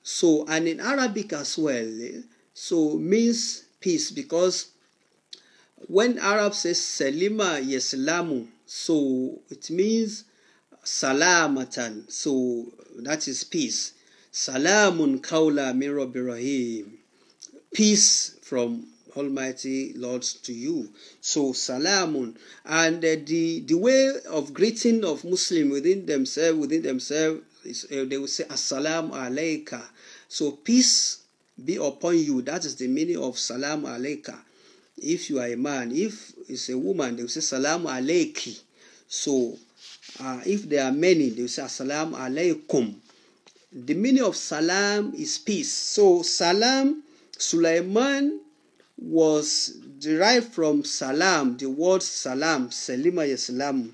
So and in Arabic as well, eh, so means peace because when Arab says Selima Yeslamu, so it means Salamatan, so that is peace. Salamun kaula miro Peace from Almighty Lord to you. So salamun. And uh, the, the way of greeting of Muslim within themselves, within themselves, uh, they will say assalamu alaikum. So peace be upon you. That is the meaning of salamu alaikum. If you are a man, if it's a woman, they will say salamu alaiki. So uh, if there are many, they will say assalamu alaikum the meaning of salam is peace. So salam, Sulaiman was derived from salam, the word salam, salima yaslam.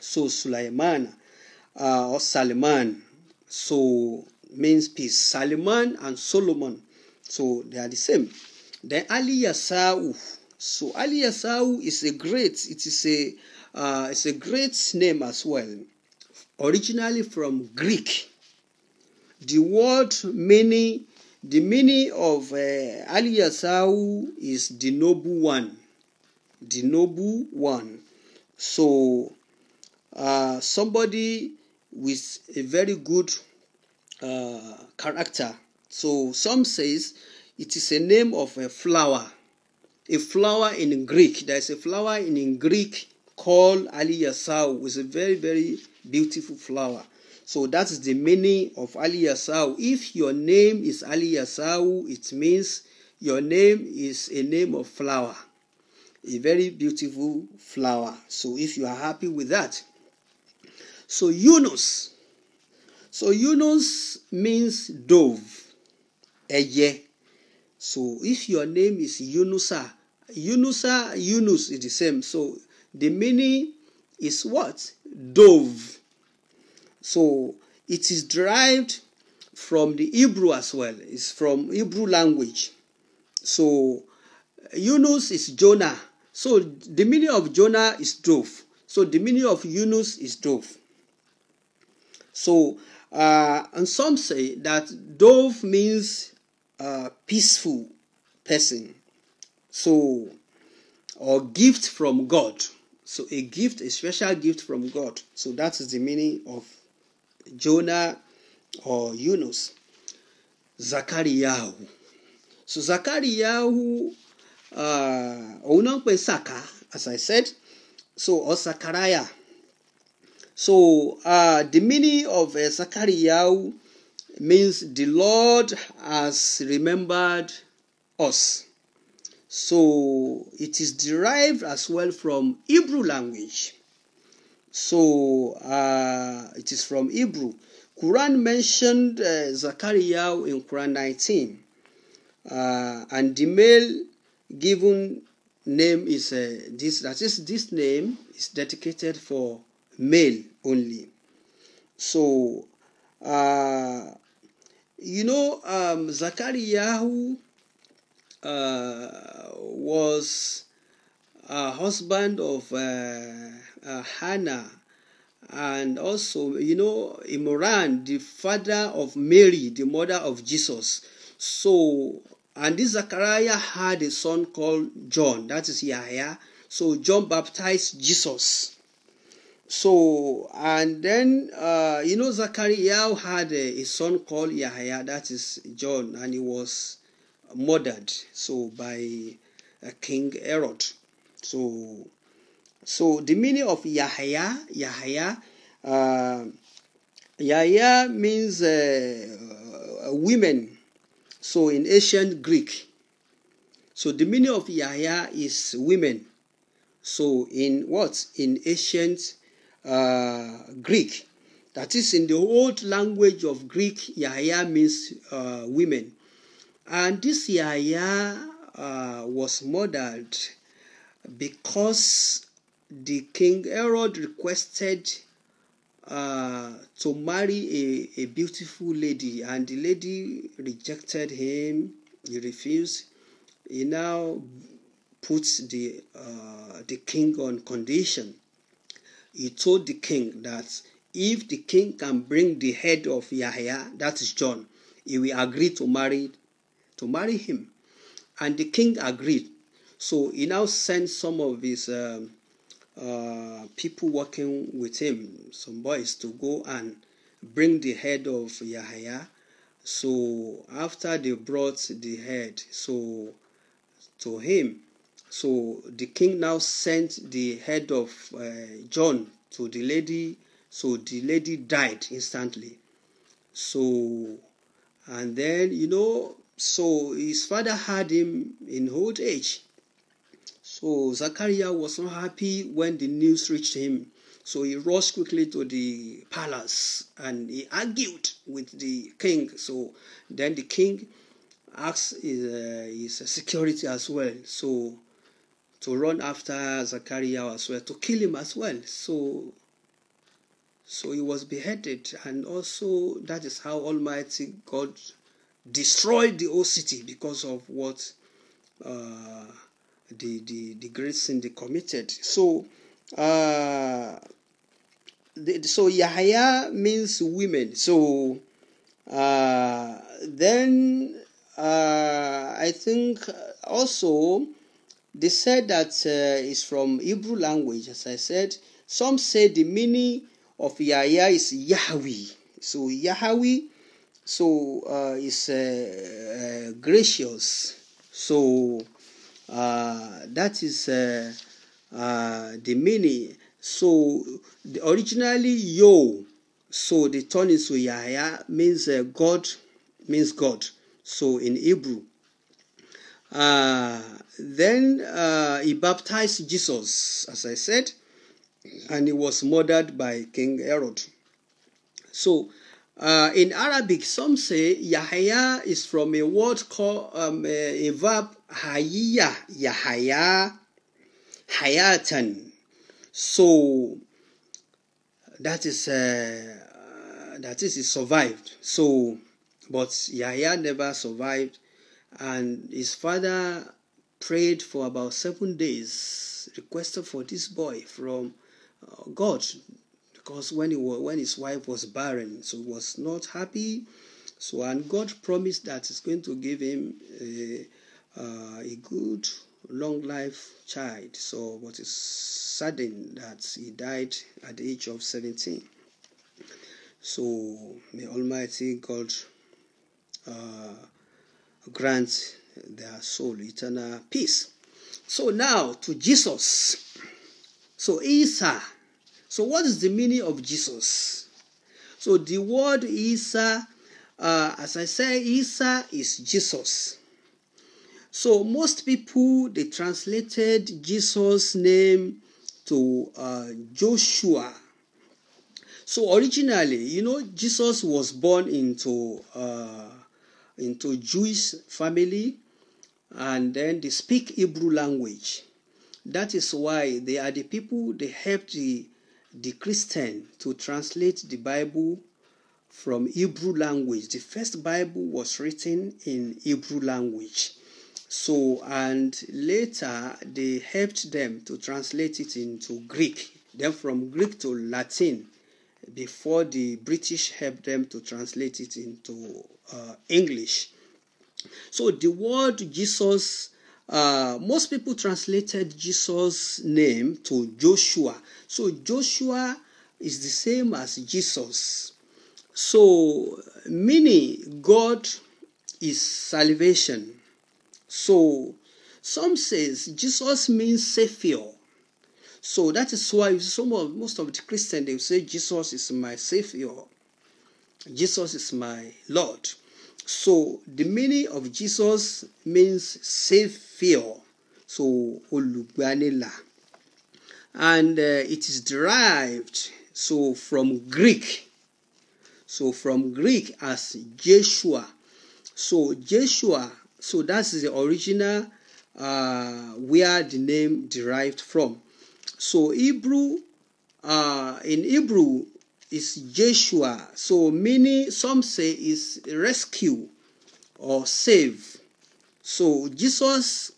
So Sulaiman uh, or Saliman, so means peace. Saliman and Solomon, so they are the same. Then Ali Yasau. So Ali Yasau is a great, it is a uh, it's a great name as well. Originally from Greek, the word meaning the meaning of uh, al is the noble one the noble one so uh, somebody with a very good uh, character so some says it is a name of a flower a flower in Greek there is a flower in Greek called Aliyasau is a very very beautiful flower So that is the meaning of Ali Yasau. If your name is Ali Yasau, it means your name is a name of flower, a very beautiful flower. So if you are happy with that. So Yunus. So Yunus means dove, ẹyẹ. So if your name is Yunusa, Yunusa, Yunus is the same. So the meaning is what? Dove. So it is derived from the Hebrew as well. It's from Hebrew language. So Yunus is Jonah. So the meaning of Jonah is dove. So the meaning of Yunus is dove. So uh, and some say that dove means uh, peaceful person. So or gift from God. So a gift, a special gift from God. So that is the meaning of Jonah or Yunus, Zakariyahu. So Zakariyahu, uh, Saka, as I said, so or Zachariah. So uh, the meaning of uh, Zakariyahu means the Lord has remembered us. So it is derived as well from Hebrew language. So uh, it is from Hebrew. Quran mentioned uh, Zachariah in Quran 19, uh, and the male given name is uh, this. That is, this name is dedicated for male only. So, uh, you know, um, Zachariah uh, was uh, husband of uh, uh, Hannah, and also, you know, Imran, the father of Mary, the mother of Jesus. So, and this Zachariah had a son called John, that is Yahya. So, John baptized Jesus. So, and then, uh, you know, Zachariah had a, a, son called Yahya, that is John, and he was murdered, so by uh, King Herod. So, so the meaning of Yahya, Yahya, uh, Yahya means uh, uh, women. So in ancient Greek, so the meaning of Yahya is women. So in what? In ancient uh, Greek. That is, in the old language of Greek, Yahya means uh, women. And this Yahya uh, was modeled because the king Herod requested uh, to marry a, a beautiful lady, and the lady rejected him. He refused. He now puts the uh, the king on condition. He told the king that if the king can bring the head of Yahya, that is John, he will agree to marry to marry him. And the king agreed. So he now sent some of his um, uh, people working with him, some boys, to go and bring the head of Yahya. So after they brought the head, so to him, so the king now sent the head of uh, John to the lady. So the lady died instantly. So and then you know, so his father had him in old age. So Zachariah was not happy when the news reached him. So he rushed quickly to the palace and he argued with the king. So then the king asked his, uh, his security as well. So to run after Zachariah as well, to kill him as well. So so he was beheaded, and also that is how Almighty God destroyed the whole city because of what uh, the, the, the great sin they committed. So, uh, the, so Yahya means women. So, uh, then uh, I think also they said that uh, it's from Hebrew language, as I said. Some say the meaning of Yahya is Yahweh. So, Yahweh so uh, is uh, uh, gracious. So, uh, that is uh, uh, the meaning. So the, originally yo, so the turn so Yahya means uh, God, means God. So in Hebrew. Uh, then uh, he baptized Jesus, as I said, and he was murdered by King Herod. So uh, in Arabic, some say Yahya is from a word called um, a, a verb hayya, Yahya, hayatan. So that is uh, that is he survived. So, but Yahya never survived, and his father prayed for about seven days, requested for this boy from uh, God because when, he was, when his wife was barren, so was not happy. So, and God promised that He's going to give him a, uh, a good, long life child. So, what is sudden that he died at the age of 17. So, may Almighty God uh, grant their soul eternal peace. So, now to Jesus. So, Isa so, what is the meaning of Jesus? So, the word Isa, uh, as I say, Isa is Jesus. So, most people they translated Jesus' name to uh, Joshua. So, originally, you know, Jesus was born into uh, into Jewish family, and then they speak Hebrew language. That is why they are the people they helped the the Christian to translate the Bible from Hebrew language. The first Bible was written in Hebrew language. So, and later they helped them to translate it into Greek, then from Greek to Latin, before the British helped them to translate it into uh, English. So, the word Jesus Uh, most people translated Jesus' name to Joshua. So Joshua is the same as Jesus. So, meaning God is salvation. So, some says Jesus means savior. So that is why some of most of the Christians they say Jesus is my savior. Jesus is my Lord. So the meaning of Jesus means fear. so olugbanila, and uh, it is derived so from Greek, so from Greek as Jeshua. So Jeshua, so that's the original uh, where the name derived from. So Hebrew, uh, in Hebrew, is Joshua. So many, some say is rescue or save. So Jesus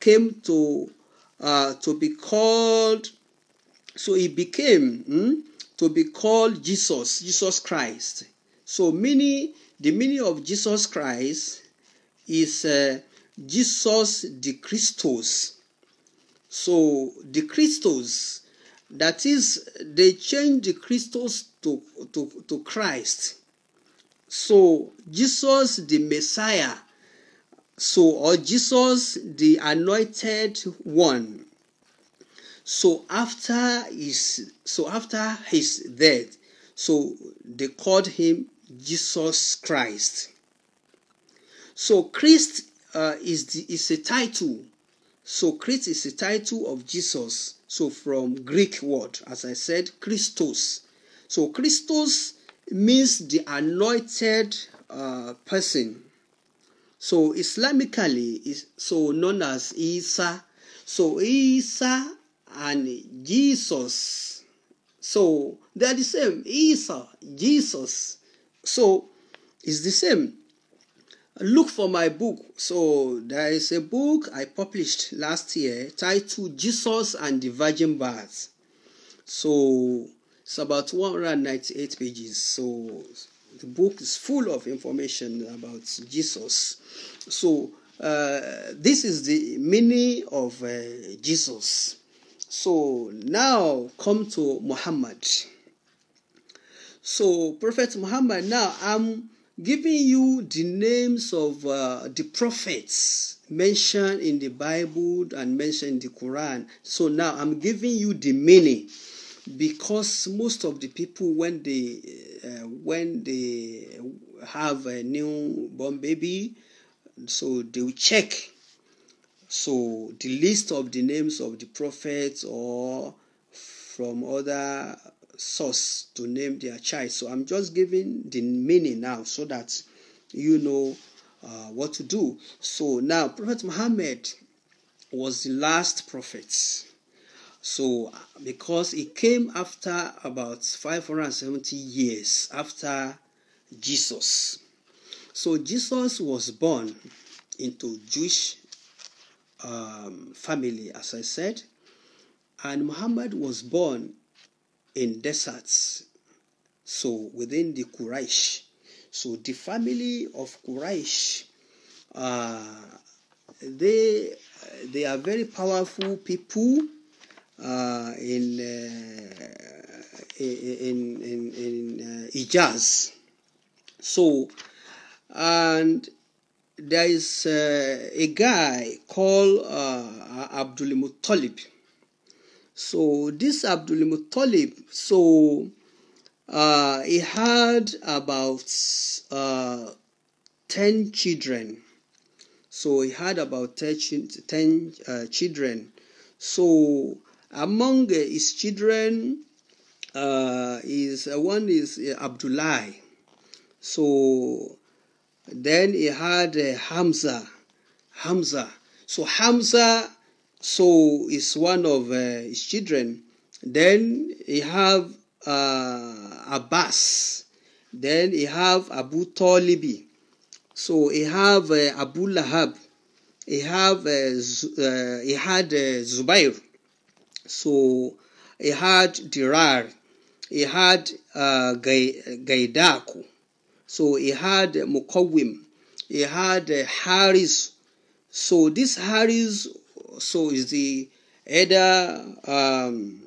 came to uh, to be called. So he became hmm, to be called Jesus, Jesus Christ. So many, the meaning of Jesus Christ is uh, Jesus the Christos. So the Christos that is, they changed crystals to, to, to Christ. So, Jesus the Messiah, so, or Jesus the Anointed One. So after his so after his death, so they called him Jesus Christ. So Christ uh, is the, is a title so Christ is the title of Jesus. So from Greek word, as I said, Christos. So Christos means the anointed uh, person. So Islamically is so known as Isa. So Isa and Jesus. So they are the same. Isa, Jesus. So it's the same look for my book. So there is a book I published last year titled Jesus and the Virgin Birth. So it's about 198 pages. So the book is full of information about Jesus. So uh, this is the meaning of uh, Jesus. So now come to Muhammad. So Prophet Muhammad now I'm giving you the names of uh, the prophets mentioned in the Bible and mentioned in the Quran. So now I'm giving you the meaning because most of the people when they uh, when they have a new born baby, so they will check. So the list of the names of the prophets or from other source to name their child. So I'm just giving the meaning now so that you know uh, what to do. So now, Prophet Muhammad was the last prophet. So, because he came after about 570 years after Jesus. So, Jesus was born into Jewish um, family, as I said, and Muhammad was born in deserts. So within the Quraysh. So the family of Quraysh, uh, they, they are very powerful people uh, in, uh, in, in, in uh, Ijaz. So, and there is uh, a guy called uh, Abdul Muttalib so this Abdul Muttalib, so uh, he had about uh, 10 children. So he had about 10, 10 uh, children. So among his children, uh, is uh, one is uh, Abdullah. So then he had Hamza. Hamza. So Hamza so is one of uh, his children. Then he have uh, Abbas. Then he have Abu Talibi. So he have uh, Abu Lahab. He have he had Zubair. So he had Dirar, he had uh, Gaidaku, so he had Mukawim, he had uh, Haris. So this Haris so is the elder um,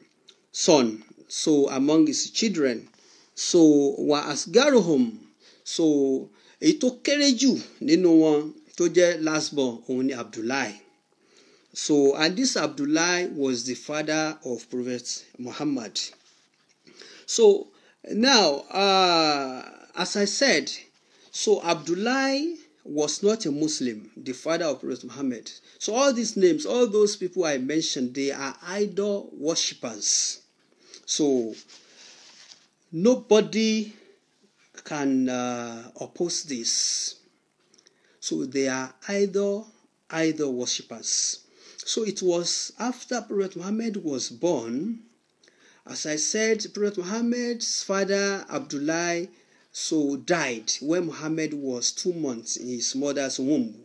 son so among his children so wa asgaruhum so èyí tó kéré jù nínú wọn tó jẹ́ last born òun ni abdullahi so and this abdullahi was the father of prophet muhammad so now uh, as i said so abdullahi was not a muslim the father of prophet muhammad So, all these names, all those people I mentioned, they are idol worshippers. So, nobody can uh, oppose this. So, they are idol, idol worshippers. So, it was after Prophet Muhammad was born. As I said, Prophet Muhammad's father Abdullah so died when Muhammad was two months in his mother's womb.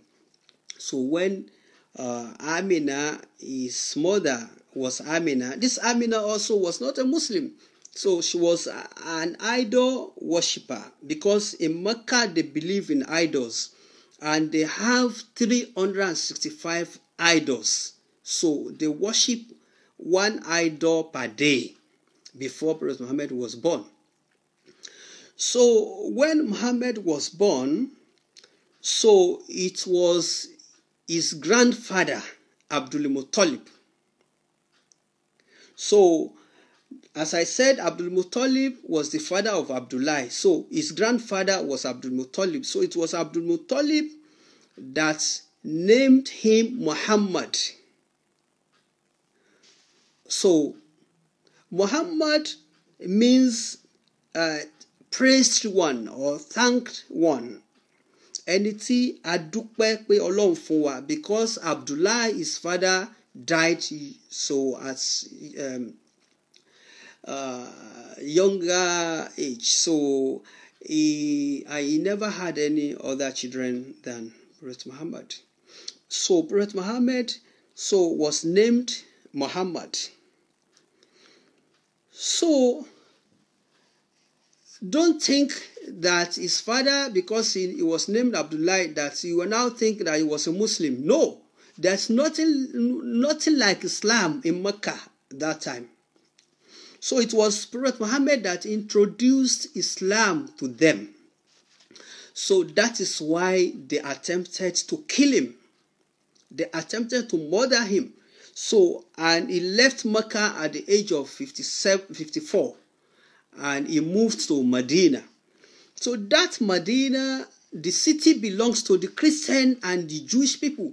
So when uh, Amina, his mother was Amina. This Amina also was not a Muslim. So she was an idol worshiper because in Mecca they believe in idols and they have 365 idols. So they worship one idol per day before Prophet Muhammad was born. So when Muhammad was born, so it was his grandfather Abdul Muttalib. So, as I said, Abdul Muttalib was the father of Abdullah. So, his grandfather was Abdul Muttalib. So, it was Abdul Muttalib that named him Muhammad. So, Muhammad means uh, praised one or thanked one ẹni tí a dúpẹ́ pé ọlọ́run fún wa because Abdullah his father died so as um, uh, younger age so he, I never had any other children than Prophet Muhammad so Prophet Muhammad so was named Muhammad so don't think that his father, because he, he was named Abdullah, that you will now think that he was a Muslim. No, there's nothing, nothing like Islam in Mecca that time. So it was Prophet Muhammad that introduced Islam to them. So that is why they attempted to kill him. They attempted to murder him. So, and he left Mecca at the age of 57, 54 and he moved to Medina. So that Medina, the city belongs to the Christian and the Jewish people.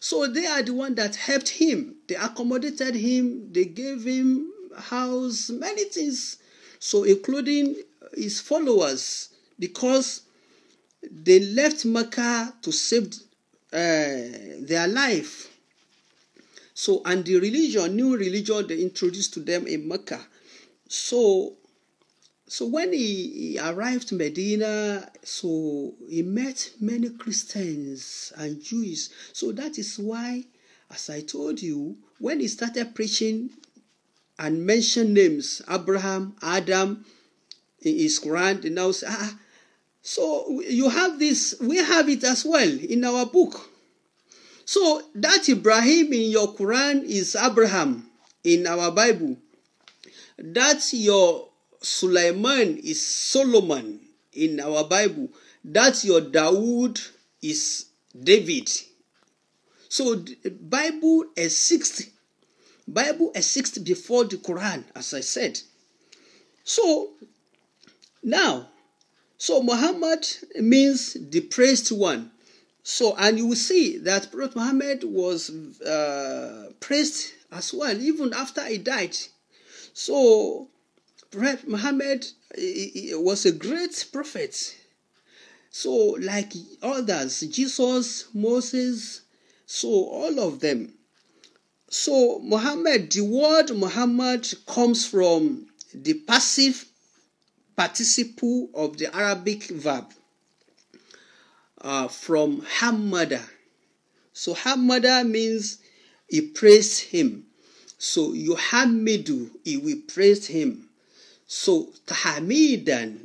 So they are the one that helped him. They accommodated him. They gave him house, many things. So including his followers, because they left Mecca to save uh, their life. So, and the religion, new religion they introduced to them in Mecca. So, so when he, he arrived to Medina, so he met many Christians and Jews. So that is why, as I told you, when he started preaching and mentioned names, Abraham, Adam, in his Quran, they now say, ah, ah. so you have this, we have it as well in our book. So that Ibrahim in your Quran is Abraham in our Bible. That's your Sulaiman is Solomon in our Bible. That's your Dawood is David. So Bible is sixth. Bible is sixth before the Quran, as I said. So now, so Muhammad means the praised one. So, and you will see that Prophet Muhammad was uh, praised as well, even after he died. So, Muhammad was a great prophet. So, like others, Jesus, Moses, so all of them. So, Muhammad, the word Muhammad comes from the passive participle of the Arabic verb uh, from Hamada. So, Hamada means he praised him. So, Yuhamidu, he will praise him. So tahmidan,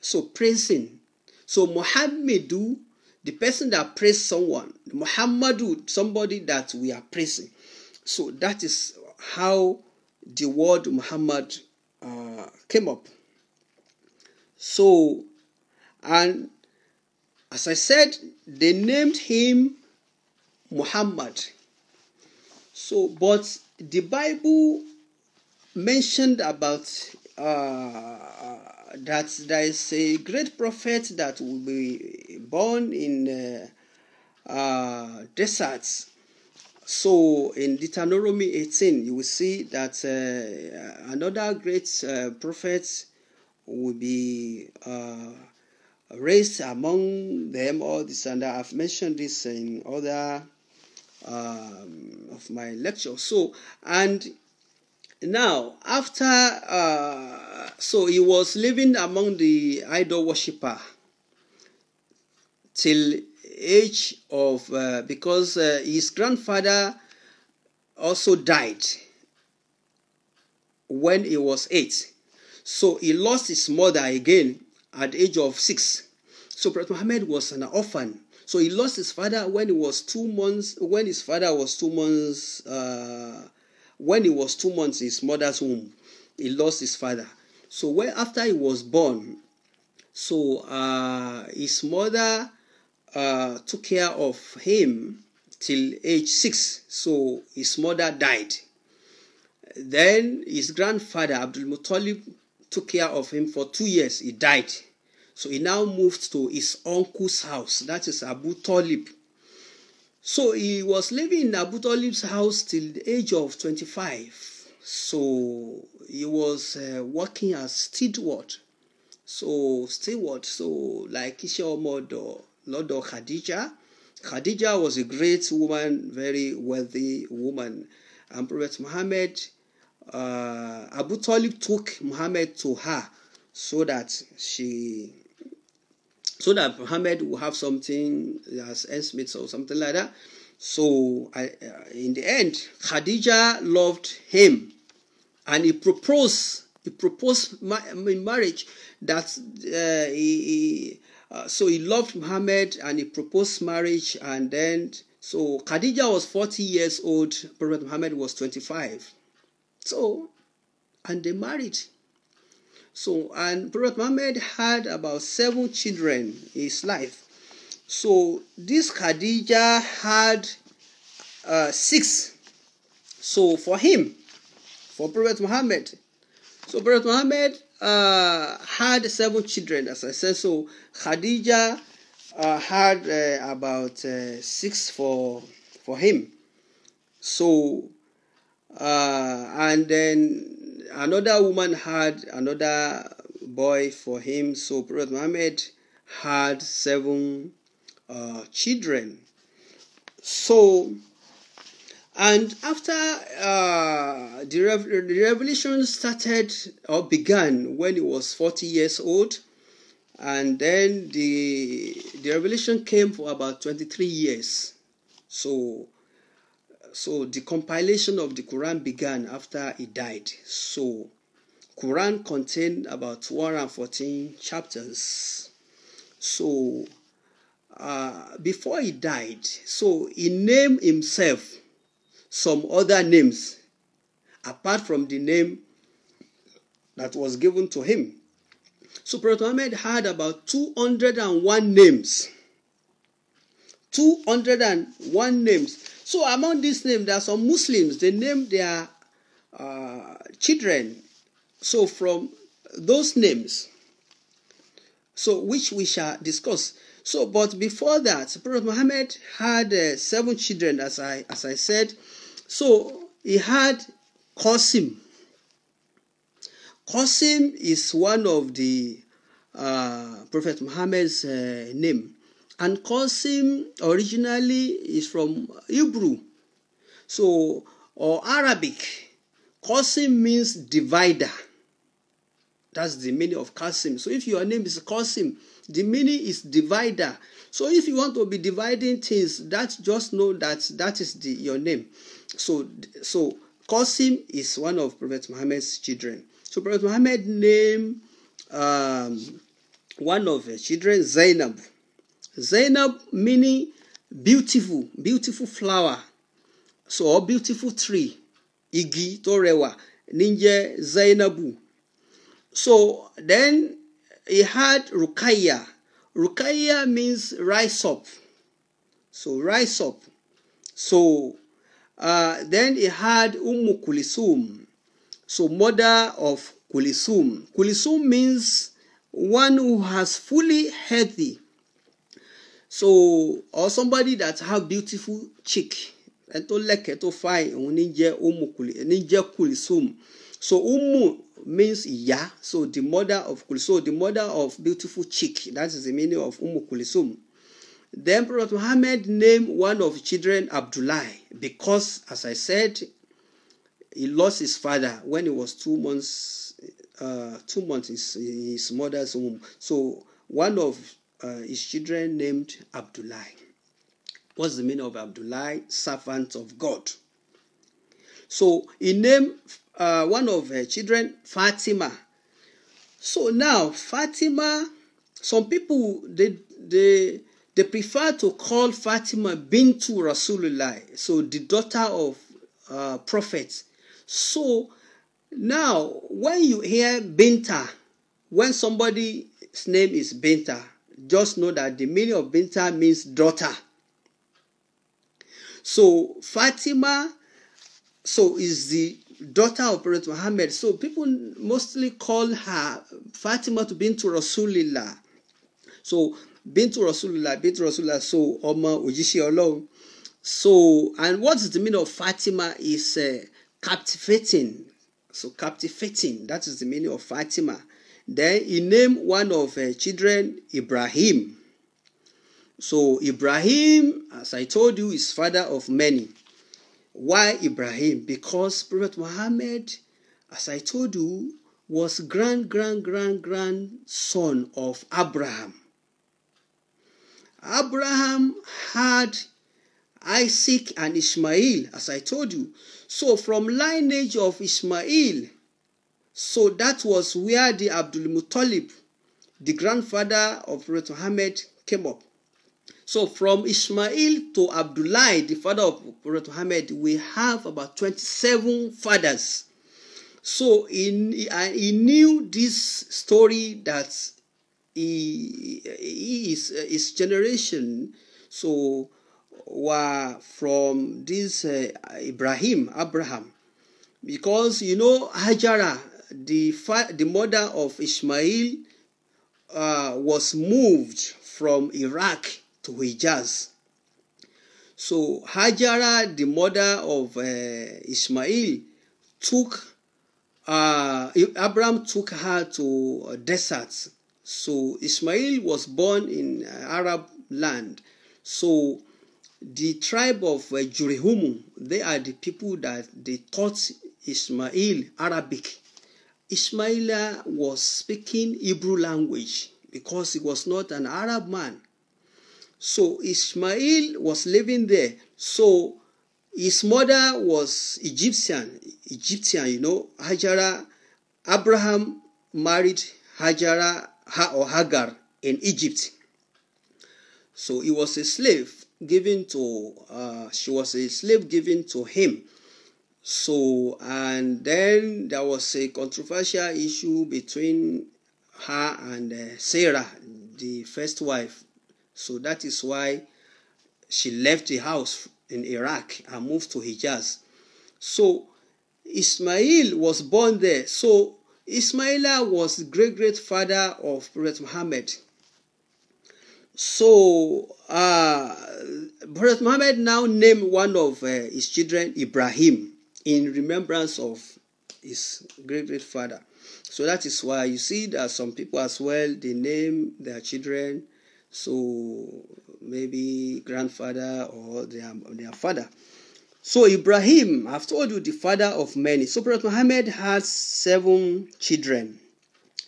so praising. So Muhammadu, the person that praise someone, Muhammadu, somebody that we are praising. So that is how the word Muhammad uh, came up. So, and as I said, they named him Muhammad. So, but the Bible mentioned about uh, that there is a great prophet that will be born in uh, uh, deserts. So in Deuteronomy 18, you will see that uh, another great uh, prophet will be uh, raised among them all this. And I've mentioned this in other um, of my lectures. So, and now, after, uh, so he was living among the idol worshipper till age of, uh, because uh, his grandfather also died when he was eight. So he lost his mother again at the age of six. So Prophet Muhammad was an orphan. So he lost his father when he was two months, when his father was two months, uh, when he was two months in his mother's womb, he lost his father. So when after he was born, so uh, his mother uh, took care of him till age six. So his mother died. Then his grandfather Abdul Muttalib took care of him for two years. He died. So he now moved to his uncle's house. That is Abu Talib. So he was living in Abu Talib's house till the age of 25. So he was uh, working as steward. So steward, so like Isha Omodo, Lord of Khadija. Khadija was a great woman, very wealthy woman. And Prophet Muhammad, uh, Abu Talib took Muhammad to her so that she so that Muhammad will have something as Smith or something like that. So uh, in the end, Khadija loved him, and he proposed. He proposed ma- marriage that uh, he, he uh, so he loved Muhammad and he proposed marriage, and then so Khadija was forty years old. Prophet Muhammad was twenty-five. So, and they married. So, and Prophet Muhammad had about seven children in his life. So, this Khadija had uh, six. So, for him, for Prophet Muhammad, so Prophet Muhammad uh, had seven children, as I said. So, Khadija uh, had uh, about uh, six for for him. So, uh, and then another woman had another boy for him. So Prophet Muhammad had seven uh, children. So, and after uh, the, rev- the revolution started or began when he was 40 years old, and then the, the revolution came for about 23 years. So, so the compilation of the Quran began after he died. So Quran contained about 214 chapters. So uh, before he died, so he named himself some other names apart from the name that was given to him. So Prophet Muhammad had about 201 names. 201 names. So among these names, there are some Muslims. They name their uh, children. So from those names, so which we shall discuss. So, but before that, Prophet Muhammad had uh, seven children, as I as I said. So he had Qasim. Qasim is one of the uh, Prophet Muhammad's uh, name. And Qasim originally is from Hebrew, so or Arabic. Qasim means divider. That's the meaning of Qasim. So if your name is Qasim, the meaning is divider. So if you want to be dividing things, that just know that that is the, your name. So so Qasim is one of Prophet Muhammad's children. So Prophet Muhammad named um, one of his children Zainab. Zainab meaning beautiful, beautiful flower. So beautiful tree, igi tó rẹwà Zainabu. So then he had Rukaya. Rukaya means rise up. So rise up. So uh, then he had Umukulisum. Kulisum. So mother of Kulisum. Kulisum means one who has fully healthy so or somebody that have beautiful cheek ẹni tó lẹ́kẹ̀ẹ́ tó fine òun ní jẹ́ umu kuli ní jẹ́ kulisum so umu means ìyá so the mother of kulisum so the mother of beautiful cheek that is the meaning of umu kulisum then prophet muhammad named one of children abdullah because as i said he lost his father when he was two months uh, two months in his mother's womb so one of uh, his children named Abdullah. What's the meaning of Abdullah? Servant of God. So he named uh, one of her children Fatima. So now Fatima, some people they they they prefer to call Fatima bintu Rasulullah, so the daughter of uh, prophet. So now when you hear Binta, when somebody's name is Binta, just know that the meaning of Binta means daughter. So Fatima, so is the daughter of Prophet Muhammad. So people mostly call her Fatima to Bintu Rasulillah. So Bintu Rasulillah, Bintu Rasulillah, so Oma Ojishi Olong. So, and what is the meaning of Fatima is uh, captivating. So captivating, that is the meaning of Fatima. Then he named one of her eh, children Ibrahim. So Ibrahim, as I told you, is father of many. Why Ibrahim? Because Prophet Muhammad, as I told you, was grand, grand, grand, grand son of Abraham. Abraham had Isaac and Ishmael, as I told you. So from lineage of Ishmael, so that was where the Abdul Muttalib, the grandfather of Prophet Muhammad, came up. So from Ishmael to Abdullah, the father of Prophet Muhammad, we have about 27 fathers. So he, he knew this story that he, he is, his generation so were from this uh, Ibrahim, Abraham. Because you know Hajara, the, the mother of Ishmael uh, was moved from Iraq to Hijaz. So Hajara, the mother of uh, Ishmael, took uh, took her to a desert. So Ishmael was born in uh, Arab land. So the tribe of uh, Jurihumu, they are the people that they taught Ishmael Arabic. Ishmael was speaking Hebrew language because he was not an Arab man. So Ishmael was living there. So his mother was Egyptian, Egyptian, you know, Hajara. Abraham married Hajara or Hagar in Egypt. So he was a slave given to, uh, she was a slave given to him so, and then there was a controversial issue between her and uh, Sarah, the first wife. So that is why she left the house in Iraq and moved to Hijaz. So Ismail was born there. So Ismaila was the great great father of Prophet Muhammad. So uh, Prophet Muhammad now named one of uh, his children Ibrahim in remembrance of his great great father. So that is why you see that some people as well they name their children so maybe grandfather or their their father. So Ibrahim, I've told you the father of many. So Prophet Muhammad had seven children,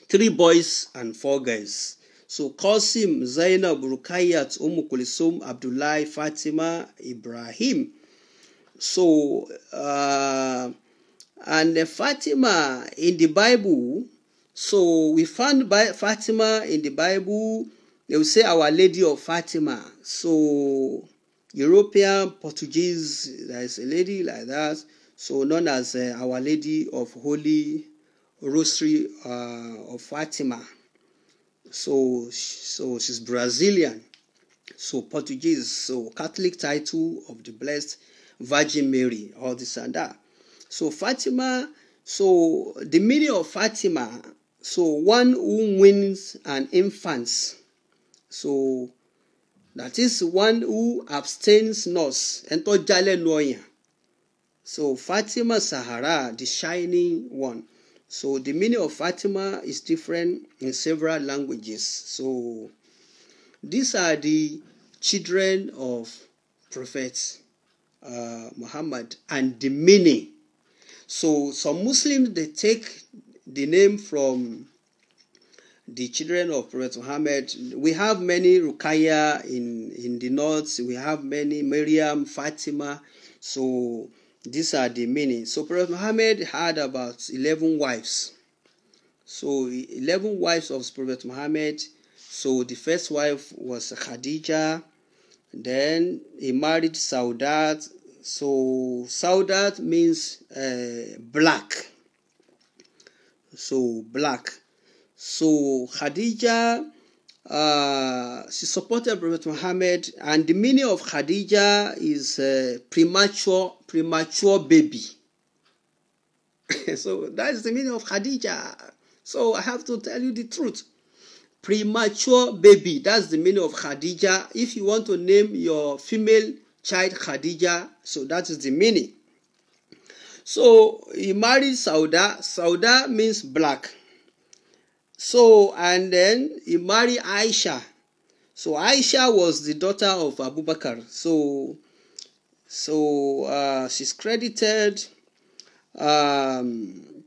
three boys and four girls. So Qasim, Zainab, Ruqayyat, Umm Kulsum, Abdullah, Fatima, Ibrahim. So, uh, and Fatima in the Bible, so we found by Fatima in the Bible, they will say Our Lady of Fatima. So, European Portuguese, there is a lady like that, so known as uh, Our Lady of Holy Rosary uh, of Fatima. So, so she's Brazilian, so Portuguese, so Catholic title of the Blessed Virgin Mary, all this and that. So Fatima, so the meaning of Fatima, so one who wins an infant. So that is one who abstains not. And jale So Fatima Sahara, the shining one. So the meaning of Fatima is different in several languages. So these are the children of prophets. Uh, Muhammad and the meaning. So some Muslims they take the name from the children of Prophet Muhammad. We have many Rukaya in, in the north, we have many Maryam, Fatima. So these are the meaning. So Prophet Muhammad had about 11 wives. So 11 wives of Prophet Muhammad. So the first wife was Khadija. Then he married Saudat. So Saudat means uh, black. So black. So Khadija, uh, she supported Prophet Muhammad, and the meaning of Khadija is uh, premature, premature baby. so that is the meaning of Khadija. So I have to tell you the truth premature baby. That's the meaning of Khadija. If you want to name your female child Khadija, so that is the meaning. So he married Sauda. Sauda means black. So and then he married Aisha. So Aisha was the daughter of Abu Bakr. So so uh, she's credited um,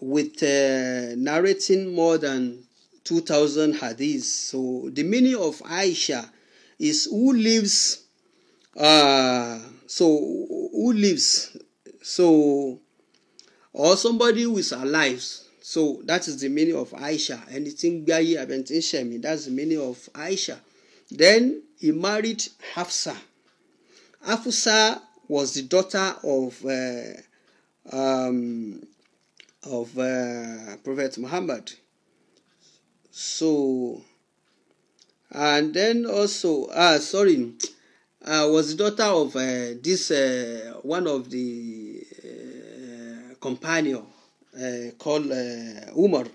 with uh, narrating more than 2000 hadiths. So the meaning of Aisha is who lives, uh, so who lives, so, or somebody who is alive. So that is the meaning of Aisha. Anything Gayi Abentishemi, that's the meaning of Aisha. Then he married Hafsa. Hafsa was the daughter of uh, um, of uh, Prophet Muhammad So, and then also, ah, sorry, I was the daughter of uh, this uh, one of the uh, companion called Umar.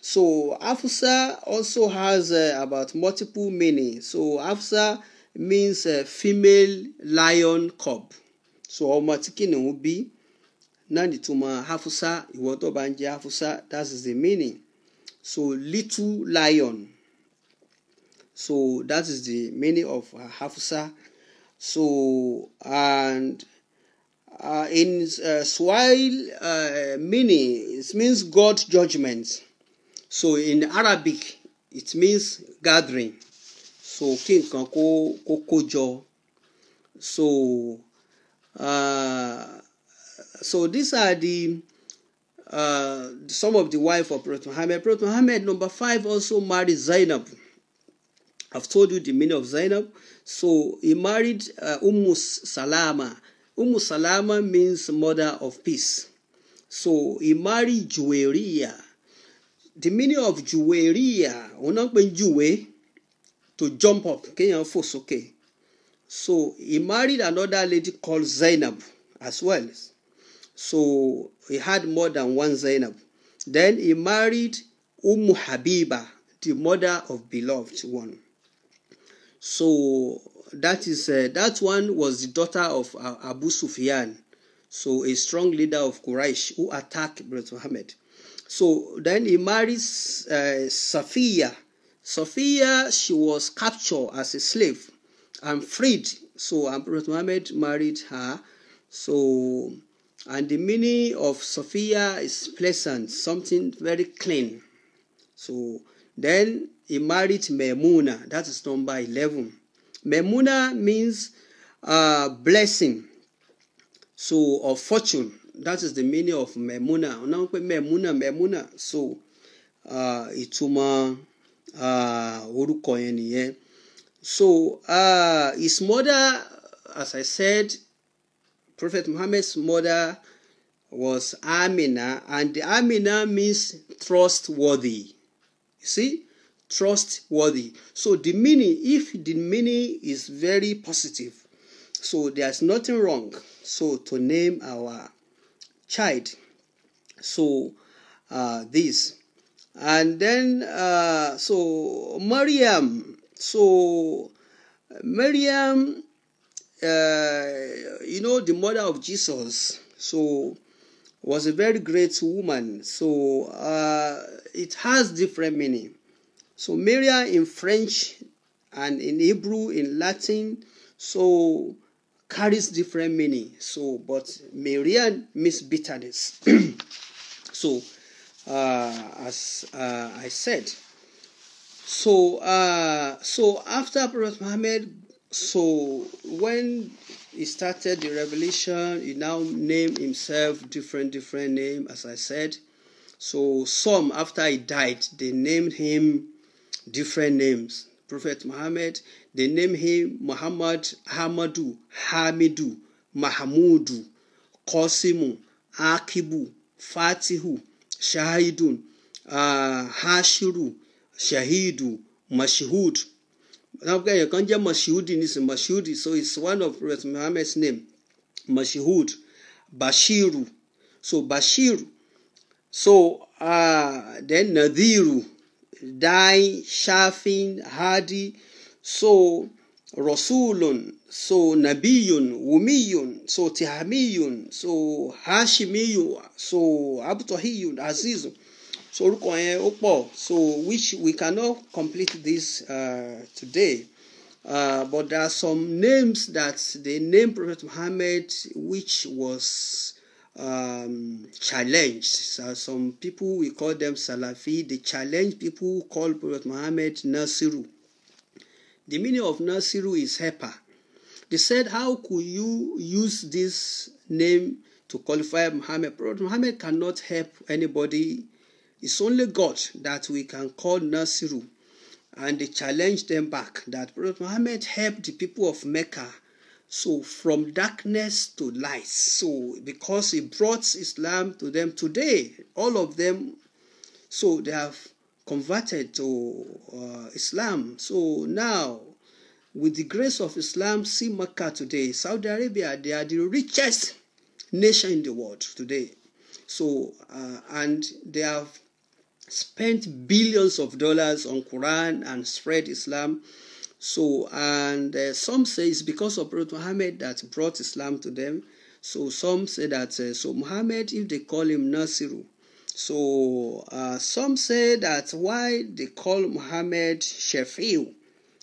So Afusa also has about multiple meaning. So Afusa means female lion cub. So ọmọ tí kìnìún bí náà nìtumọ̀ Afsa ìwọ tó that is the meaning. So little lion. So that is the meaning of uh, Hafsa. So and uh, in uh, Swahili uh, meaning it means God judgment. So in Arabic it means gathering. So kí nǹkan kó kó kó So uh, so these are the uh, some of the wife of Prophet Muhammad. Prophet Muhammad, number five, also married Zainab. I've told you the meaning of Zainab. So he married uh, Umm Salama. Umm Salama means mother of peace. So he married Juwairiya. The meaning of Juwairiya, onakpe Juwe, to jump up, Kenyan force, okay. So he married another lady called Zainab as well. So he had more than one Zainab. Then he married Umm Habiba, the mother of beloved one. So that is uh, that one was the daughter of uh, Abu Sufyan, so a strong leader of Quraysh who attacked Prophet Muhammad. So then he marries uh, Safiya. Safiya she was captured as a slave and freed. So Prophet Muhammad married her. So And the meaning of Sophia is pleasant, something very clean. So then he married Memuna. That is number 11. Memuna means uh, blessing. So, or fortune. That is the meaning of Memuna. Now, Memuna, Memuna. So, uh, ìtumọ̀ uh, So, uh, his mother, as I said, Prophet Muhammad's mother was Amina, and Amina means trustworthy. You see, trustworthy. So the meaning, if the meaning is very positive, so there's nothing wrong. So to name our child, so uh, this, and then uh, so Maryam. So Maryam uh, you know, the mother of Jesus, so was a very great woman. So uh, it has different meaning. So Maria in French and in Hebrew, in Latin, so carries different meaning. So, but Maria means bitterness. so, uh, as uh, I said, so uh, so after Prophet Muhammad so when he started the revelation he now named himself different different name as i said so some after he died they named him different names prophet muhammad they named him muhammad hamadu hamidu mahamudu kosimu akibu fatihu shahidun uh, hashiru shahidu mashhud Labga you can Mashudi is Mashudi, so it's one of Muhammad's name. Mashihud, Bashiru. So Bashiru. So uh, then Nadiru, Dai, Shafin, Hadi. So Rasulun, so Nabiyun, Umiyun, so Tihamiyun, so Hashimiyun, so Abtahiyun, Azizun so orúkọ yẹn ó pọ̀ so which we cannot complete this uh, today uh, but there are some names that the name Prophet Muhammad which was um, challenged. So some people we call them Salafi. They challenge people who call Prophet Muhammad Nasiru. The meaning of Nasiru is helper. They said, how could you use this name to qualify Muhammad? Prophet Muhammad cannot help anybody it's only God that we can call Nasiru. And they challenged them back that Prophet Muhammad helped the people of Mecca. So from darkness to light. So because he brought Islam to them today, all of them, so they have converted to uh, Islam. So now, with the grace of Islam, see Mecca today. Saudi Arabia, they are the richest nation in the world today. So, uh, and they have spent billions of dollars on Quran and spread Islam. So, and uh, some say it's because of Prophet Muhammad that brought Islam to them. So some say that uh, so Muhammad, if they call him Nasiru. So uh, some say that why they call Muhammad Shafi'u.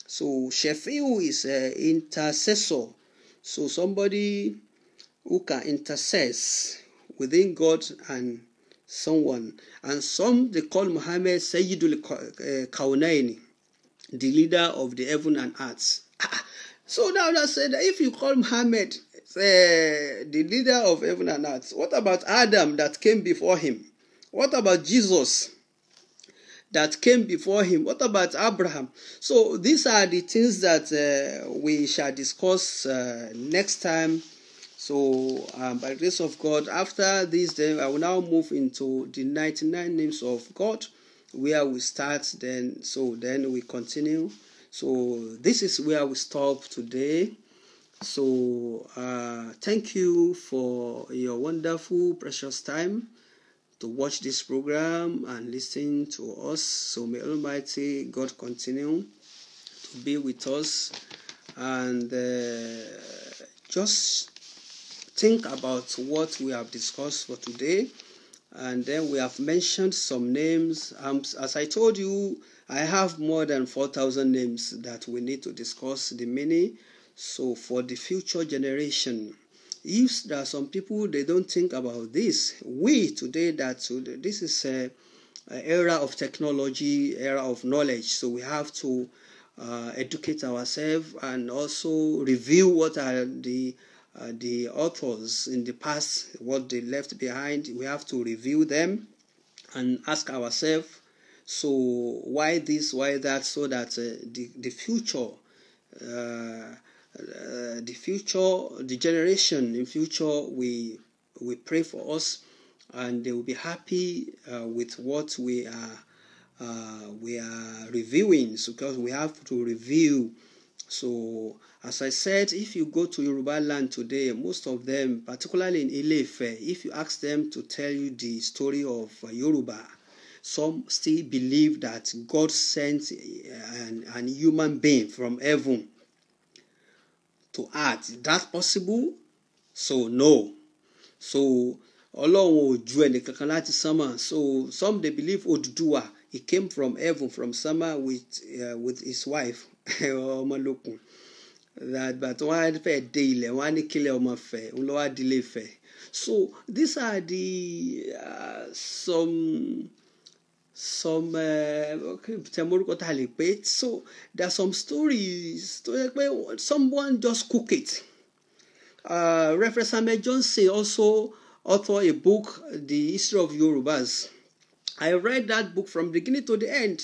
So Shafi'u is an intercessor. So somebody who can intercess within God and someone. And some they call Muhammad Sayyidul eh, Kaunaini, the leader of the heaven and earth. Ah, so now that said, if you call Muhammad eh, the leader of heaven and earth, what about Adam that came before him? What about Jesus that came before him? What about Abraham? So these are the things that uh, we shall discuss uh, next time so, um, by the grace of God, after this, day, I will now move into the 99 names of God, where we start. Then, so then we continue. So, this is where we stop today. So, uh, thank you for your wonderful, precious time to watch this program and listen to us. So, may Almighty God continue to be with us and uh, just think about what we have discussed for today. And then we have mentioned some names. Um, as I told you, I have more than 4,000 names that we need to discuss the many. So for the future generation, if there are some people they don't think about this, we today that this is a, a era of technology, era of knowledge. So we have to uh, educate ourselves and also review what are the uh, the authors in the past, what they left behind. We have to review them and ask ourselves so why this, why that, so that uh, the, the future. Uh, uh the future, the generation in future, we we pray for us, and they will be happy uh, with what we are uh, we are reviewing so because we have to review so As I said, if you go to Yoruba land today, most of them, particularly in Ilefe, if you ask them to tell you the story of uh, Yoruba, some still believe that God sent uh, an, an human being from heaven to earth. Is that possible? So no. So Ọlọ́run ò ju ẹnìkankan láti sánmà. So some dey believe Oduduwa he came from heaven from sánmà with, uh, with his wife Ọmọlókun. That but one fẹ́ de ilẹ̀ wá ní kílẹ̀ ọmọ fẹ́ òun lọ́wọ́ so these are the uh, some some uh, tẹmorúkọ tá a lè pè so there are some stories tó someone just cook it uh, Reverend Samuel Johnson also author a book the history of Yorubas I read that book from beginning to the end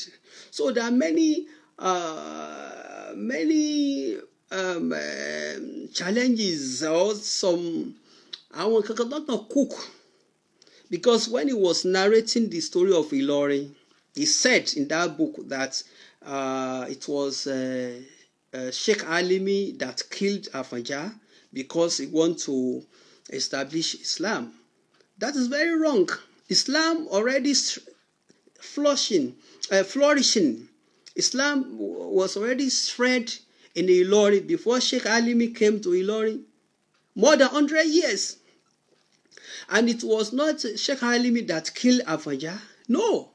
so there are many uh, many um, uh, challenges or some àwọn kankan lọ́nà cook because when he was narrating the story of Ilorin he said in that book that uh, it was uh, uh, Sheikh Alimi that killed Afanja because he wanted to establish Islam. That is very wrong. Islam already flourishing, uh, flourishing. Islam was already spread in Ilori, before Sheikh Alimi came to Ilori, More than 100 years. And it was not Sheikh Alimi that killed Afanja. No.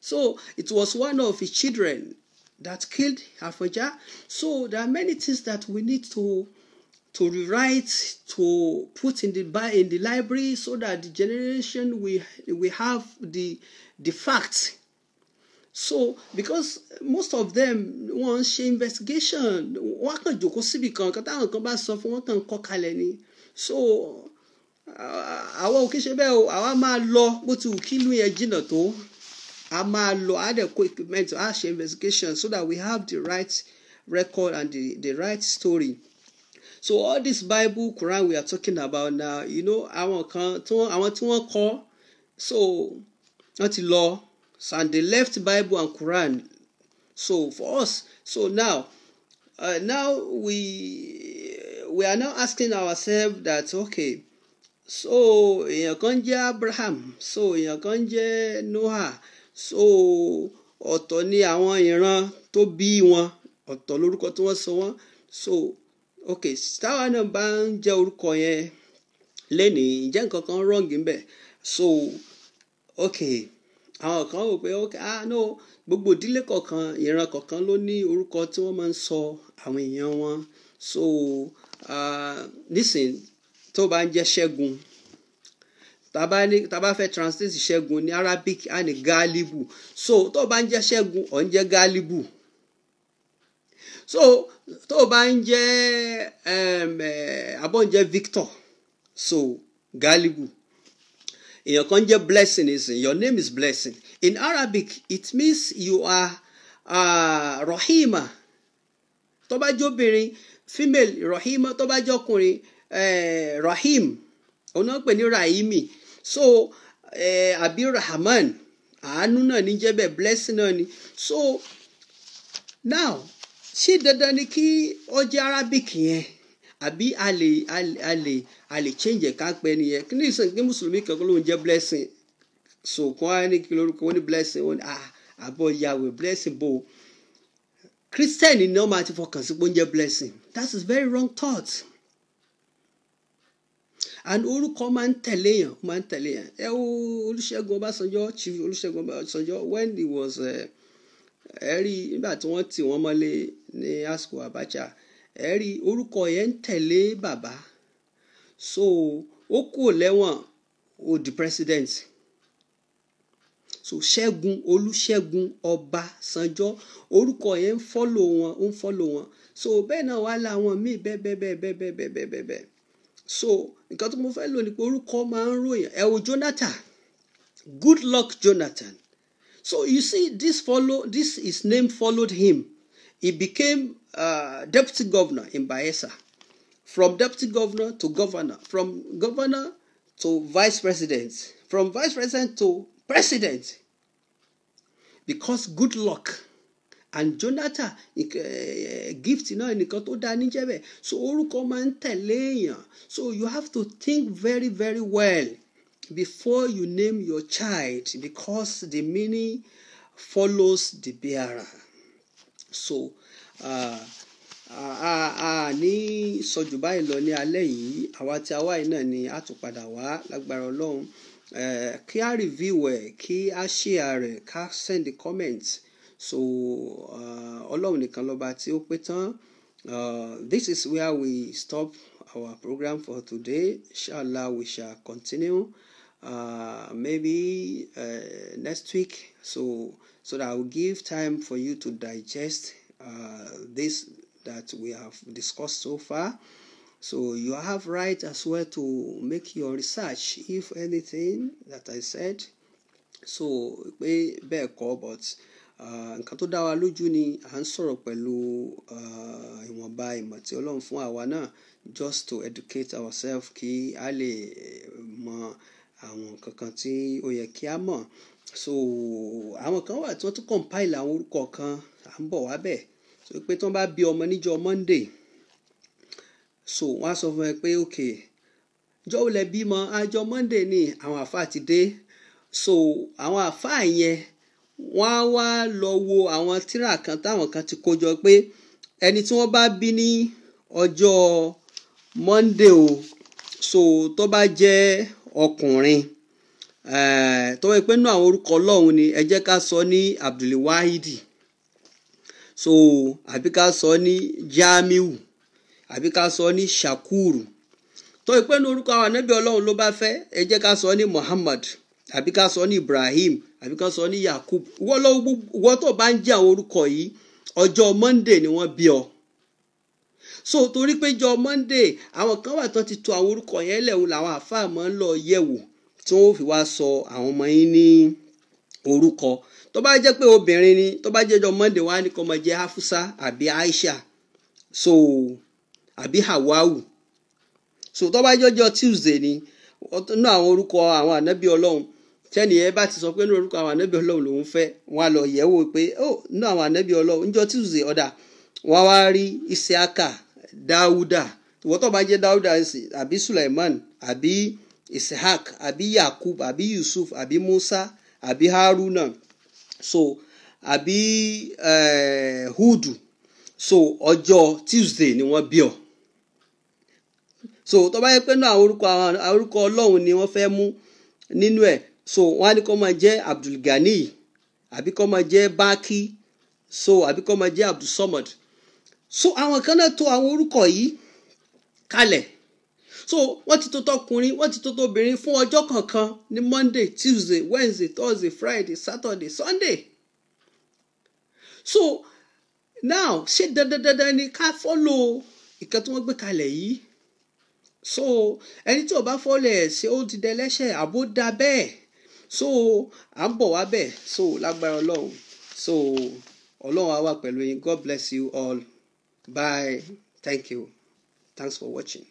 So it was one of his children that killed Afanja. So there are many things that we need to to rewrite, to put in the in the library so that the generation we we have the the facts so because most of them wọ́n ń ṣe investigation wọ́n kàn jókòó síbi kan kan táwọn kan bá sọ fún wọn kàn kọ́ kalẹ̀ ni so àwọn òkè ṣe bẹ́ẹ̀ o àwa máa lọ bó ti wù kí ìlú yẹn jìnnà tó a máa lọ a dẹ̀ kó equipment a ṣe investigation so that we have the right record and the, the right story so all this Bible Quran we are talking about now you know àwọn kan àwọn tí wọ́n kọ́ so wọ́n ti lọ and they left Bible and Quran. So for us, so now, uh, now we we are now asking ourselves that okay, so èèyàn kan jẹ́ Abraham, so èèyàn kan jẹ́ Noah, so ọ̀tọ̀ ni àwọn ìran tó bí wọn, ọ̀tọ̀ lórúkọ tí wọ́n sọ wọ́n, so okay táwa náà bá ń jẹ́ orúkọ yẹn lẹ́nìí ǹjẹ́ nǹkan kan wrong ń bẹ̀ so okay àwọn kan wò pé ah no gbogbo ìdílé kọ̀ọ̀kan ìran kọ̀ọ̀kan ló ní orúkọ tí wọ́n máa ń sọ àwọn èèyàn wọn so uh, ah, nísìn tó bá ń jẹ́ ṣẹ́gun tàbá ní tàbá fẹ́ translate ṣẹ́gun ní arabic á ní galibu so tó bá ń jẹ́ ṣẹ́gun ọ̀ ń jẹ́ galibu so tó bá ń jẹ́ abọ́ eh, ń jẹ́ victor so galibu èèyàn kan jẹ́ blessing is your name is blessing in Arabic it means you are uh, rahima tó bá jóbìnrin female rahima tó bá jọkùnrin eh, rahim òun náà pè ní rahimi so eh, àbí rahman àánú náà ní jẹ́ bẹ́ẹ̀ blessing náà ni so now ṣé dandan ni kí ó Arabic yẹn àbí a lè a lè a lè change ẹ̀ka pẹ́ nìyẹn kí ní ìsìn kí mùsùlùmí kan ló ń jẹ́ blessing so kàn á ní kí lórúkọ wọn ní blessing wọn ní ah, àbọ̀ yahweh blessing bò ó christian ni wọ́n máa ti fọkàn sí pé ó ń jẹ́ blessing that is very wrong thought and orúkọ máa ń tẹ̀lé yàn máa ń tẹ̀lé yàn ẹ wo olùṣègùn ọbásanjọ́ chief olùṣègùn ọbásanjọ́ when he was eh, ẹ rí nígbà tí wọ́n tì wọ́n mọ́lé ní àsìkò abacha ẹ rí orúkọ yẹn ń tẹ̀lé bàbá so ó kúrò lẹ́wọ̀n ó di president so ṣẹ́gun olúṣẹ́gun ọbásanjọ́ orúkọ yẹn ń fọ́lò wọn ń fọ́lò wọn so bẹ́ẹ̀ náà wà láwọn míì bẹ́ẹ̀ bẹ́ẹ̀ bẹ́ẹ̀ bẹ́ẹ̀ bẹ́ẹ̀ bẹ́ẹ̀ bẹ́ẹ̀ bẹ́ẹ̀ so nǹkan tó mo fẹ́ lò ní pé orúkọ máa ń ròyìn ẹ wo Jonathan good luck Jonathan so you see this follow this his name followed him He became uh, deputy governor in Bayelsa. From deputy governor to governor, from governor to vice president, from vice president to president. Because good luck and Jonathan eh, gift you know tó dá níjẹ́ bẹ́ẹ̀ so orúkọ máa ń tẹ̀lé so you have to think very very well before you name your child because the meaning follows the bearer so a ní sọjù báyìí lọ ní alẹ́ yìí àwa tí a wá náà ni a tún padà wá lágbára ọlọ́run kí a review ẹ̀ kí a share rẹ̀ ká send comment so ọlọ́run nìkan lọ́ba tí ó pé tán this is where we stop our program for today inshallah we shall continue. Uh, maybe uh, next week. So so that I will give time for you to digest uh, this that we have discussed so far. So you have right as well to make your research if anything that I said. So pé bẹ́ẹ̀ kọ́ but uh, nǹkan tó dá wa lójú ni à ń sọ̀rọ̀ pẹ̀lú uh, ìwọ̀nba ìmọ̀ tí Ọlọ́run fún àwa náà just to educate ourselves kí a lè mọ àwọn kankan tí ó yẹ kí a mọ̀ so àwọn kan wà tí wọ́n tún compile àwọn orúkọ kan à ń bọ̀ wá bẹ̀ so pé tí wọ́n bá bí ọmọ níjọ Monday so wọ́n á sọ fún ẹ pé ok jọ́ wọlé bímọ àjọ ah, Monday ni àwọn àfa ti dé so àwọn àfa yẹn wọ́n á wá lọ wo àwọn tírà kan táwọn kan ti kó jọ pé ẹni tí wọ́n bá bí ní ọjọ́ Monday o so tó bá jẹ́ ọkùnrin. Eh, tó wáyé pé nínú àwọn orúkọ ọlọ́run ni ẹ jẹ́ ká sọ ní abdulwahidi so àbí ká sọ ní jamiu àbí ká sọ ní shakuru tó wáyé pé nínú orúkọ àwọn anábì ọlọ́run ló bá fẹ́ ẹ jẹ́ ká sọ ní muhammad àbí ká sọ ní ibrahim àbí ká sọ ní yakub wọ́n tó bá ń jẹ́ àwọn orúkọ yìí ọjọ́ monday ni wọ́n bí ọ so torí pé jọ monday àwọn kan wà tán ti tò àwọn orúkọ yẹn lẹ̀ wò làwọn àáfàá máa ń lọ yẹ̀ wò tí wọ́n fi wá sọ àwọn ọmọ yín ní orúkọ tó bá jẹ́ pé obìnrin ni tó bá jẹ́jọ́ Monday wá ní kó máa Hafusa àbí Aisha so àbí Hawau so tó bá jẹ́jọ́ Tuesday ni nínú àwọn orúkọ àwọn ànábì Ọlọ́run tẹ́ni ẹ bá ti sọ pé nínú orúkọ àwọn ànábì Ọlọ́run lòún fẹ́ wọn á lọ yẹ̀ wò pé ó oh, nínú àwọn ànábì Ọlọ́run níjọ́ Tuesday ọ̀dà wọn wá rí Isiaka Dáúdà ìwọ́tọ̀ bá jẹ́ Dáúdà àbí Sulaiman àbí. Abi ishaq abi yakub abi yusuf abi musa abi haruna so abi uh, eh, hudu so ọjọ́ tuesday ni wọ́n bí ọ so tọba bá yẹ pé náà orúkọ orúkọ ọlọ́run ni wọ́n fẹ́ mú nínú ẹ̀ so wọ́n á ní je máa jẹ́ abdulgani àbí je máa jẹ́ baki so àbí kó máa jẹ́ somad so àwọn kan náà tó àwọn orúkọ yìí kalẹ̀ so wọ́n ti tó tọkùnrin wọ́n ti tó tóbìnrin fún ọjọ́ kọ̀ọ̀kan ní monday tuesday wednesday thursday friday saturday sunday so now ṣé dandandandan ni ká fọ́lọ̀ ìkan tí wọ́n gbé kalẹ̀ yìí so ẹni tí ò bá fọ́lọ̀ ẹ̀ ṣé ó ti dẹlẹ́ṣẹ̀ àbó da bẹ́ẹ̀ so à ń bọ̀ wá bẹ́ẹ̀ so lágbára ọlọ́run so ọlọ́run á wà pẹ̀lú yín god bless you all bye thank you thanks for watching.